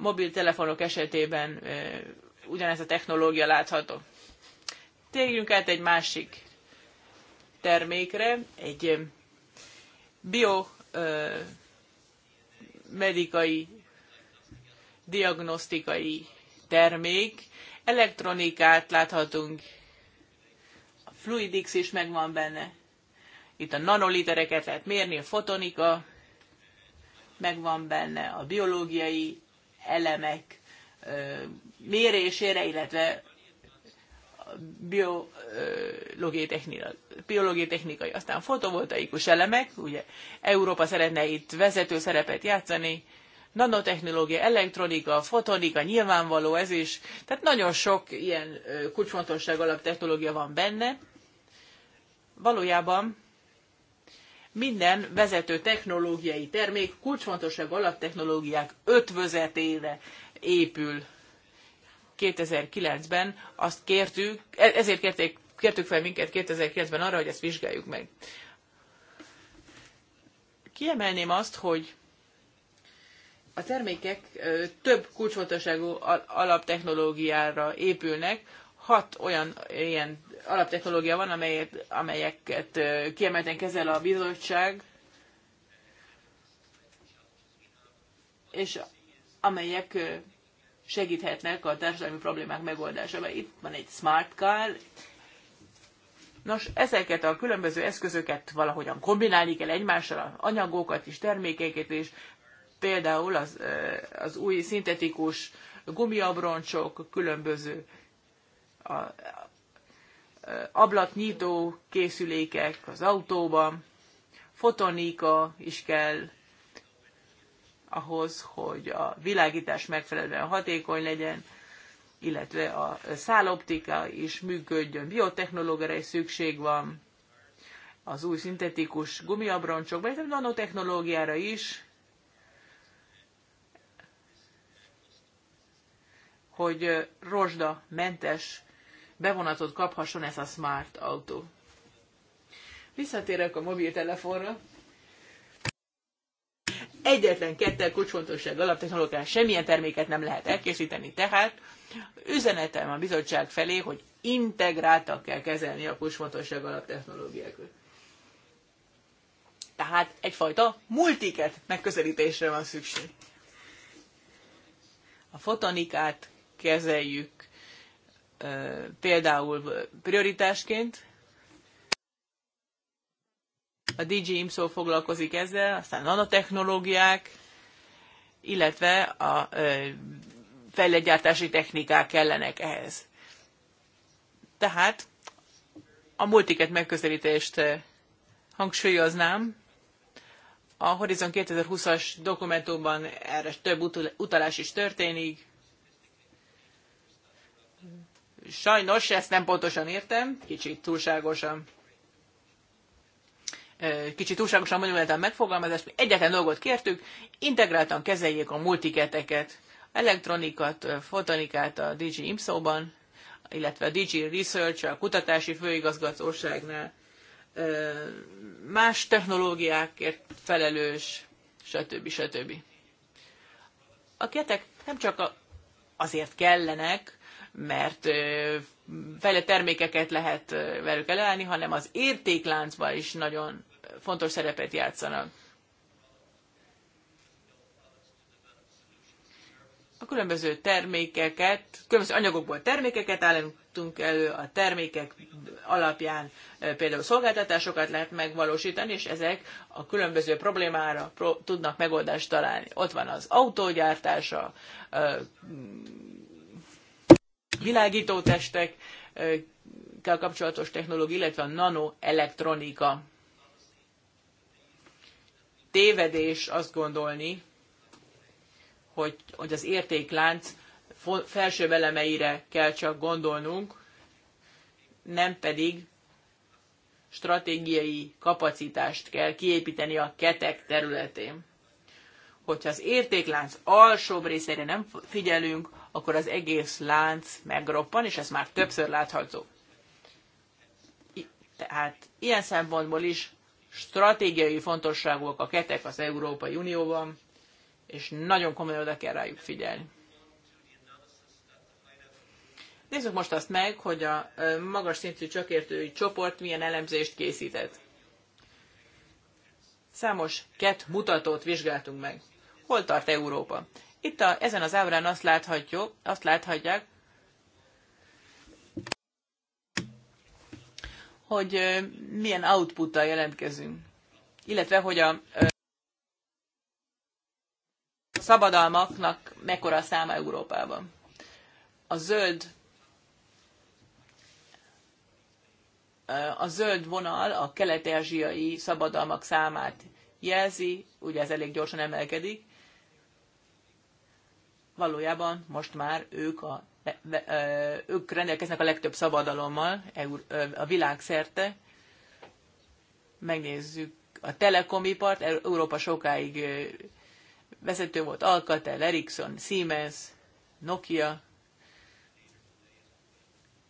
mobiltelefonok esetében e, ugyanez a technológia látható. Térjünk át egy másik termékre, egy bio medikai diagnosztikai termék, elektronikát láthatunk, a fluidix is megvan benne, itt a nanolitereket lehet mérni, a fotonika megvan benne, a biológiai elemek mérésére, illetve biológiai, technikai, aztán fotovoltaikus elemek, ugye Európa szeretne itt vezető szerepet játszani, nanotechnológia, elektronika, fotonika, nyilvánvaló ez is, tehát nagyon sok ilyen kulcsfontosság technológia van benne. Valójában minden vezető technológiai termék kulcsfontosság technológiák ötvözetére épül 2009-ben azt kértük, e, ezért kérték, kértük fel minket 2009-ben arra, hogy ezt vizsgáljuk meg. Kiemelném azt, hogy a termékek több kulcsfontosságú alaptechnológiára épülnek, hat olyan ilyen alaptechnológia van, amelyet, amelyeket kiemelten kezel a bizottság, és amelyek segíthetnek a társadalmi problémák megoldásában. Itt van egy smart car. Nos, ezeket a különböző eszközöket valahogyan kombinálni kell egymással, anyagokat is, termékeket is, például az, az új szintetikus gumiabroncsok, különböző a, a, ablaknyitó készülékek az autóban, fotonika is kell, ahhoz, hogy a világítás megfelelően hatékony legyen, illetve a száloptika is működjön. Biotechnológiára is szükség van az új szintetikus vagy a nanotechnológiára is, hogy rozsda mentes bevonatot kaphasson ez a smart autó. Visszatérek a mobiltelefonra egyetlen kettel kulcsfontosság alaptechnológián semmilyen terméket nem lehet elkészíteni, tehát üzenetem a bizottság felé, hogy integráltak kell kezelni a kulcsfontosság alaptechnológiákat. Tehát egyfajta multiket megközelítésre van szükség. A fotonikát kezeljük például prioritásként, a DJ IMSO foglalkozik ezzel, aztán nanotechnológiák, illetve a fejlegyártási technikák kellenek ehhez. Tehát a multiket megközelítést hangsúlyoznám. A Horizon 2020-as dokumentumban erre több utalás is történik. Sajnos ezt nem pontosan értem, kicsit túlságosan kicsit túlságosan bonyolult a megfogalmazás, mi egyetlen dolgot kértük, integráltan kezeljék a multiketeket, elektronikát, fotonikát a DG IMSO-ban, illetve a DG Research, a kutatási főigazgatóságnál, más technológiákért felelős, stb. stb. A ketek nem csak azért kellenek, mert fejlett termékeket lehet velük előállni, hanem az értékláncban is nagyon fontos szerepet játszanak. A különböző termékeket, különböző anyagokból termékeket állítunk elő, a termékek alapján például szolgáltatásokat lehet megvalósítani, és ezek a különböző problémára tudnak megoldást találni. Ott van az autógyártása, világítótestek, kapcsolatos technológia, illetve a nanoelektronika tévedés azt gondolni, hogy, hogy az értéklánc felső elemeire kell csak gondolnunk, nem pedig stratégiai kapacitást kell kiépíteni a ketek területén. Hogyha az értéklánc alsóbb részére nem figyelünk, akkor az egész lánc megroppan, és ez már többször látható. Tehát ilyen szempontból is stratégiai fontosságúak a ketek az Európai Unióban, és nagyon komolyan oda kell rájuk figyelni. Nézzük most azt meg, hogy a magas szintű csakértői csoport milyen elemzést készített. Számos két mutatót vizsgáltunk meg. Hol tart Európa? Itt a, ezen az ábrán azt, láthatjuk, azt láthatják, hogy milyen outputtal jelentkezünk, illetve hogy a szabadalmaknak mekkora a száma Európában. A zöld a zöld vonal a kelet-ázsiai szabadalmak számát jelzi, ugye ez elég gyorsan emelkedik. Valójában most már ők a ők rendelkeznek a legtöbb szabadalommal a világ szerte. Megnézzük a telekomipart, Európa sokáig vezető volt Alcatel, Ericsson, Siemens, Nokia.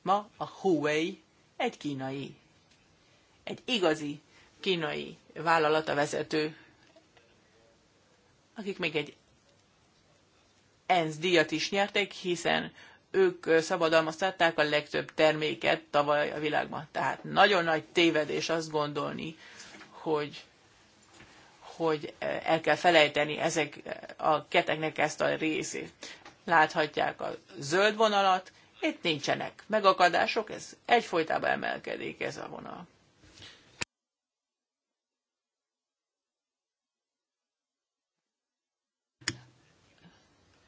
Ma a Huawei egy kínai, egy igazi kínai vállalat a vezető, akik még egy ENSZ díjat is nyertek, hiszen ők szabadalmaztatták a legtöbb terméket tavaly a világban. Tehát nagyon nagy tévedés azt gondolni, hogy hogy el kell felejteni ezek a keteknek ezt a részét. Láthatják a zöld vonalat, itt nincsenek megakadások, ez egyfolytában emelkedik ez a vonal.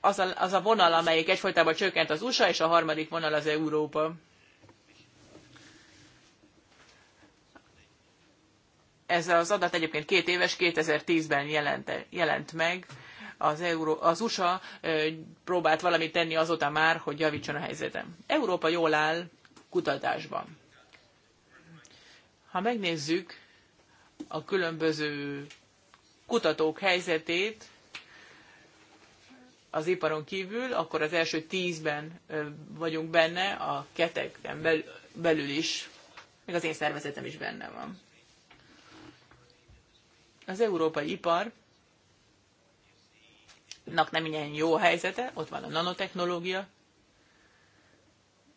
az a, az a vonal, amelyik egyfolytában csökkent az USA, és a harmadik vonal az Európa. Ez az adat egyébként két éves, 2010-ben jelent meg. Az, Euró, az USA próbált valamit tenni azóta már, hogy javítson a helyzetem. Európa jól áll kutatásban. Ha megnézzük a különböző kutatók helyzetét, az iparon kívül, akkor az első tízben vagyunk benne, a ketekben belül, belül is, meg az én szervezetem is benne van. Az európai ipar nak nem ilyen jó helyzete, ott van a nanotechnológia,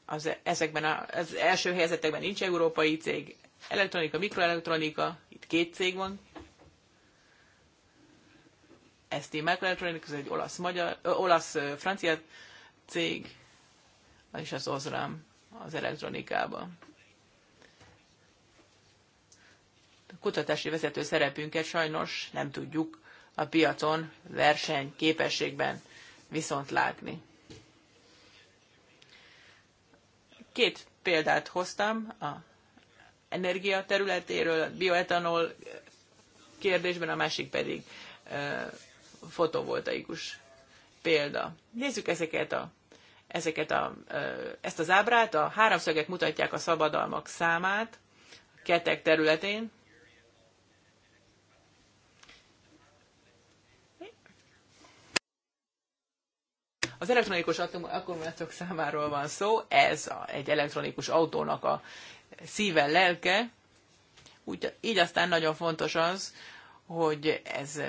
az, e-, ezekben a, az első helyzetekben nincs európai cég, elektronika, mikroelektronika, itt két cég van, ST Microelectronics, ez egy olasz-magyar, olasz-francia cég, és az Ozram az elektronikában. A kutatási vezető szerepünket sajnos nem tudjuk a piacon verseny képességben viszont látni. Két példát hoztam a energia területéről, a bioetanol kérdésben, a másik pedig fotovoltaikus példa. Nézzük ezeket a, ezeket a, ezt az ábrát. A háromszögek mutatják a szabadalmak számát a ketek területén. Az elektronikus akkumulátorok számáról van szó, ez a, egy elektronikus autónak a szíve, lelke, úgy, így aztán nagyon fontos az, hogy ez,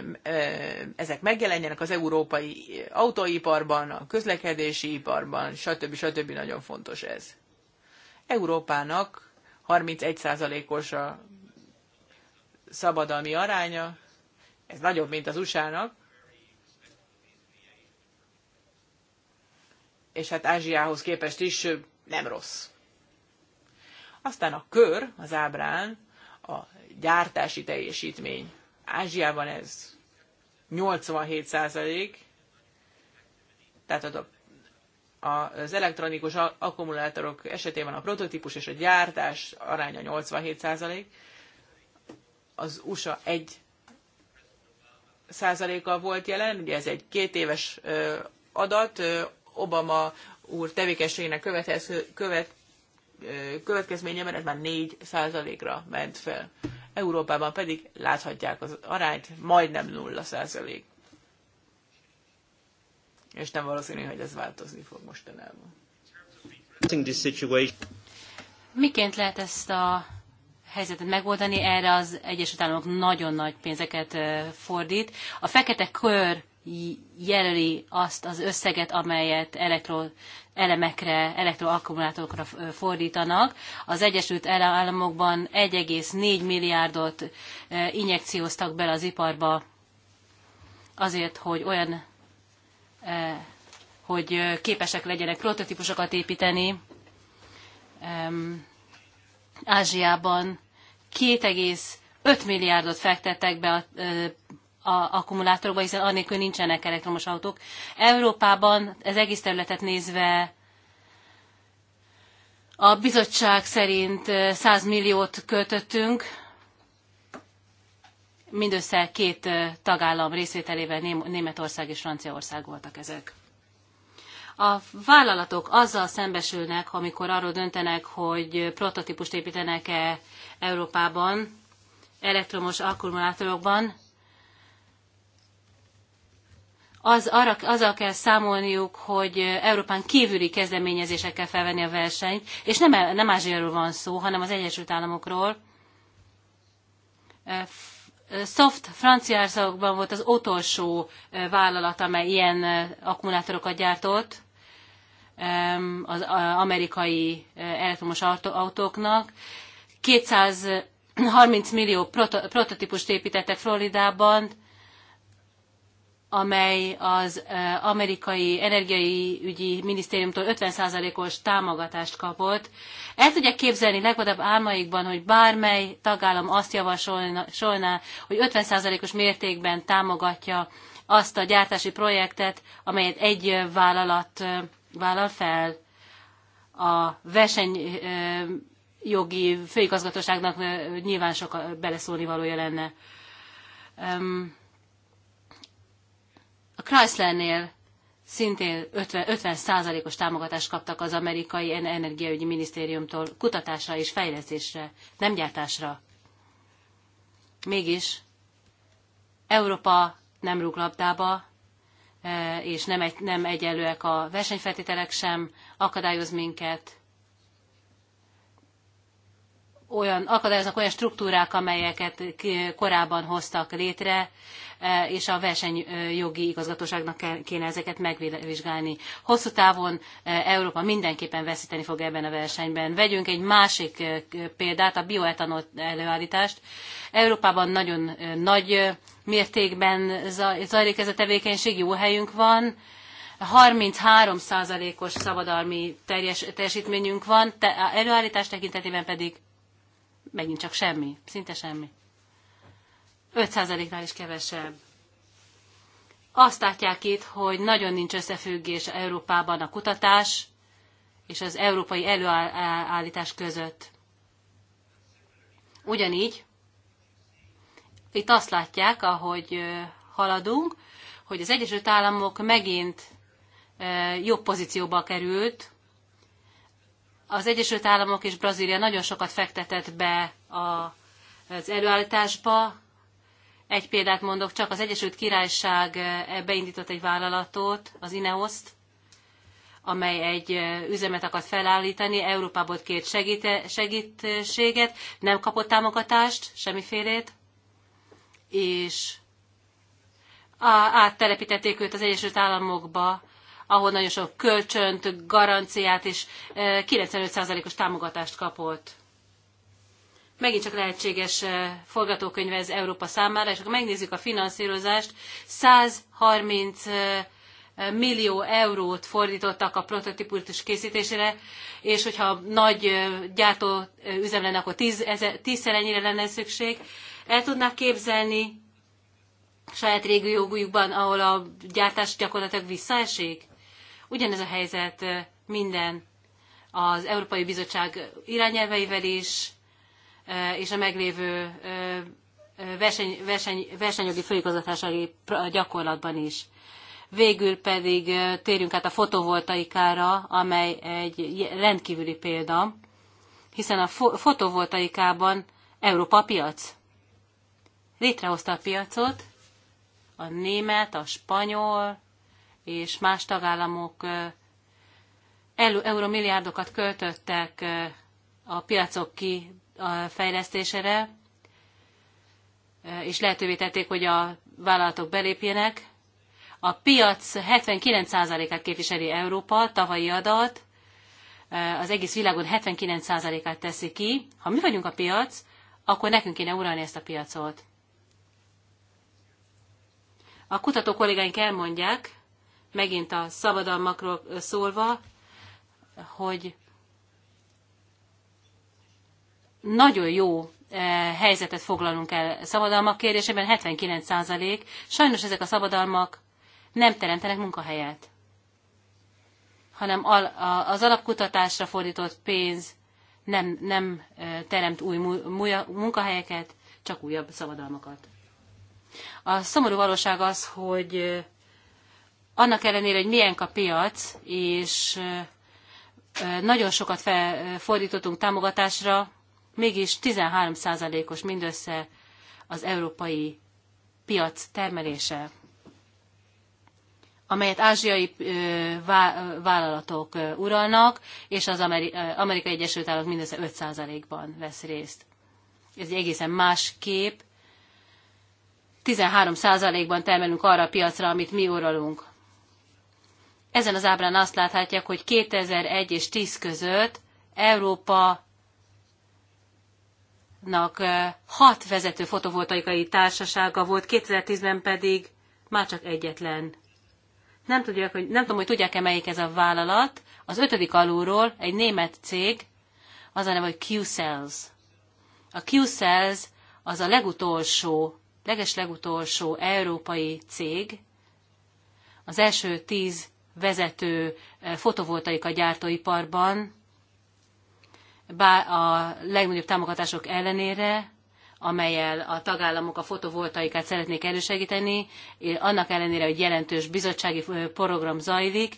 ezek megjelenjenek az európai autóiparban, a közlekedési iparban, stb. stb. nagyon fontos ez. Európának 31%-os a szabadalmi aránya, ez nagyobb, mint az USA-nak, és hát Ázsiához képest is nem rossz. Aztán a kör az ábrán a gyártási teljesítmény. Ázsiában ez 87 százalék, tehát a, az elektronikus akkumulátorok esetében a prototípus és a gyártás aránya 87 százalék, az USA 1 százaléka volt jelen, ugye ez egy két éves adat, Obama úr tevékenységének követ, következménye, mert ez már 4 ra ment fel. Európában pedig láthatják az arányt, majdnem 0 százalék. És nem valószínű, hogy ez változni fog mostanában. Miként lehet ezt a helyzetet megoldani? Erre az Egyesült Államok nagyon nagy pénzeket fordít. A fekete kör jelöli azt az összeget, amelyet elektro elemekre, elektroakkumulátorokra fordítanak. Az Egyesült Államokban 1,4 milliárdot injekcióztak bele az iparba azért, hogy olyan hogy képesek legyenek prototípusokat építeni. Ázsiában 2,5 milliárdot fektettek be a a akkumulátorokba, hiszen annélkül nincsenek elektromos autók. Európában az egész területet nézve a bizottság szerint 100 milliót költöttünk, mindössze két tagállam részvételével Németország és Franciaország voltak ezek. A vállalatok azzal szembesülnek, amikor arról döntenek, hogy prototípust építenek-e Európában, elektromos akkumulátorokban, az, arra, azzal kell számolniuk, hogy Európán kívüli kezdeményezésekkel felvenni a versenyt, és nem, nem Ázsiáról van szó, hanem az Egyesült Államokról. Soft Franciaországban volt az utolsó vállalat, amely ilyen akkumulátorokat gyártott az amerikai elektromos autóknak. 230 millió prototípust építettek Floridában, amely az amerikai energiai ügyi minisztériumtól 50%-os támogatást kapott. El tudják képzelni legvadabb álmaikban, hogy bármely tagállam azt javasolná, hogy 50%-os mértékben támogatja azt a gyártási projektet, amelyet egy vállalat vállal fel. A versenyjogi főigazgatóságnak nyilván sok beleszólni valója lenne. Um, a Chryslernél szintén 50 os támogatást kaptak az amerikai energiaügyi minisztériumtól kutatásra és fejlesztésre, nem gyártásra. Mégis Európa nem rúg labdába, e, és nem, egy, nem egyenlőek a versenyfeltételek sem, akadályoz minket. Olyan, akadályoznak olyan struktúrák, amelyeket korábban hoztak létre, E, és a versenyjogi igazgatóságnak kéne ezeket megvizsgálni. Hosszú távon e, Európa mindenképpen veszíteni fog ebben a versenyben. Vegyünk egy másik e, példát, a bioetanol előállítást. Európában nagyon nagy mértékben zajlik ez a tevékenység, jó helyünk van, 33%-os szabadalmi teljes, teljesítményünk van, te, előállítás tekintetében pedig megint csak semmi, szinte semmi. 5%-nál is kevesebb. Azt látják itt, hogy nagyon nincs összefüggés Európában a kutatás és az európai előállítás között. Ugyanígy, itt azt látják, ahogy haladunk, hogy az Egyesült Államok megint jobb pozícióba került. Az Egyesült Államok és Brazília nagyon sokat fektetett be az előállításba, egy példát mondok, csak az Egyesült Királyság eh, beindított egy vállalatot, az ineos amely egy eh, üzemet akart felállítani, Európából kért segíte, segítséget, nem kapott támogatást, semmifélét, és áttelepítették őt az Egyesült Államokba, ahol nagyon sok kölcsönt, garanciát és 95%-os eh, támogatást kapott megint csak lehetséges eh, forgatókönyv ez Európa számára, és akkor megnézzük a finanszírozást, 130 eh, millió eurót fordítottak a prototípus készítésére, és hogyha nagy eh, gyártó üzem lenne, akkor tíz, ezer, tízszer ennyire lenne szükség. El tudnák képzelni saját régiójukban, ahol a gyártás gyakorlatilag visszaesik? Ugyanez a helyzet minden az Európai Bizottság irányelveivel is, Eh, és a meglévő eh, eh, verseny, verseny, versenyjogi főigazgatásai gyakorlatban is. Végül pedig térjünk át a fotovoltaikára, amely egy rendkívüli példa, hiszen a fotovoltaikában Európa piac. Létrehozta a piacot a német, a spanyol és más tagállamok euromilliárdokat költöttek a piacok ki fejlesztésére, és lehetővé tették, hogy a vállalatok belépjenek. A piac 79%-át képviseli Európa, tavalyi adat, az egész világon 79%-át teszi ki. Ha mi vagyunk a piac, akkor nekünk kéne uralni ezt a piacot. A kutató kollégáink elmondják, megint a szabadalmakról szólva, hogy nagyon jó eh, helyzetet foglalunk el szabadalmak kérdésében, 79 százalék. Sajnos ezek a szabadalmak nem teremtenek munkahelyet, hanem az alapkutatásra fordított pénz nem, nem eh, teremt új munkahelyeket, csak újabb szabadalmakat. A szomorú valóság az, hogy eh, annak ellenére, hogy milyen a piac, és nagyon sokat fordítottunk támogatásra, mégis 13%-os mindössze az európai piac termelése, amelyet ázsiai vállalatok uralnak, és az Amerikai Egyesült Államok mindössze 5%-ban vesz részt. Ez egy egészen más kép. 13%-ban termelünk arra a piacra, amit mi uralunk. Ezen az ábrán azt láthatják, hogy 2001 és 10 között Európa nak hat vezető fotovoltaikai társasága volt, 2010-ben pedig már csak egyetlen. Nem, tudják, hogy, nem tudom, hogy tudják-e melyik ez a vállalat. Az ötödik alulról egy német cég, az a neve, hogy Q-Cells. A Q-Cells az a legutolsó, leges legutolsó európai cég, az első tíz vezető fotovoltaika gyártóiparban, bár a legnagyobb támogatások ellenére, amelyel a tagállamok a fotovoltaikát szeretnék elősegíteni, annak ellenére, hogy jelentős bizottsági program zajlik,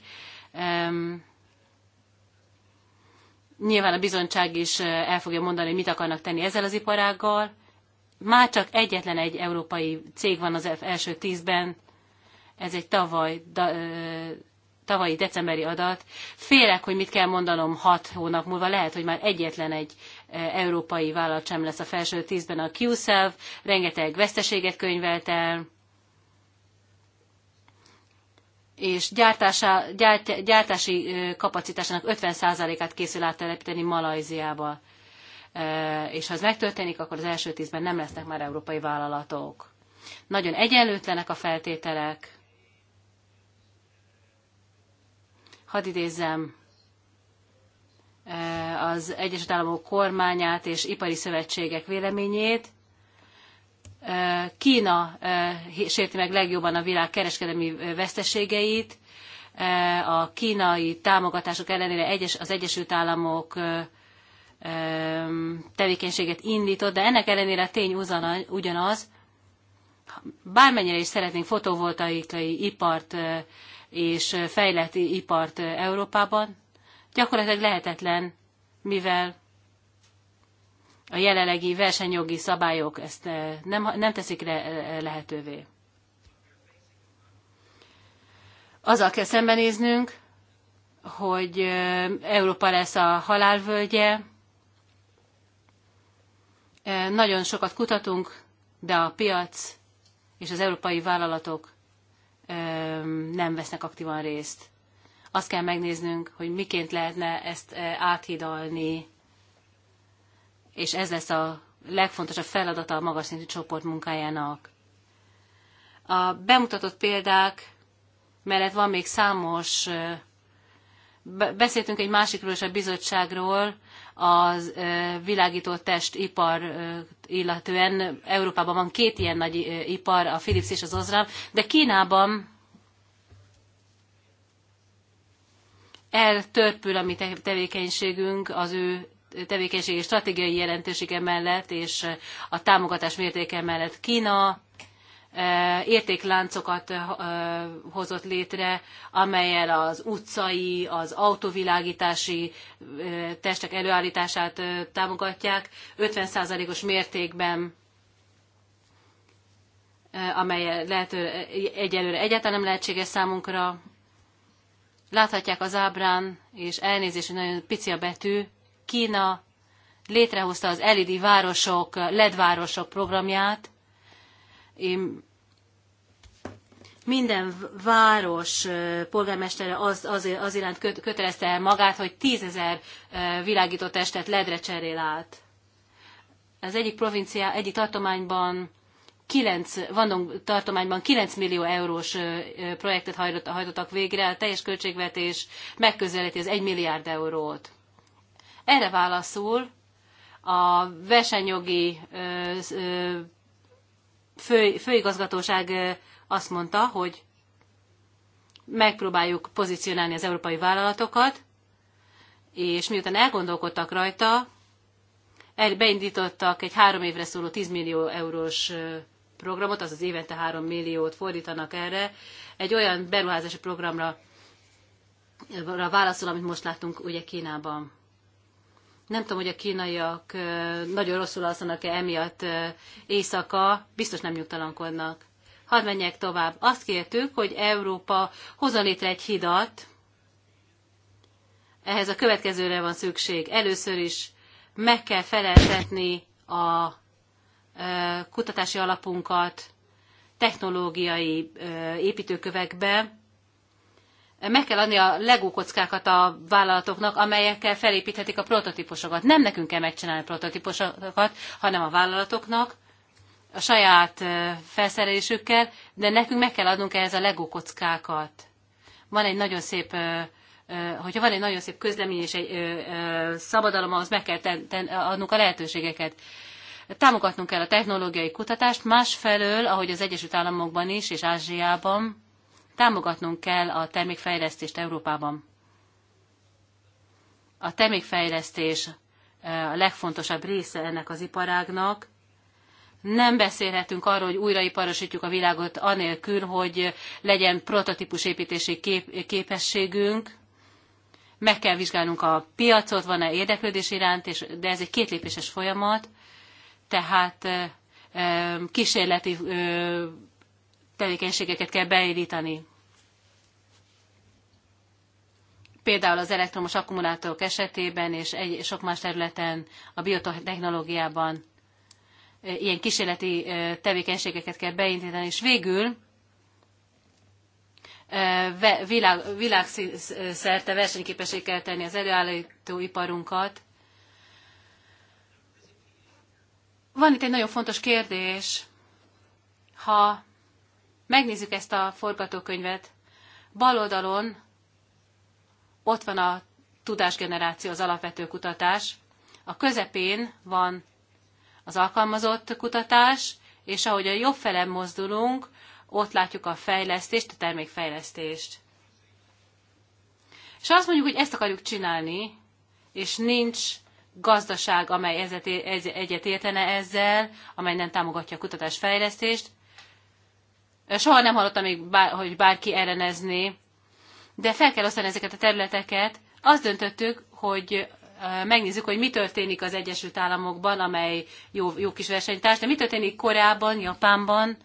nyilván a bizottság is el fogja mondani, mit akarnak tenni ezzel az iparággal. Már csak egyetlen egy európai cég van az első tízben, ez egy tavaly da, tavalyi decemberi adat. Félek, hogy mit kell mondanom hat hónap múlva, lehet, hogy már egyetlen egy e, európai vállalat sem lesz a felső tízben. A QSELF rengeteg veszteséget könyvelt el, és gyártása, gyárt, gyártási e, kapacitásának 50%-át készül áttelepíteni Malajziába. E, és ha ez megtörténik, akkor az első tízben nem lesznek már európai vállalatok. Nagyon egyenlőtlenek a feltételek, Hadd idézzem e, az Egyesült Államok kormányát és ipari szövetségek véleményét. E, Kína e, sérti meg legjobban a világ kereskedelmi veszteségeit. A kínai támogatások ellenére az Egyesült Államok tevékenységet indított, de ennek ellenére a tény ugyanaz, bármennyire is szeretnénk fotovoltaikai ipart és fejlett ipart Európában, gyakorlatilag lehetetlen, mivel a jelenlegi versenyjogi szabályok ezt eh, nem, nem teszik le, eh, lehetővé. Azzal kell szembenéznünk, hogy eh, Európa lesz a halálvölgye. Nagyon sokat kutatunk, de a piac és az európai vállalatok nem vesznek aktívan részt. Azt kell megnéznünk, hogy miként lehetne ezt áthidalni, és ez lesz a legfontosabb feladata a magas szintű csoport munkájának. A bemutatott példák mellett van még számos, beszéltünk egy másikról is a bizottságról, a világító testipar illetően Európában van két ilyen nagy ipar, a Philips és az Osram, de Kínában eltörpül a mi tevékenységünk az ő tevékenységi stratégiai jelentősége mellett és a támogatás mértéke mellett. Kína értékláncokat hozott létre, amelyel az utcai, az autovilágítási testek előállítását támogatják 50%-os mértékben amely lehető, egyelőre egyáltalán nem lehetséges számunkra. Láthatják az ábrán, és elnézést, hogy nagyon pici a betű, Kína létrehozta az LED városok, LED városok programját, én minden város polgármestere az, az, az iránt kötelezte el magát, hogy tízezer világító testet ledre cserél át. Az egyik provincia, egyik tartományban 9, Vandong tartományban 9 millió eurós projektet hajtottak végre, a teljes költségvetés megközelíti az 1 milliárd eurót. Erre válaszul a versenyjogi fő, főigazgatóság azt mondta, hogy megpróbáljuk pozícionálni az európai vállalatokat, és miután elgondolkodtak rajta, beindítottak egy három évre szóló 10 millió eurós programot, azaz évente 3 milliót fordítanak erre, egy olyan beruházási programra válaszol, amit most láttunk ugye Kínában. Nem tudom, hogy a kínaiak nagyon rosszul alszanak-e emiatt éjszaka, biztos nem nyugtalankodnak. Hadd menjek tovább. Azt kértük, hogy Európa hozzon létre egy hidat. Ehhez a következőre van szükség. Először is meg kell feleltetni a kutatási alapunkat technológiai építőkövekbe, meg kell adni a LEGO kockákat a vállalatoknak, amelyekkel felépíthetik a prototípusokat. Nem nekünk kell megcsinálni a prototípusokat, hanem a vállalatoknak a saját felszerelésükkel, de nekünk meg kell adnunk ehhez a LEGO kockákat. Van egy nagyon szép hogyha van egy nagyon szép közlemény és egy szabadalom, ahhoz meg kell ten, ten, adnunk a lehetőségeket. Támogatnunk kell a technológiai kutatást, másfelől, ahogy az Egyesült Államokban is és Ázsiában, Támogatnunk kell a termékfejlesztést Európában. A termékfejlesztés a legfontosabb része ennek az iparágnak. Nem beszélhetünk arról, hogy újraiparosítjuk a világot anélkül, hogy legyen prototípusépítési kép- képességünk. Meg kell vizsgálnunk a piacot, van-e érdeklődés iránt, és, de ez egy kétlépéses folyamat, tehát kísérleti tevékenységeket kell beindítani. Például az elektromos akkumulátorok esetében és egy, sok más területen, a biotechnológiában e, ilyen kísérleti e, tevékenységeket kell beindítani, és végül e, világ, világszerte versenyképessé kell tenni az iparunkat. Van itt egy nagyon fontos kérdés, ha megnézzük ezt a forgatókönyvet, bal oldalon ott van a tudásgeneráció, az alapvető kutatás, a közepén van az alkalmazott kutatás, és ahogy a jobb fele mozdulunk, ott látjuk a fejlesztést, a termékfejlesztést. És azt mondjuk, hogy ezt akarjuk csinálni, és nincs gazdaság, amely egyet értene ezzel, amely nem támogatja a kutatásfejlesztést, Soha nem hallottam még, bár, hogy bárki ellenezné, de fel kell osztani ezeket a területeket. Azt döntöttük, hogy megnézzük, hogy mi történik az Egyesült Államokban, amely jó, jó kis versenytárs, de mi történik Koreában, Japánban,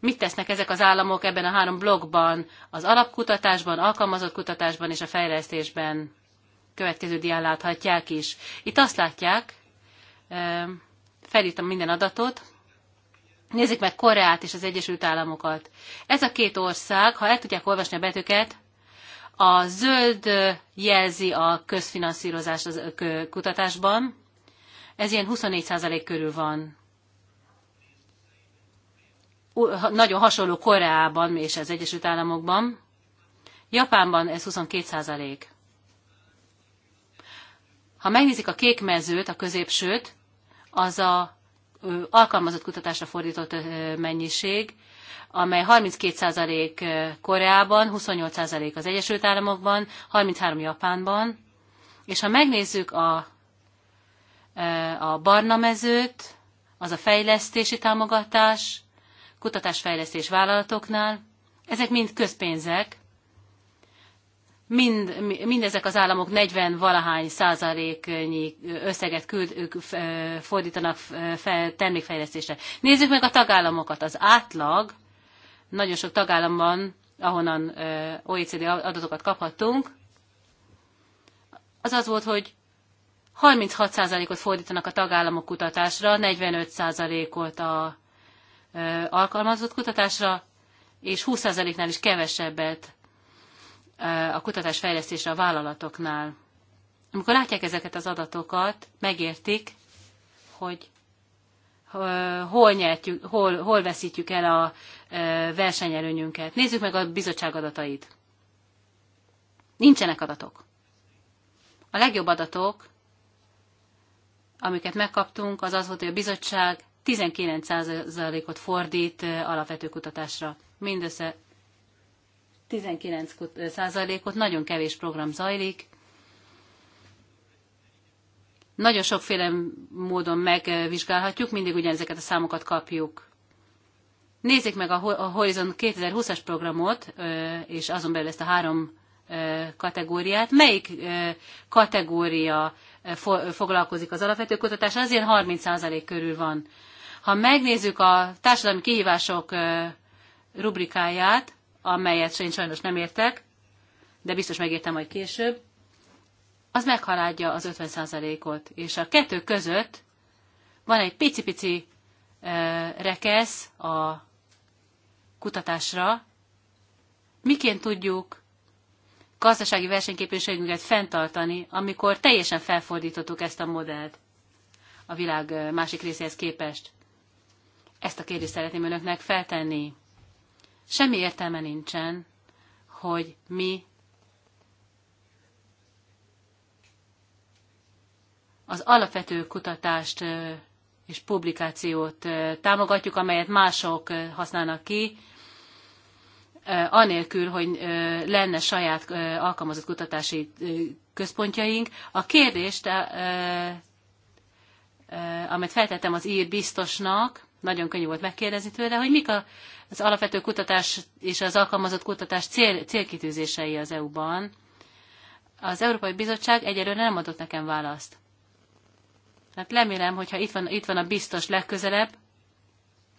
mit tesznek ezek az államok ebben a három blogban, az alapkutatásban, alkalmazott kutatásban és a fejlesztésben. Következő dián láthatják is. Itt azt látják, felírtam minden adatot, Nézzük meg Koreát és az Egyesült Államokat. Ez a két ország, ha el tudják olvasni a betűket, a zöld jelzi a közfinanszírozást a kutatásban. Ez ilyen 24% körül van. Nagyon hasonló Koreában és az Egyesült Államokban. Japánban ez 22%. Ha megnézik a kék mezőt, a középsőt, az a alkalmazott kutatásra fordított mennyiség, amely 32% Koreában, 28% az Egyesült Államokban, 33% Japánban, és ha megnézzük a, a barna mezőt, az a fejlesztési támogatás, kutatásfejlesztés vállalatoknál, ezek mind közpénzek, mind, mindezek az államok 40 valahány százaléknyi összeget küld, fordítanak fel termékfejlesztésre. Nézzük meg a tagállamokat. Az átlag nagyon sok tagállamban, ahonnan OECD adatokat kaphattunk, az az volt, hogy 36%-ot fordítanak a tagállamok kutatásra, 45%-ot a alkalmazott kutatásra, és 20%-nál is kevesebbet a kutatás fejlesztésre a vállalatoknál. Amikor látják ezeket az adatokat, megértik, hogy hol, nyertjük, hol, hol veszítjük el a versenyelőnyünket. Nézzük meg a bizottság adatait. Nincsenek adatok. A legjobb adatok, amiket megkaptunk, az az volt, hogy a bizottság 19%-ot fordít alapvető kutatásra. Mindössze 19%-ot, nagyon kevés program zajlik. Nagyon sokféle módon megvizsgálhatjuk, mindig ugyanezeket a számokat kapjuk. Nézzék meg a Horizon 2020-as programot, és azon belül ezt a három kategóriát. Melyik kategória foglalkozik az alapvető kutatás? Az ilyen 30% körül van. Ha megnézzük a társadalmi kihívások rubrikáját, amelyet én sajnos nem értek, de biztos megértem majd később, az meghaladja az 50%-ot. És a kettő között van egy pici-pici rekesz a kutatásra, miként tudjuk gazdasági versenyképességünket fenntartani, amikor teljesen felfordítottuk ezt a modellt a világ másik részéhez képest. Ezt a kérdést szeretném önöknek feltenni. Semmi értelme nincsen, hogy mi az alapvető kutatást és publikációt támogatjuk, amelyet mások használnak ki, anélkül, hogy lenne saját alkalmazott kutatási központjaink. A kérdést, amit feltettem az ír biztosnak, nagyon könnyű volt megkérdezni tőle, hogy mik a, az alapvető kutatás és az alkalmazott kutatás cél, célkitűzései az EU-ban. Az Európai Bizottság egyelőre nem adott nekem választ. Hát remélem, hogyha itt van, itt van a biztos legközelebb,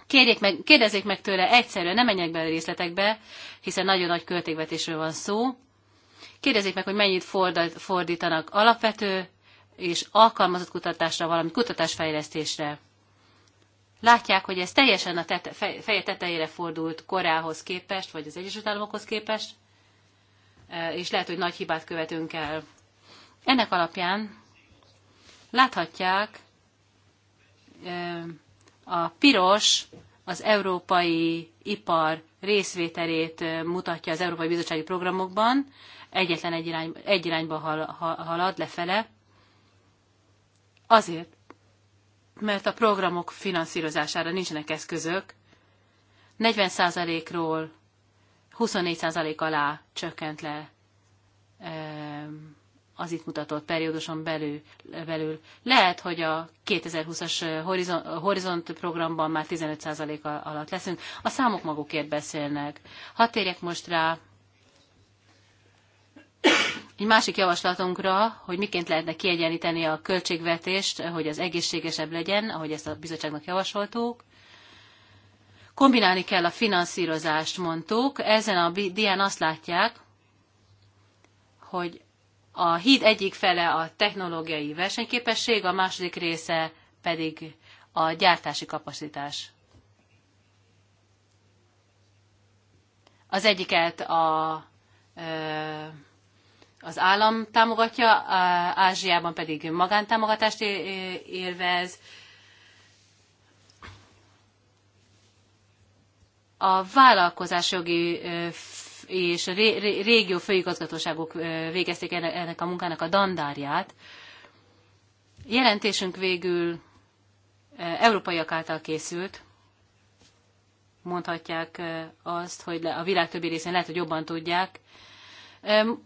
kérjék meg, kérdezzék meg tőle egyszerűen, nem menjek bele részletekbe, hiszen nagyon nagy költségvetésről van szó. Kérdezzék meg, hogy mennyit fordítanak alapvető és alkalmazott kutatásra, valami kutatásfejlesztésre látják, hogy ez teljesen a tete, feje tetejére fordult korához képest, vagy az Egyesült Államokhoz képest, e, és lehet, hogy nagy hibát követünk el. Ennek alapján láthatják e, a piros az európai ipar részvételét e, mutatja az Európai Bizottsági Programokban, egyetlen egy, irány, egy irányba hal, hal, halad lefele, azért, mert a programok finanszírozására nincsenek eszközök, 40%-ról 24% alá csökkent le az itt mutatott perióduson belül, belül. Lehet, hogy a 2020-as horizont, horizont programban már 15% alatt leszünk. A számok magukért beszélnek. Hadd térjek most rá egy másik javaslatunkra, hogy miként lehetne kiegyenlíteni a költségvetést, hogy az egészségesebb legyen, ahogy ezt a bizottságnak javasoltuk. Kombinálni kell a finanszírozást, mondtuk. Ezen a dián azt látják, hogy a híd egyik fele a technológiai versenyképesség, a második része pedig a gyártási kapacitás. Az egyiket a az állam támogatja, Ázsiában pedig magántámogatást élvez. A vállalkozásjogi és régió főigazgatóságok végezték ennek a munkának a dandárját. Jelentésünk végül európaiak által készült, mondhatják azt, hogy a világ többi részén lehet, hogy jobban tudják,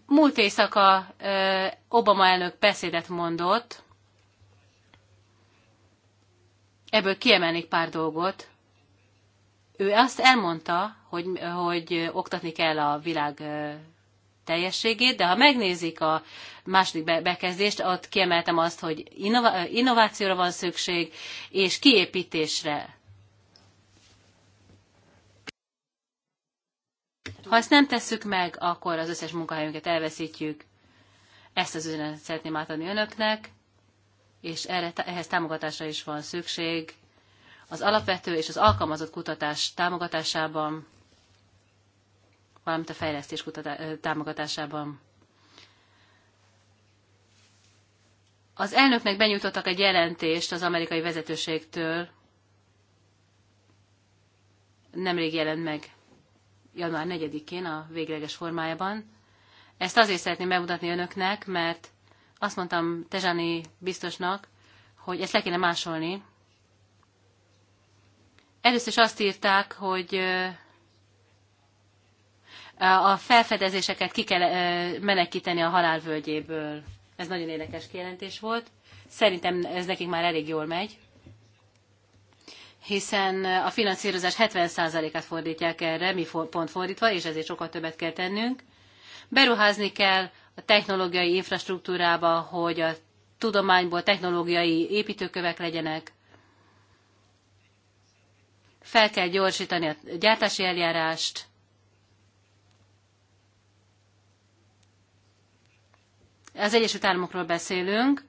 Múlt éjszaka Obama elnök beszédet mondott, ebből kiemelnék pár dolgot. Ő azt elmondta, hogy, hogy oktatni kell a világ teljességét, de ha megnézik a második bekezdést, ott kiemeltem azt, hogy innovációra van szükség, és kiépítésre Ha ezt nem tesszük meg, akkor az összes munkahelyünket elveszítjük. Ezt az üzenetet szeretném átadni önöknek, és erre, ehhez támogatásra is van szükség. Az alapvető és az alkalmazott kutatás támogatásában, valamint a fejlesztés kutatá- támogatásában. Az elnöknek benyújtottak egy jelentést az amerikai vezetőségtől, nemrég jelent meg január 4-én a végleges formájában. Ezt azért szeretném bemutatni önöknek, mert azt mondtam Tezsani biztosnak, hogy ezt le kéne másolni. Először is azt írták, hogy a felfedezéseket ki kell menekíteni a halálvölgyéből. Ez nagyon érdekes kijelentés volt. Szerintem ez nekik már elég jól megy hiszen a finanszírozás 70%-át fordítják erre, mi pont fordítva, és ezért sokkal többet kell tennünk. Beruházni kell a technológiai infrastruktúrába, hogy a tudományból technológiai építőkövek legyenek. Fel kell gyorsítani a gyártási eljárást. Az Egyesült Államokról beszélünk,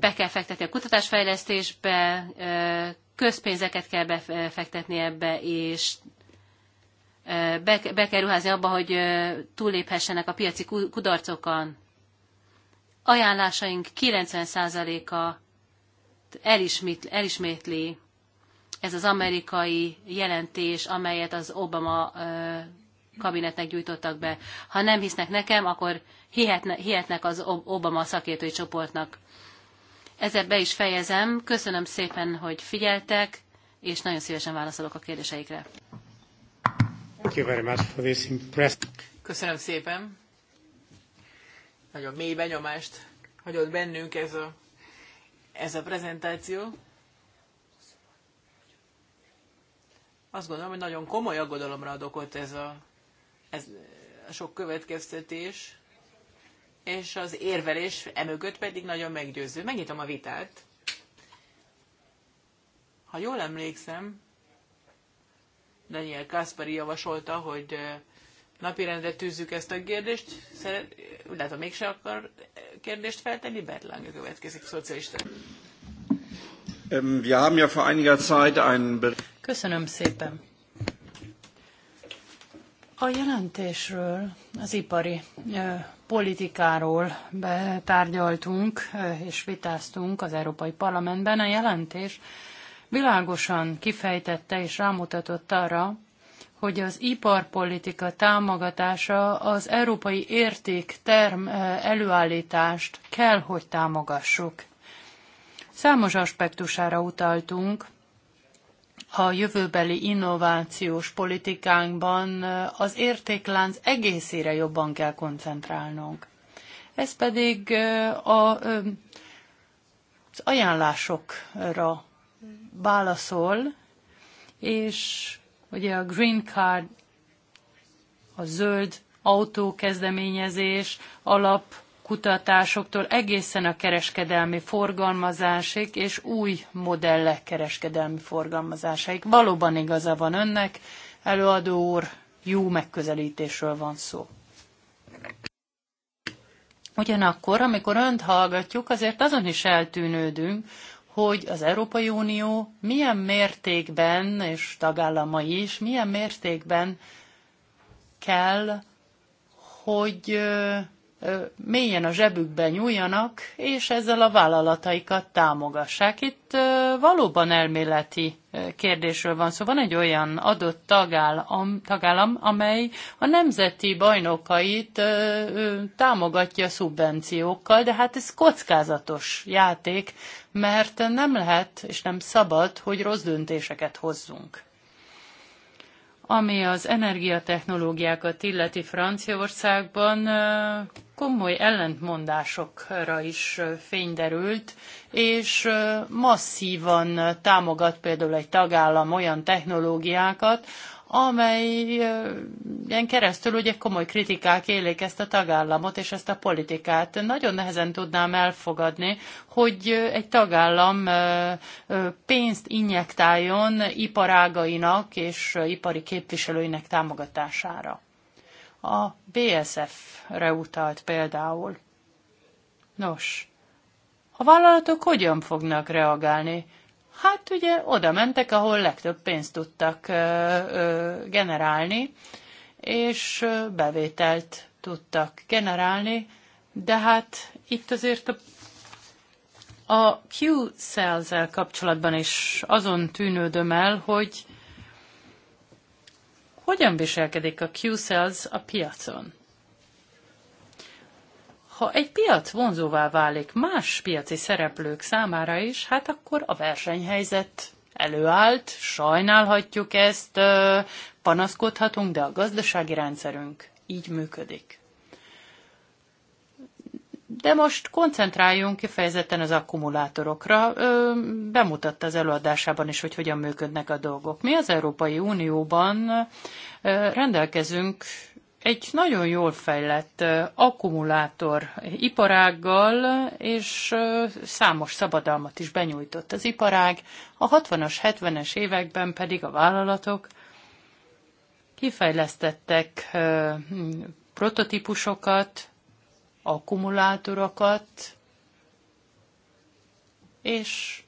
be kell fektetni a kutatásfejlesztésbe, közpénzeket kell befektetni ebbe, és be, kell ruházni abba, hogy túléphessenek a piaci kudarcokon. Ajánlásaink 90%-a elismétli ez az amerikai jelentés, amelyet az Obama kabinetnek gyújtottak be. Ha nem hisznek nekem, akkor hihetne, hihetnek az Obama szakértői csoportnak. Ezzel be is fejezem. Köszönöm szépen, hogy figyeltek, és nagyon szívesen válaszolok a kérdéseikre. Köszönöm szépen. Nagyon mély benyomást hagyott bennünk ez a, ez a prezentáció. Azt gondolom, hogy nagyon komoly aggodalomra ad okot ez a ez a sok következtetés, és az érvelés emögött pedig nagyon meggyőző. Megnyitom a vitát. Ha jól emlékszem, Daniel Kaspari javasolta, hogy napirendre tűzzük ezt a kérdést. Szeret, látom, mégse akar kérdést feltenni. Bertlang következik, szocialista. Ähm, Köszönöm szépen. A jelentésről, az ipari politikáról tárgyaltunk és vitáztunk az Európai Parlamentben. A jelentés világosan kifejtette és rámutatott arra, hogy az iparpolitika támogatása az európai értékterm előállítást kell, hogy támogassuk. Számos aspektusára utaltunk, a jövőbeli innovációs politikánkban eh, az értéklánc egészére jobban kell koncentrálnunk. Ez pedig eh, a, eh, az ajánlásokra válaszol, és ugye a Green Card, a zöld autó kezdeményezés alap kutatásoktól egészen a kereskedelmi forgalmazásig és új modellek kereskedelmi forgalmazásáig. Valóban igaza van önnek, előadó úr, jó megközelítésről van szó. Ugyanakkor, amikor önt hallgatjuk, azért azon is eltűnődünk, hogy az Európai Unió milyen mértékben, és tagállamai is, milyen mértékben kell, hogy mélyen a zsebükbe nyúljanak, és ezzel a vállalataikat támogassák. Itt valóban elméleti kérdésről van szó. Szóval van egy olyan adott tagállam, tagállam amely a nemzeti bajnokait támogatja szubvenciókkal, de hát ez kockázatos játék, mert nem lehet és nem szabad, hogy rossz döntéseket hozzunk. Ami az energiatechnológiákat illeti Franciaországban komoly ellentmondásokra is fényderült, és masszívan támogat például egy tagállam olyan technológiákat, Amely ilyen keresztül ugye komoly kritikák élik ezt a tagállamot és ezt a politikát. Nagyon nehezen tudnám elfogadni, hogy egy tagállam pénzt injektáljon iparágainak és ipari képviselőinek támogatására. A BSF-re utalt például. Nos, a vállalatok hogyan fognak reagálni? Hát ugye oda mentek, ahol legtöbb pénzt tudtak generálni, és bevételt tudtak generálni, de hát itt azért a a Q-Cells-el kapcsolatban is azon tűnődöm el, hogy hogyan viselkedik a Q-Cells a piacon ha egy piac vonzóvá válik más piaci szereplők számára is, hát akkor a versenyhelyzet előállt, sajnálhatjuk ezt, panaszkodhatunk, de a gazdasági rendszerünk így működik. De most koncentráljunk kifejezetten az akkumulátorokra. Ö, bemutatta az előadásában is, hogy hogyan működnek a dolgok. Mi az Európai Unióban ö, rendelkezünk egy nagyon jól fejlett akkumulátor iparággal, és számos szabadalmat is benyújtott az iparág, a 60-as, 70-es években pedig a vállalatok kifejlesztettek prototípusokat, akkumulátorokat, és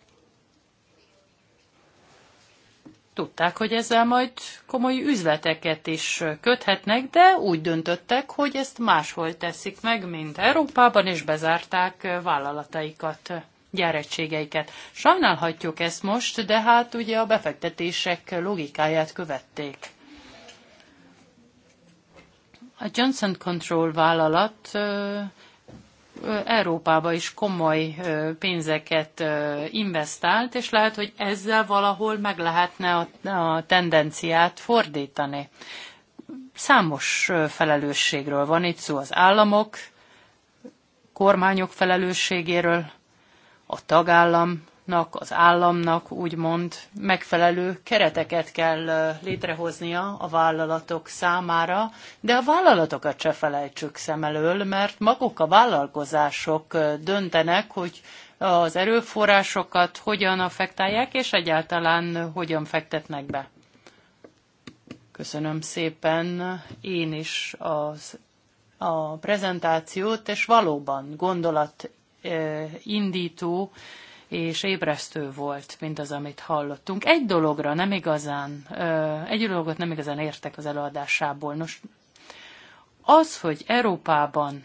Tudták, hogy ezzel majd komoly üzleteket is köthetnek, de úgy döntöttek, hogy ezt máshol teszik meg, mint Európában, és bezárták vállalataikat, gyárettségeiket. Sajnálhatjuk ezt most, de hát ugye a befektetések logikáját követték. A Johnson Control vállalat Európába is komoly pénzeket investált, és lehet, hogy ezzel valahol meg lehetne a tendenciát fordítani. Számos felelősségről van itt szó az államok, kormányok felelősségéről, a tagállam államnak, az államnak úgymond megfelelő kereteket kell létrehoznia a vállalatok számára, de a vállalatokat se felejtsük szem elől, mert maguk a vállalkozások döntenek, hogy az erőforrásokat hogyan affektálják, és egyáltalán hogyan fektetnek be. Köszönöm szépen én is az, a prezentációt, és valóban gondolat indító és ébresztő volt mindaz, amit hallottunk. Egy dologra nem igazán, egy dologot nem igazán értek az előadásából. Nos, az, hogy Európában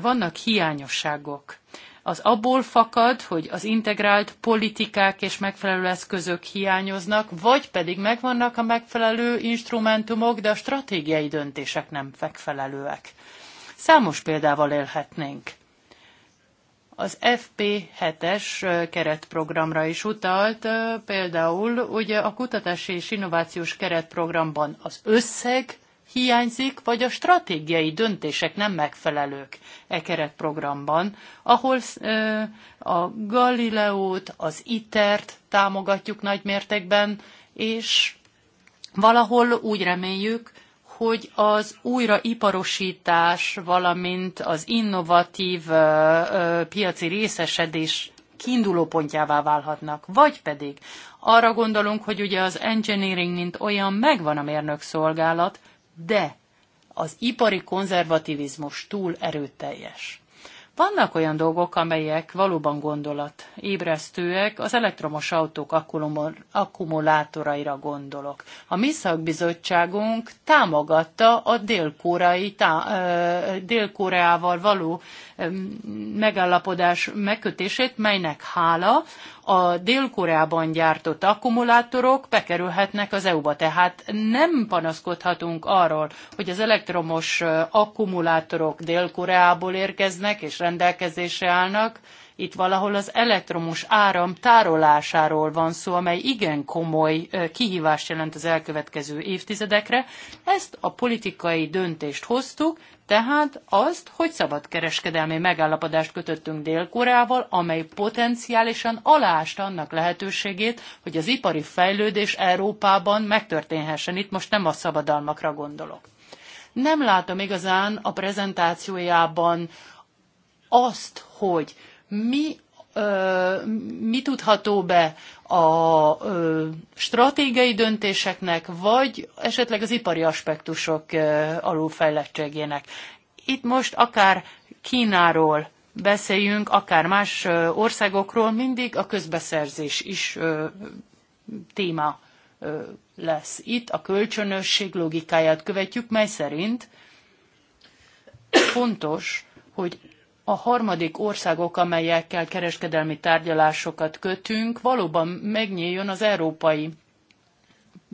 vannak hiányosságok, az abból fakad, hogy az integrált politikák és megfelelő eszközök hiányoznak, vagy pedig megvannak a megfelelő instrumentumok, de a stratégiai döntések nem megfelelőek. Számos példával élhetnénk az FP7-es keretprogramra is utalt, például ugye a kutatási és innovációs keretprogramban az összeg hiányzik, vagy a stratégiai döntések nem megfelelők e keretprogramban, ahol a Galileót, az ITER-t e támogatjuk nagy mértékben, és valahol úgy reméljük, hogy az újraiparosítás, valamint az innovatív piaci részesedés kiinduló pontjává válhatnak. Vagy pedig arra gondolunk, hogy ugye az engineering, mint olyan megvan a mérnök szolgálat, de az ipari konzervativizmus túl erőteljes. Vannak olyan dolgok, amelyek valóban gondolat ébresztőek, az elektromos autók akkumulátoraira gondolok. A mi szakbizottságunk támogatta a dél dél-koreával való megállapodás megkötését, melynek hála a Dél-Koreában gyártott akkumulátorok bekerülhetnek az EU-ba. Tehát nem panaszkodhatunk arról, hogy az elektromos akkumulátorok Dél-Koreából érkeznek és rendelkezésre állnak, itt valahol az elektromos áram tárolásáról van szó, amely igen komoly kihívást jelent az elkövetkező évtizedekre. Ezt a politikai döntést hoztuk, tehát azt, hogy szabadkereskedelmi megállapodást kötöttünk Dél-Koreával, amely potenciálisan aláásta annak lehetőségét, hogy az ipari fejlődés Európában megtörténhessen. Itt most nem a szabadalmakra gondolok. Nem látom igazán a prezentációjában azt, hogy mi, ö, mi tudható be a ö, stratégiai döntéseknek, vagy esetleg az ipari aspektusok ö, alulfejlettségének. Itt most akár Kínáról beszéljünk, akár más országokról, mindig a közbeszerzés is ö, téma ö, lesz. Itt a kölcsönösség logikáját követjük, mely szerint fontos, hogy a harmadik országok, amelyekkel kereskedelmi tárgyalásokat kötünk, valóban megnyíljon az európai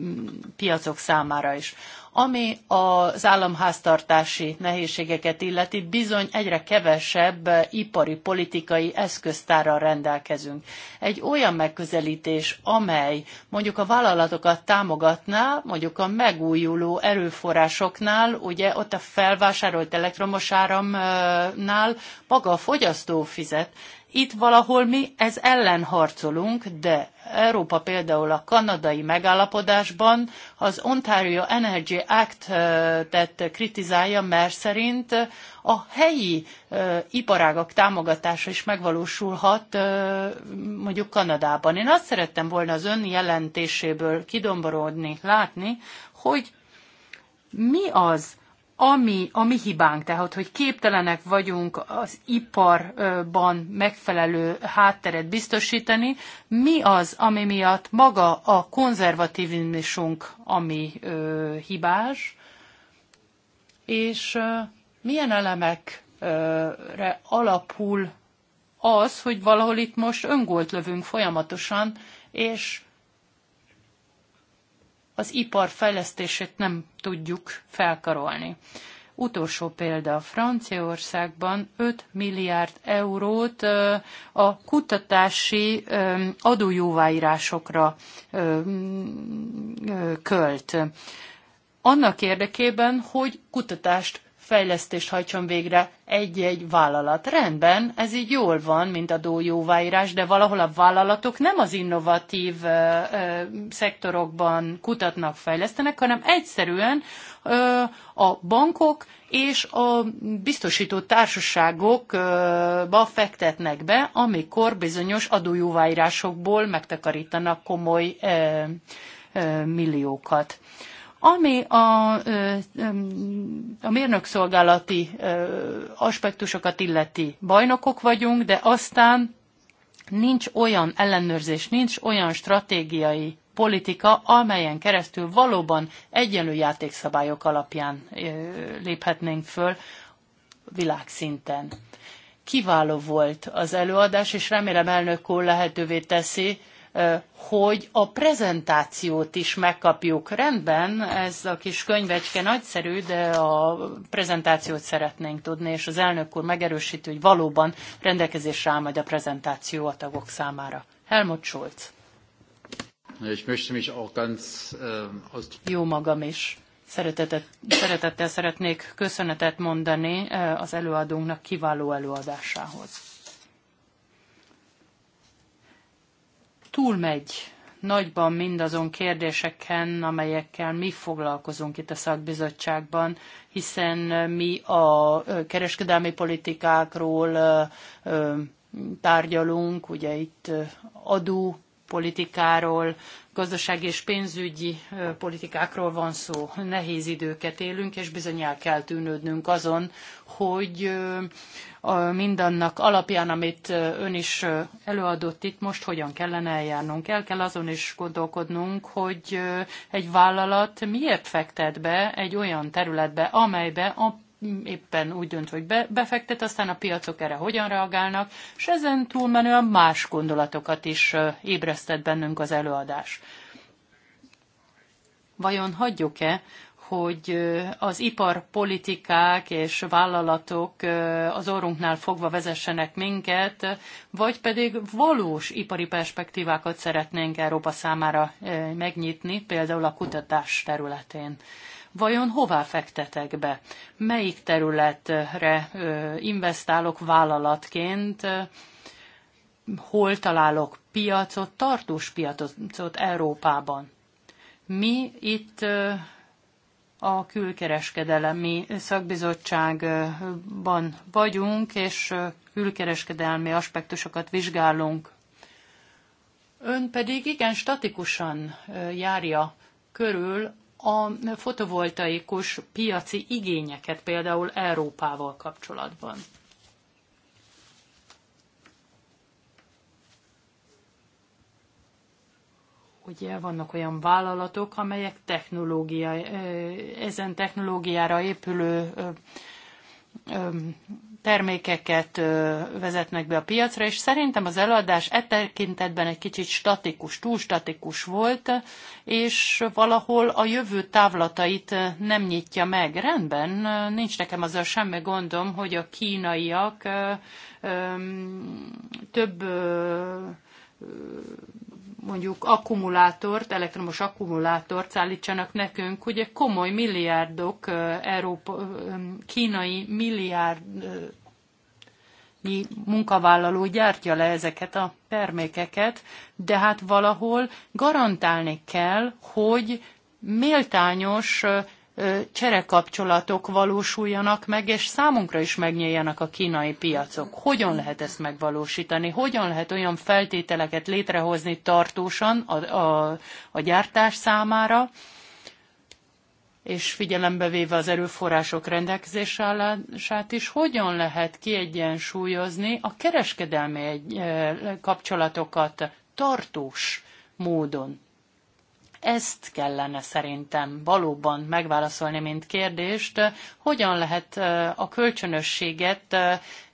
mm, piacok számára is. Ami az államháztartási nehézségeket illeti, bizony egyre kevesebb ipari politikai eszköztárral rendelkezünk. Egy olyan megközelítés, amely mondjuk a vállalatokat támogatná, mondjuk a megújuló erőforrásoknál, ugye ott a felvásárolt elektromos áramnál maga a fogyasztó fizet, itt valahol mi ez ellen harcolunk, de Európa például a kanadai megállapodásban az Ontario Energy Act-et kritizálja, mert szerint a helyi iparágak támogatása is megvalósulhat mondjuk Kanadában. Én azt szerettem volna az ön jelentéséből kidomborodni, látni, hogy mi az, ami a mi hibánk, tehát hogy képtelenek vagyunk az iparban megfelelő hátteret biztosítani, mi az, ami miatt maga a konzervativizmusunk, ami ö, hibás, és ö, milyen elemekre alapul az, hogy valahol itt most öngolt lövünk folyamatosan, és az ipar fejlesztését nem tudjuk felkarolni. Utolsó példa, Franciaországban 5 milliárd eurót a kutatási adójóváírásokra költ. Annak érdekében, hogy kutatást fejlesztést hajtson végre egy-egy vállalat. Rendben, ez így jól van, mint a jóváírás, de valahol a vállalatok nem az innovatív ö, ö, szektorokban kutatnak, fejlesztenek, hanem egyszerűen ö, a bankok és a biztosító társaságokba fektetnek be, amikor bizonyos adójóváírásokból megtakarítanak komoly ö, ö, milliókat. Ami a, a mérnökszolgálati aspektusokat illeti, bajnokok vagyunk, de aztán nincs olyan ellenőrzés, nincs olyan stratégiai politika, amelyen keresztül valóban egyenlő játékszabályok alapján léphetnénk föl világszinten. Kiváló volt az előadás, és remélem elnök úr lehetővé teszi, hogy a prezentációt is megkapjuk. Rendben, ez a kis könyvecske nagyszerű, de a prezentációt szeretnénk tudni, és az elnök úr megerősíti, hogy valóban rendelkezésre áll majd a prezentáció a tagok számára. Helmut Schulz. Ich möchte mich auch ganz, äh, aus Jó magam is. Szeretetet, szeretettel szeretnék köszönetet mondani az előadónknak kiváló előadásához. túlmegy nagyban mindazon kérdéseken, amelyekkel mi foglalkozunk itt a szakbizottságban, hiszen mi a kereskedelmi politikákról tárgyalunk, ugye itt adó politikáról, gazdasági és pénzügyi politikákról van szó. Nehéz időket élünk, és bizony el kell tűnődnünk azon, hogy mindannak alapján, amit ön is előadott itt, most hogyan kellene eljárnunk. El kell azon is gondolkodnunk, hogy egy vállalat miért fektet be egy olyan területbe, amelybe a éppen úgy dönt, hogy be, befektet, aztán a piacok erre hogyan reagálnak, és ezen túlmenően más gondolatokat is ébresztett bennünk az előadás. Vajon hagyjuk-e, hogy az iparpolitikák és vállalatok az orrunknál fogva vezessenek minket, vagy pedig valós ipari perspektívákat szeretnénk Európa számára megnyitni, például a kutatás területén vajon hová fektetek be? Melyik területre investálok vállalatként? Hol találok piacot, tartós piacot Európában? Mi itt a külkereskedelemi szakbizottságban vagyunk, és külkereskedelmi aspektusokat vizsgálunk. Ön pedig igen statikusan járja körül a fotovoltaikus piaci igényeket például Európával kapcsolatban? ugye vannak olyan vállalatok, amelyek technológia, ezen technológiára épülő termékeket vezetnek be a piacra, és szerintem az eladás e tekintetben egy kicsit statikus, túl statikus volt, és valahol a jövő távlatait nem nyitja meg. Rendben, nincs nekem azzal semmi gondom, hogy a kínaiak több mondjuk akkumulátort, elektromos akkumulátort szállítsanak nekünk, ugye komoly milliárdok, Európa, kínai milliárd munkavállaló gyártja le ezeket a termékeket, de hát valahol garantálni kell, hogy méltányos cserekapcsolatok valósuljanak meg, és számunkra is megnyíljanak a kínai piacok. Hogyan lehet ezt megvalósítani? Hogyan lehet olyan feltételeket létrehozni tartósan a, a, a gyártás számára, és figyelembe véve az erőforrások rendelkezésre állását is, hogyan lehet kiegyensúlyozni a kereskedelmi kapcsolatokat tartós módon ezt kellene szerintem valóban megválaszolni, mint kérdést, hogyan lehet a kölcsönösséget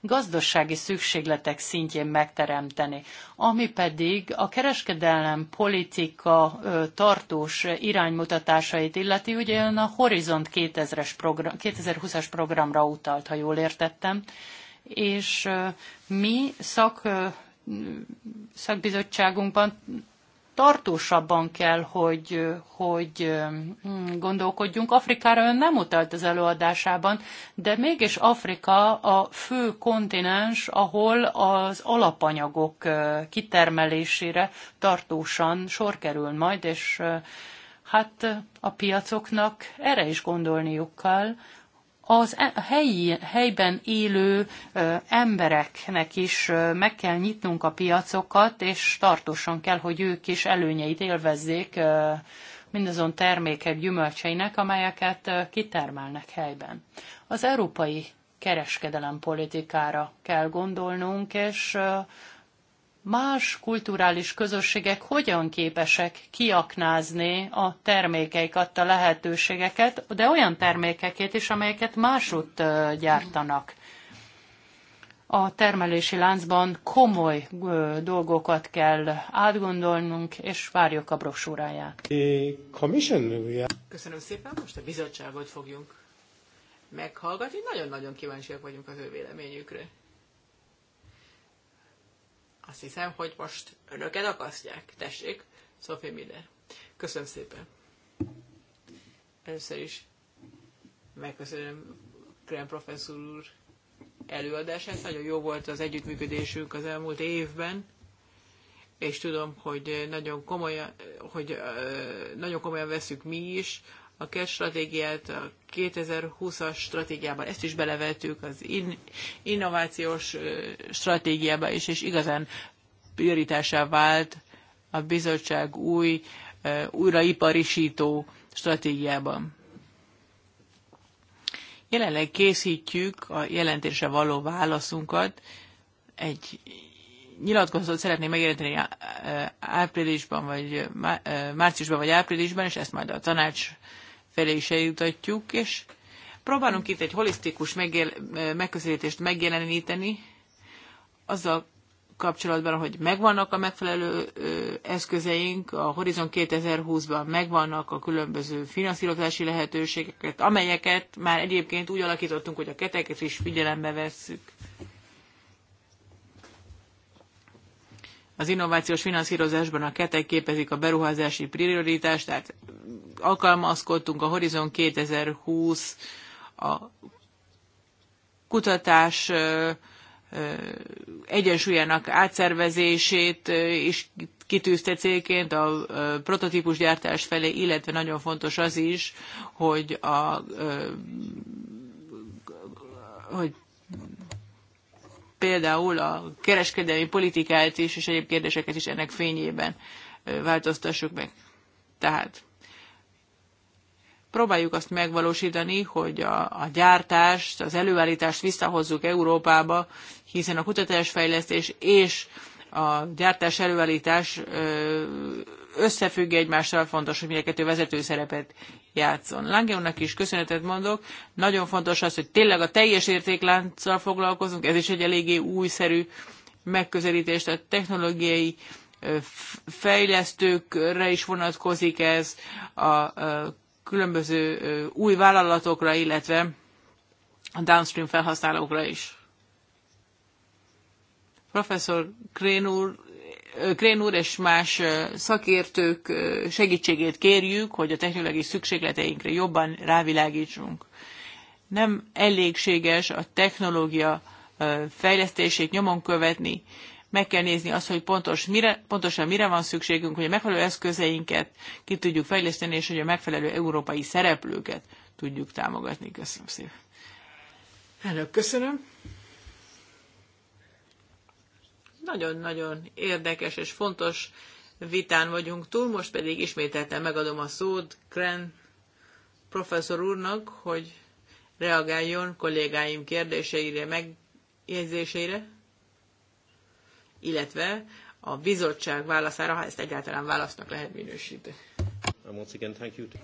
gazdasági szükségletek szintjén megteremteni, ami pedig a kereskedelem politika tartós iránymutatásait illeti, ugye ön a Horizont 2000-es program, 2020-as programra utalt, ha jól értettem, és mi szak, szakbizottságunkban tartósabban kell, hogy, hogy mm, gondolkodjunk. Afrikára ön nem utalt az előadásában, de mégis Afrika a fő kontinens, ahol az alapanyagok kitermelésére tartósan sor kerül majd, és hát a piacoknak erre is gondolniuk kell, az e- a helyi, helyben élő embereknek is meg kell nyitnunk a piacokat, és tartósan kell, hogy ők is előnyeit élvezzék mindazon termékek gyümölcseinek, amelyeket kitermelnek helyben. Az európai kereskedelem politikára kell gondolnunk, és más kulturális közösségek hogyan képesek kiaknázni a termékeik adta lehetőségeket, de olyan termékekét is, amelyeket másút gyártanak. A termelési láncban komoly dolgokat kell átgondolnunk, és várjuk a brosúráját. Köszönöm szépen, most a bizottságot fogjunk meghallgatni. Nagyon-nagyon kíváncsiak vagyunk az ő véleményükre. Azt hiszem, hogy most önöket akasztják. Tessék, Sophie Miller. Köszönöm szépen. Először is megköszönöm Krem professzor úr előadását. Nagyon jó volt az együttműködésünk az elmúlt évben, és tudom, hogy nagyon komolyan, hogy, nagyon komolyan veszük mi is a cash e stratégiát, a 2020-as stratégiában, ezt is belevettük az in, innovációs stratégiába is, és igazán prioritásá vált a bizottság új újraiparisító stratégiában. Jelenleg készítjük a jelentése való válaszunkat, egy nyilatkozatot szeretné megjelenteni áprilisban, vagy márciusban, vagy áprilisban, és ezt majd a tanács felé is eljutatjuk, és próbálunk itt egy holisztikus megjel, megközelítést megjeleníteni, azzal kapcsolatban, hogy megvannak a megfelelő eszközeink, a Horizon 2020-ban megvannak a különböző finanszírozási lehetőségeket, amelyeket már egyébként úgy alakítottunk, hogy a keteket is figyelembe vesszük. az innovációs finanszírozásban a ketek képezik a beruházási prioritást, tehát alkalmazkodtunk a Horizon 2020 a kutatás egyensúlyának átszervezését is kitűzte célként a gyártás felé, illetve nagyon fontos az is, hogy a hogy például a kereskedelmi politikát is, és egyéb kérdéseket is ennek fényében változtassuk meg. Tehát próbáljuk azt megvalósítani, hogy a, a gyártást, az előállítást visszahozzuk Európába, hiszen a kutatásfejlesztés és a gyártás előállítás összefügg egymással, fontos, hogy mind vezető szerepet játszon. Langeónak is köszönetet mondok, nagyon fontos az, hogy tényleg a teljes értéklánccal foglalkozunk, ez is egy eléggé újszerű megközelítés, tehát technológiai fejlesztőkre is vonatkozik ez, a különböző új vállalatokra, illetve a downstream felhasználókra is. Professzor Krén úr Krén úr és más szakértők segítségét kérjük, hogy a technológiai szükségleteinkre jobban rávilágítsunk. Nem elégséges a technológia fejlesztését nyomon követni, meg kell nézni azt, hogy pontos, mire, pontosan mire van szükségünk, hogy a megfelelő eszközeinket ki tudjuk fejleszteni, és hogy a megfelelő európai szereplőket tudjuk támogatni. Köszönöm szépen. Elnök, köszönöm. Nagyon-nagyon érdekes és fontos vitán vagyunk túl, most pedig ismételten megadom a szót Kren professzor úrnak, hogy reagáljon kollégáim kérdéseire, megjegyzéseire, illetve a bizottság válaszára, ha ezt egyáltalán válasznak lehet minősíteni.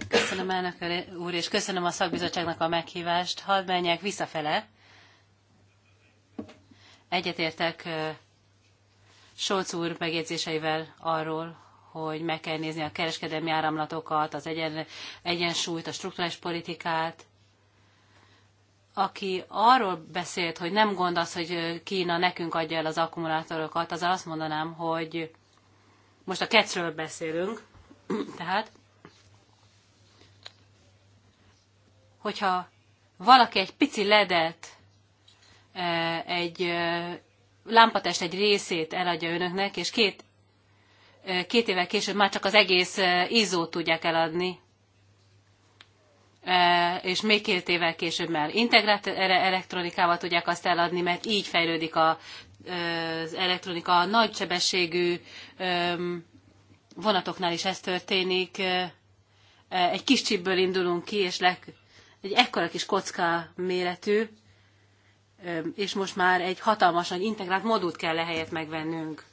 Köszönöm elnök úr, és köszönöm a szakbizottságnak a meghívást. Hadd menjek visszafele. Egyetértek Solc úr megjegyzéseivel arról, hogy meg kell nézni a kereskedelmi áramlatokat, az egyen, egyensúlyt, a struktúrás politikát, aki arról beszélt, hogy nem gond az, hogy Kína nekünk adja el az akkumulátorokat, az azt mondanám, hogy most a kecről beszélünk, <clears throat> tehát hogyha valaki egy pici ledet eh, egy eh, lámpatest egy részét eladja önöknek, és két, két évvel később már csak az egész izót tudják eladni, és még két évvel később már integrált elektronikával tudják azt eladni, mert így fejlődik a, az elektronika. A nagysebességű vonatoknál is ez történik. Egy kis csipből indulunk ki, és leg, egy ekkora kis kocka méretű, és most már egy hatalmas nagy integrált modult kell lehelyet megvennünk.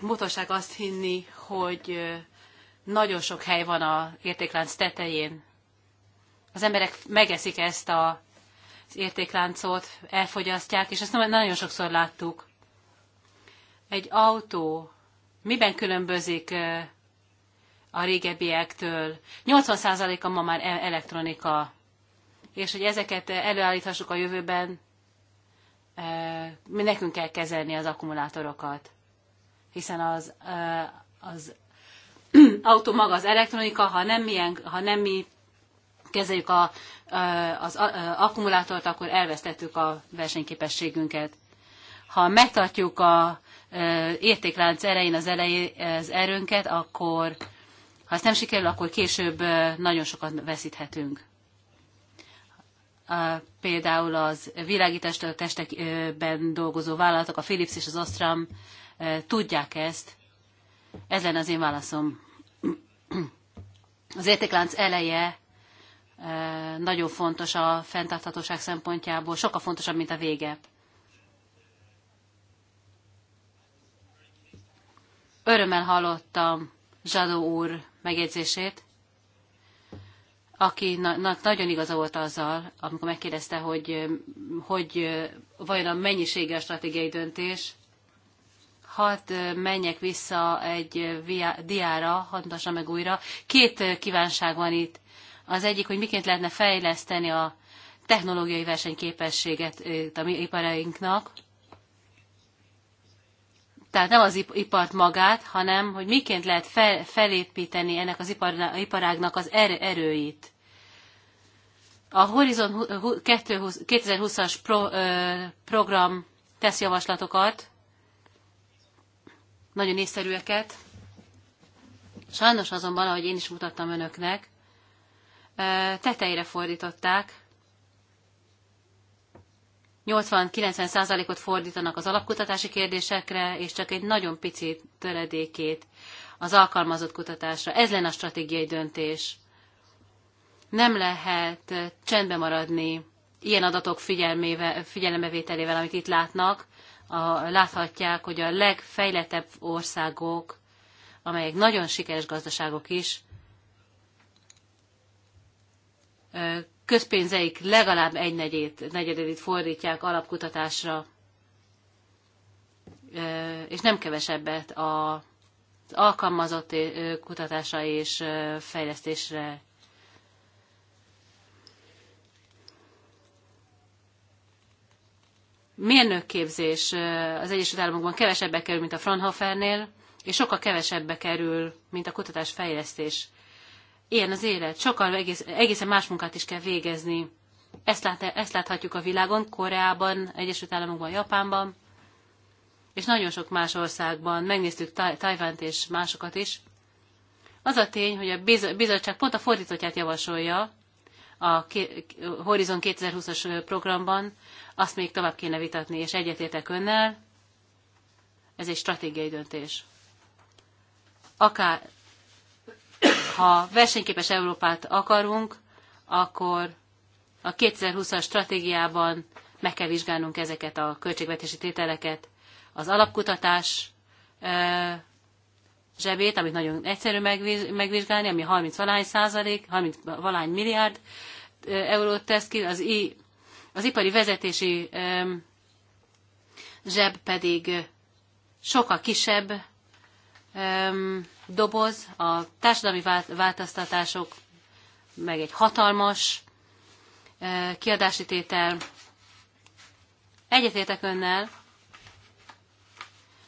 Mutasság azt hinni, hogy nagyon sok hely van a értéklánc tetején. Az emberek megeszik ezt a, az értékláncot, elfogyasztják, és ezt nagyon sokszor láttuk. Egy autó miben különbözik a régebbiektől? 80%-a ma már e- elektronika és hogy ezeket előállíthassuk a jövőben, e, mi nekünk kell kezelni az akkumulátorokat, hiszen az, e, az <clears throat> autó maga az elektronika, ha nem, milyen, ha nem mi kezeljük a, e, az akkumulátort, akkor elvesztettük a versenyképességünket. Ha megtartjuk a értéklánc erején az, elej, az erőnket, akkor ha ezt nem sikerül, akkor később nagyon sokat veszíthetünk például az a testekben dolgozó vállalatok, a Philips és az Ostram tudják ezt. Ez lenne az én válaszom. Az értéklánc eleje nagyon fontos a fenntarthatóság szempontjából, sokkal fontosabb, mint a vége. Örömmel hallottam Zsadó úr megjegyzését na- nagyon igaza volt azzal, amikor megkérdezte, hogy, hogy vajon a mennyisége a stratégiai döntés. Hadd menjek vissza egy diára, hadd mutassam meg újra. Két kívánság van itt. Az egyik, hogy miként lehetne fejleszteni a technológiai versenyképességet a mi iparainknak. Tehát nem az ipart magát, hanem hogy miként lehet fel, felépíteni ennek az ipar, iparágnak az er-, erőit. A Horizon 2020-as pro, program tesz javaslatokat, nagyon észszerűeket. Sajnos azonban, ahogy én is mutattam önöknek, tetejére fordították. 80-90%-ot fordítanak az alapkutatási kérdésekre, és csak egy nagyon pici töredékét az alkalmazott kutatásra. Ez lenne a stratégiai döntés. Nem lehet csendben maradni ilyen adatok figyelembevételével, amit itt látnak. A, láthatják, hogy a legfejlettebb országok, amelyek nagyon sikeres gazdaságok is, közpénzeik legalább egy negyedét, negyedét fordítják alapkutatásra, és nem kevesebbet az alkalmazott kutatásra és fejlesztésre. mérnökképzés az Egyesült Államokban kevesebbe kerül, mint a Fraunhofernél, és sokkal kevesebbe kerül, mint a kutatás fejlesztés. Ilyen az élet. Sokkal egész, egészen más munkát is kell végezni. Ezt, lát, ezt láthatjuk a világon, Koreában, Egyesült Államokban, Japánban, és nagyon sok más országban. Megnéztük Tajvánt és másokat is. Az a tény, hogy a bizottság pont a fordítottját javasolja, a Horizon 2020-as programban, azt még tovább kéne vitatni, és egyetértek önnel, ez egy stratégiai döntés. Akár ha versenyképes Európát akarunk, akkor a 2020-as stratégiában meg kell vizsgálnunk ezeket a költségvetési tételeket, az alapkutatás zsebét, amit nagyon egyszerű megvizsgálni, ami 30 valány százalék, 30 valány milliárd, eurót tesz ki, az, i, az ipari vezetési zseb pedig sokkal kisebb doboz, a társadalmi változtatások meg egy hatalmas e, kiadási tétel. Egyetértek önnel,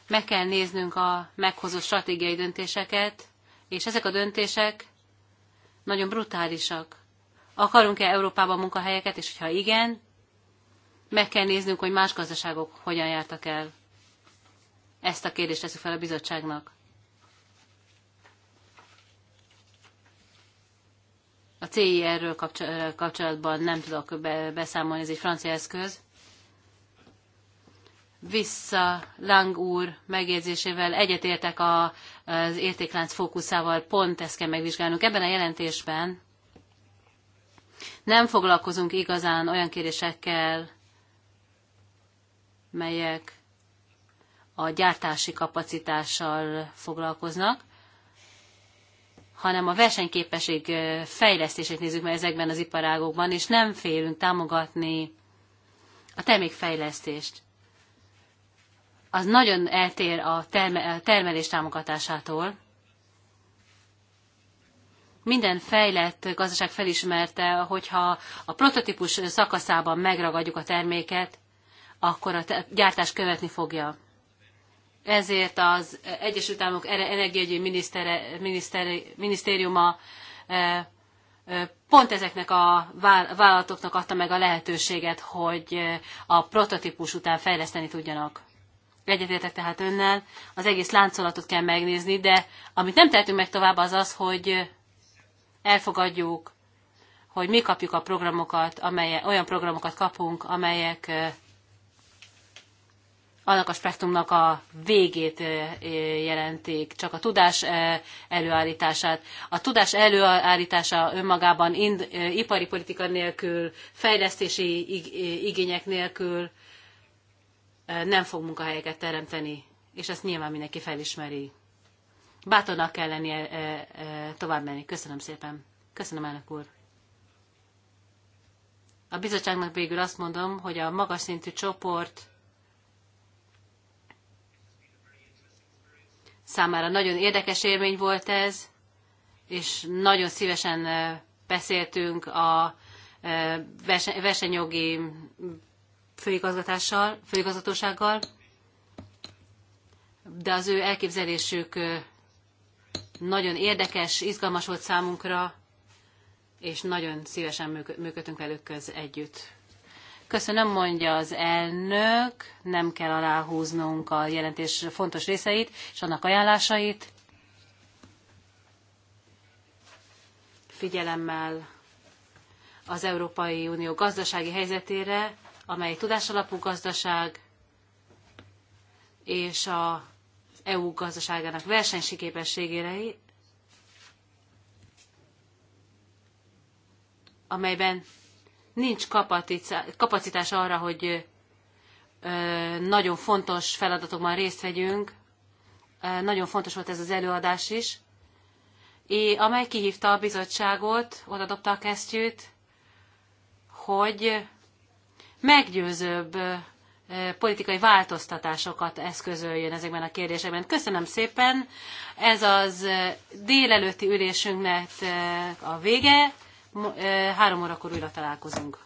meg kell néznünk a meghozott stratégiai döntéseket, és ezek a döntések nagyon brutálisak. Akarunk-e Európában munkahelyeket, és hogyha igen, meg kell néznünk, hogy más gazdaságok hogyan jártak el. Ezt a kérdést teszük fel a bizottságnak. A CIR-ről eh, kapcsolatban nem tudok beszámolni, ez egy francia eszköz. Vissza Lang úr megjegyzésével egyetértek az értéklánc fókuszával, pont ezt kell megvizsgálnunk. Ebben a jelentésben nem foglalkozunk igazán olyan kérdésekkel, melyek a gyártási kapacitással foglalkoznak, hanem a versenyképesség fejlesztését nézzük meg ezekben az iparágokban, és nem félünk támogatni a termékfejlesztést. Az nagyon eltér a, terme- a termelés támogatásától, minden fejlett gazdaság felismerte, hogyha a prototípus szakaszában megragadjuk a terméket, akkor a gyártás követni fogja. Ezért az Egyesült Államok Energiaügyi Minisztériuma e, e, pont ezeknek a vállalatoknak adta meg a lehetőséget, hogy a prototípus után fejleszteni tudjanak. Egyetértek tehát önnel, az egész láncolatot kell megnézni, de amit nem tehetünk meg tovább az az, hogy elfogadjuk, hogy mi kapjuk a programokat, amelyek, olyan programokat kapunk, amelyek annak a spektrumnak a végét jelentik, csak a tudás előállítását. A tudás előállítása önmagában ind, ipari politika nélkül, fejlesztési igények nélkül nem fog munkahelyeket teremteni, és ezt nyilván mindenki felismeri bátornak kell lennie tovább menni. Köszönöm szépen. Köszönöm, elnök úr. A bizottságnak végül azt mondom, hogy a magas szintű csoport számára nagyon érdekes élmény volt ez, és nagyon szívesen beszéltünk a versenyjogi főigazgatással, főigazgatósággal, de az ő elképzelésük nagyon érdekes, izgalmas volt számunkra, és nagyon szívesen működtünk velük köz együtt. Köszönöm, mondja az elnök, nem kell aláhúznunk a jelentés fontos részeit és annak ajánlásait. Figyelemmel az Európai Unió gazdasági helyzetére, amely tudásalapú gazdaság, és a EU gazdaságának versenyképességére, amelyben nincs kapacitás arra, hogy nagyon fontos feladatokban részt vegyünk. Nagyon fontos volt ez az előadás is, amely kihívta a bizottságot, dobta a kesztyűt, hogy meggyőzőbb politikai változtatásokat eszközöljön ezekben a kérdésekben. Köszönöm szépen! Ez az délelőtti ülésünknek a vége. Három órakor újra találkozunk.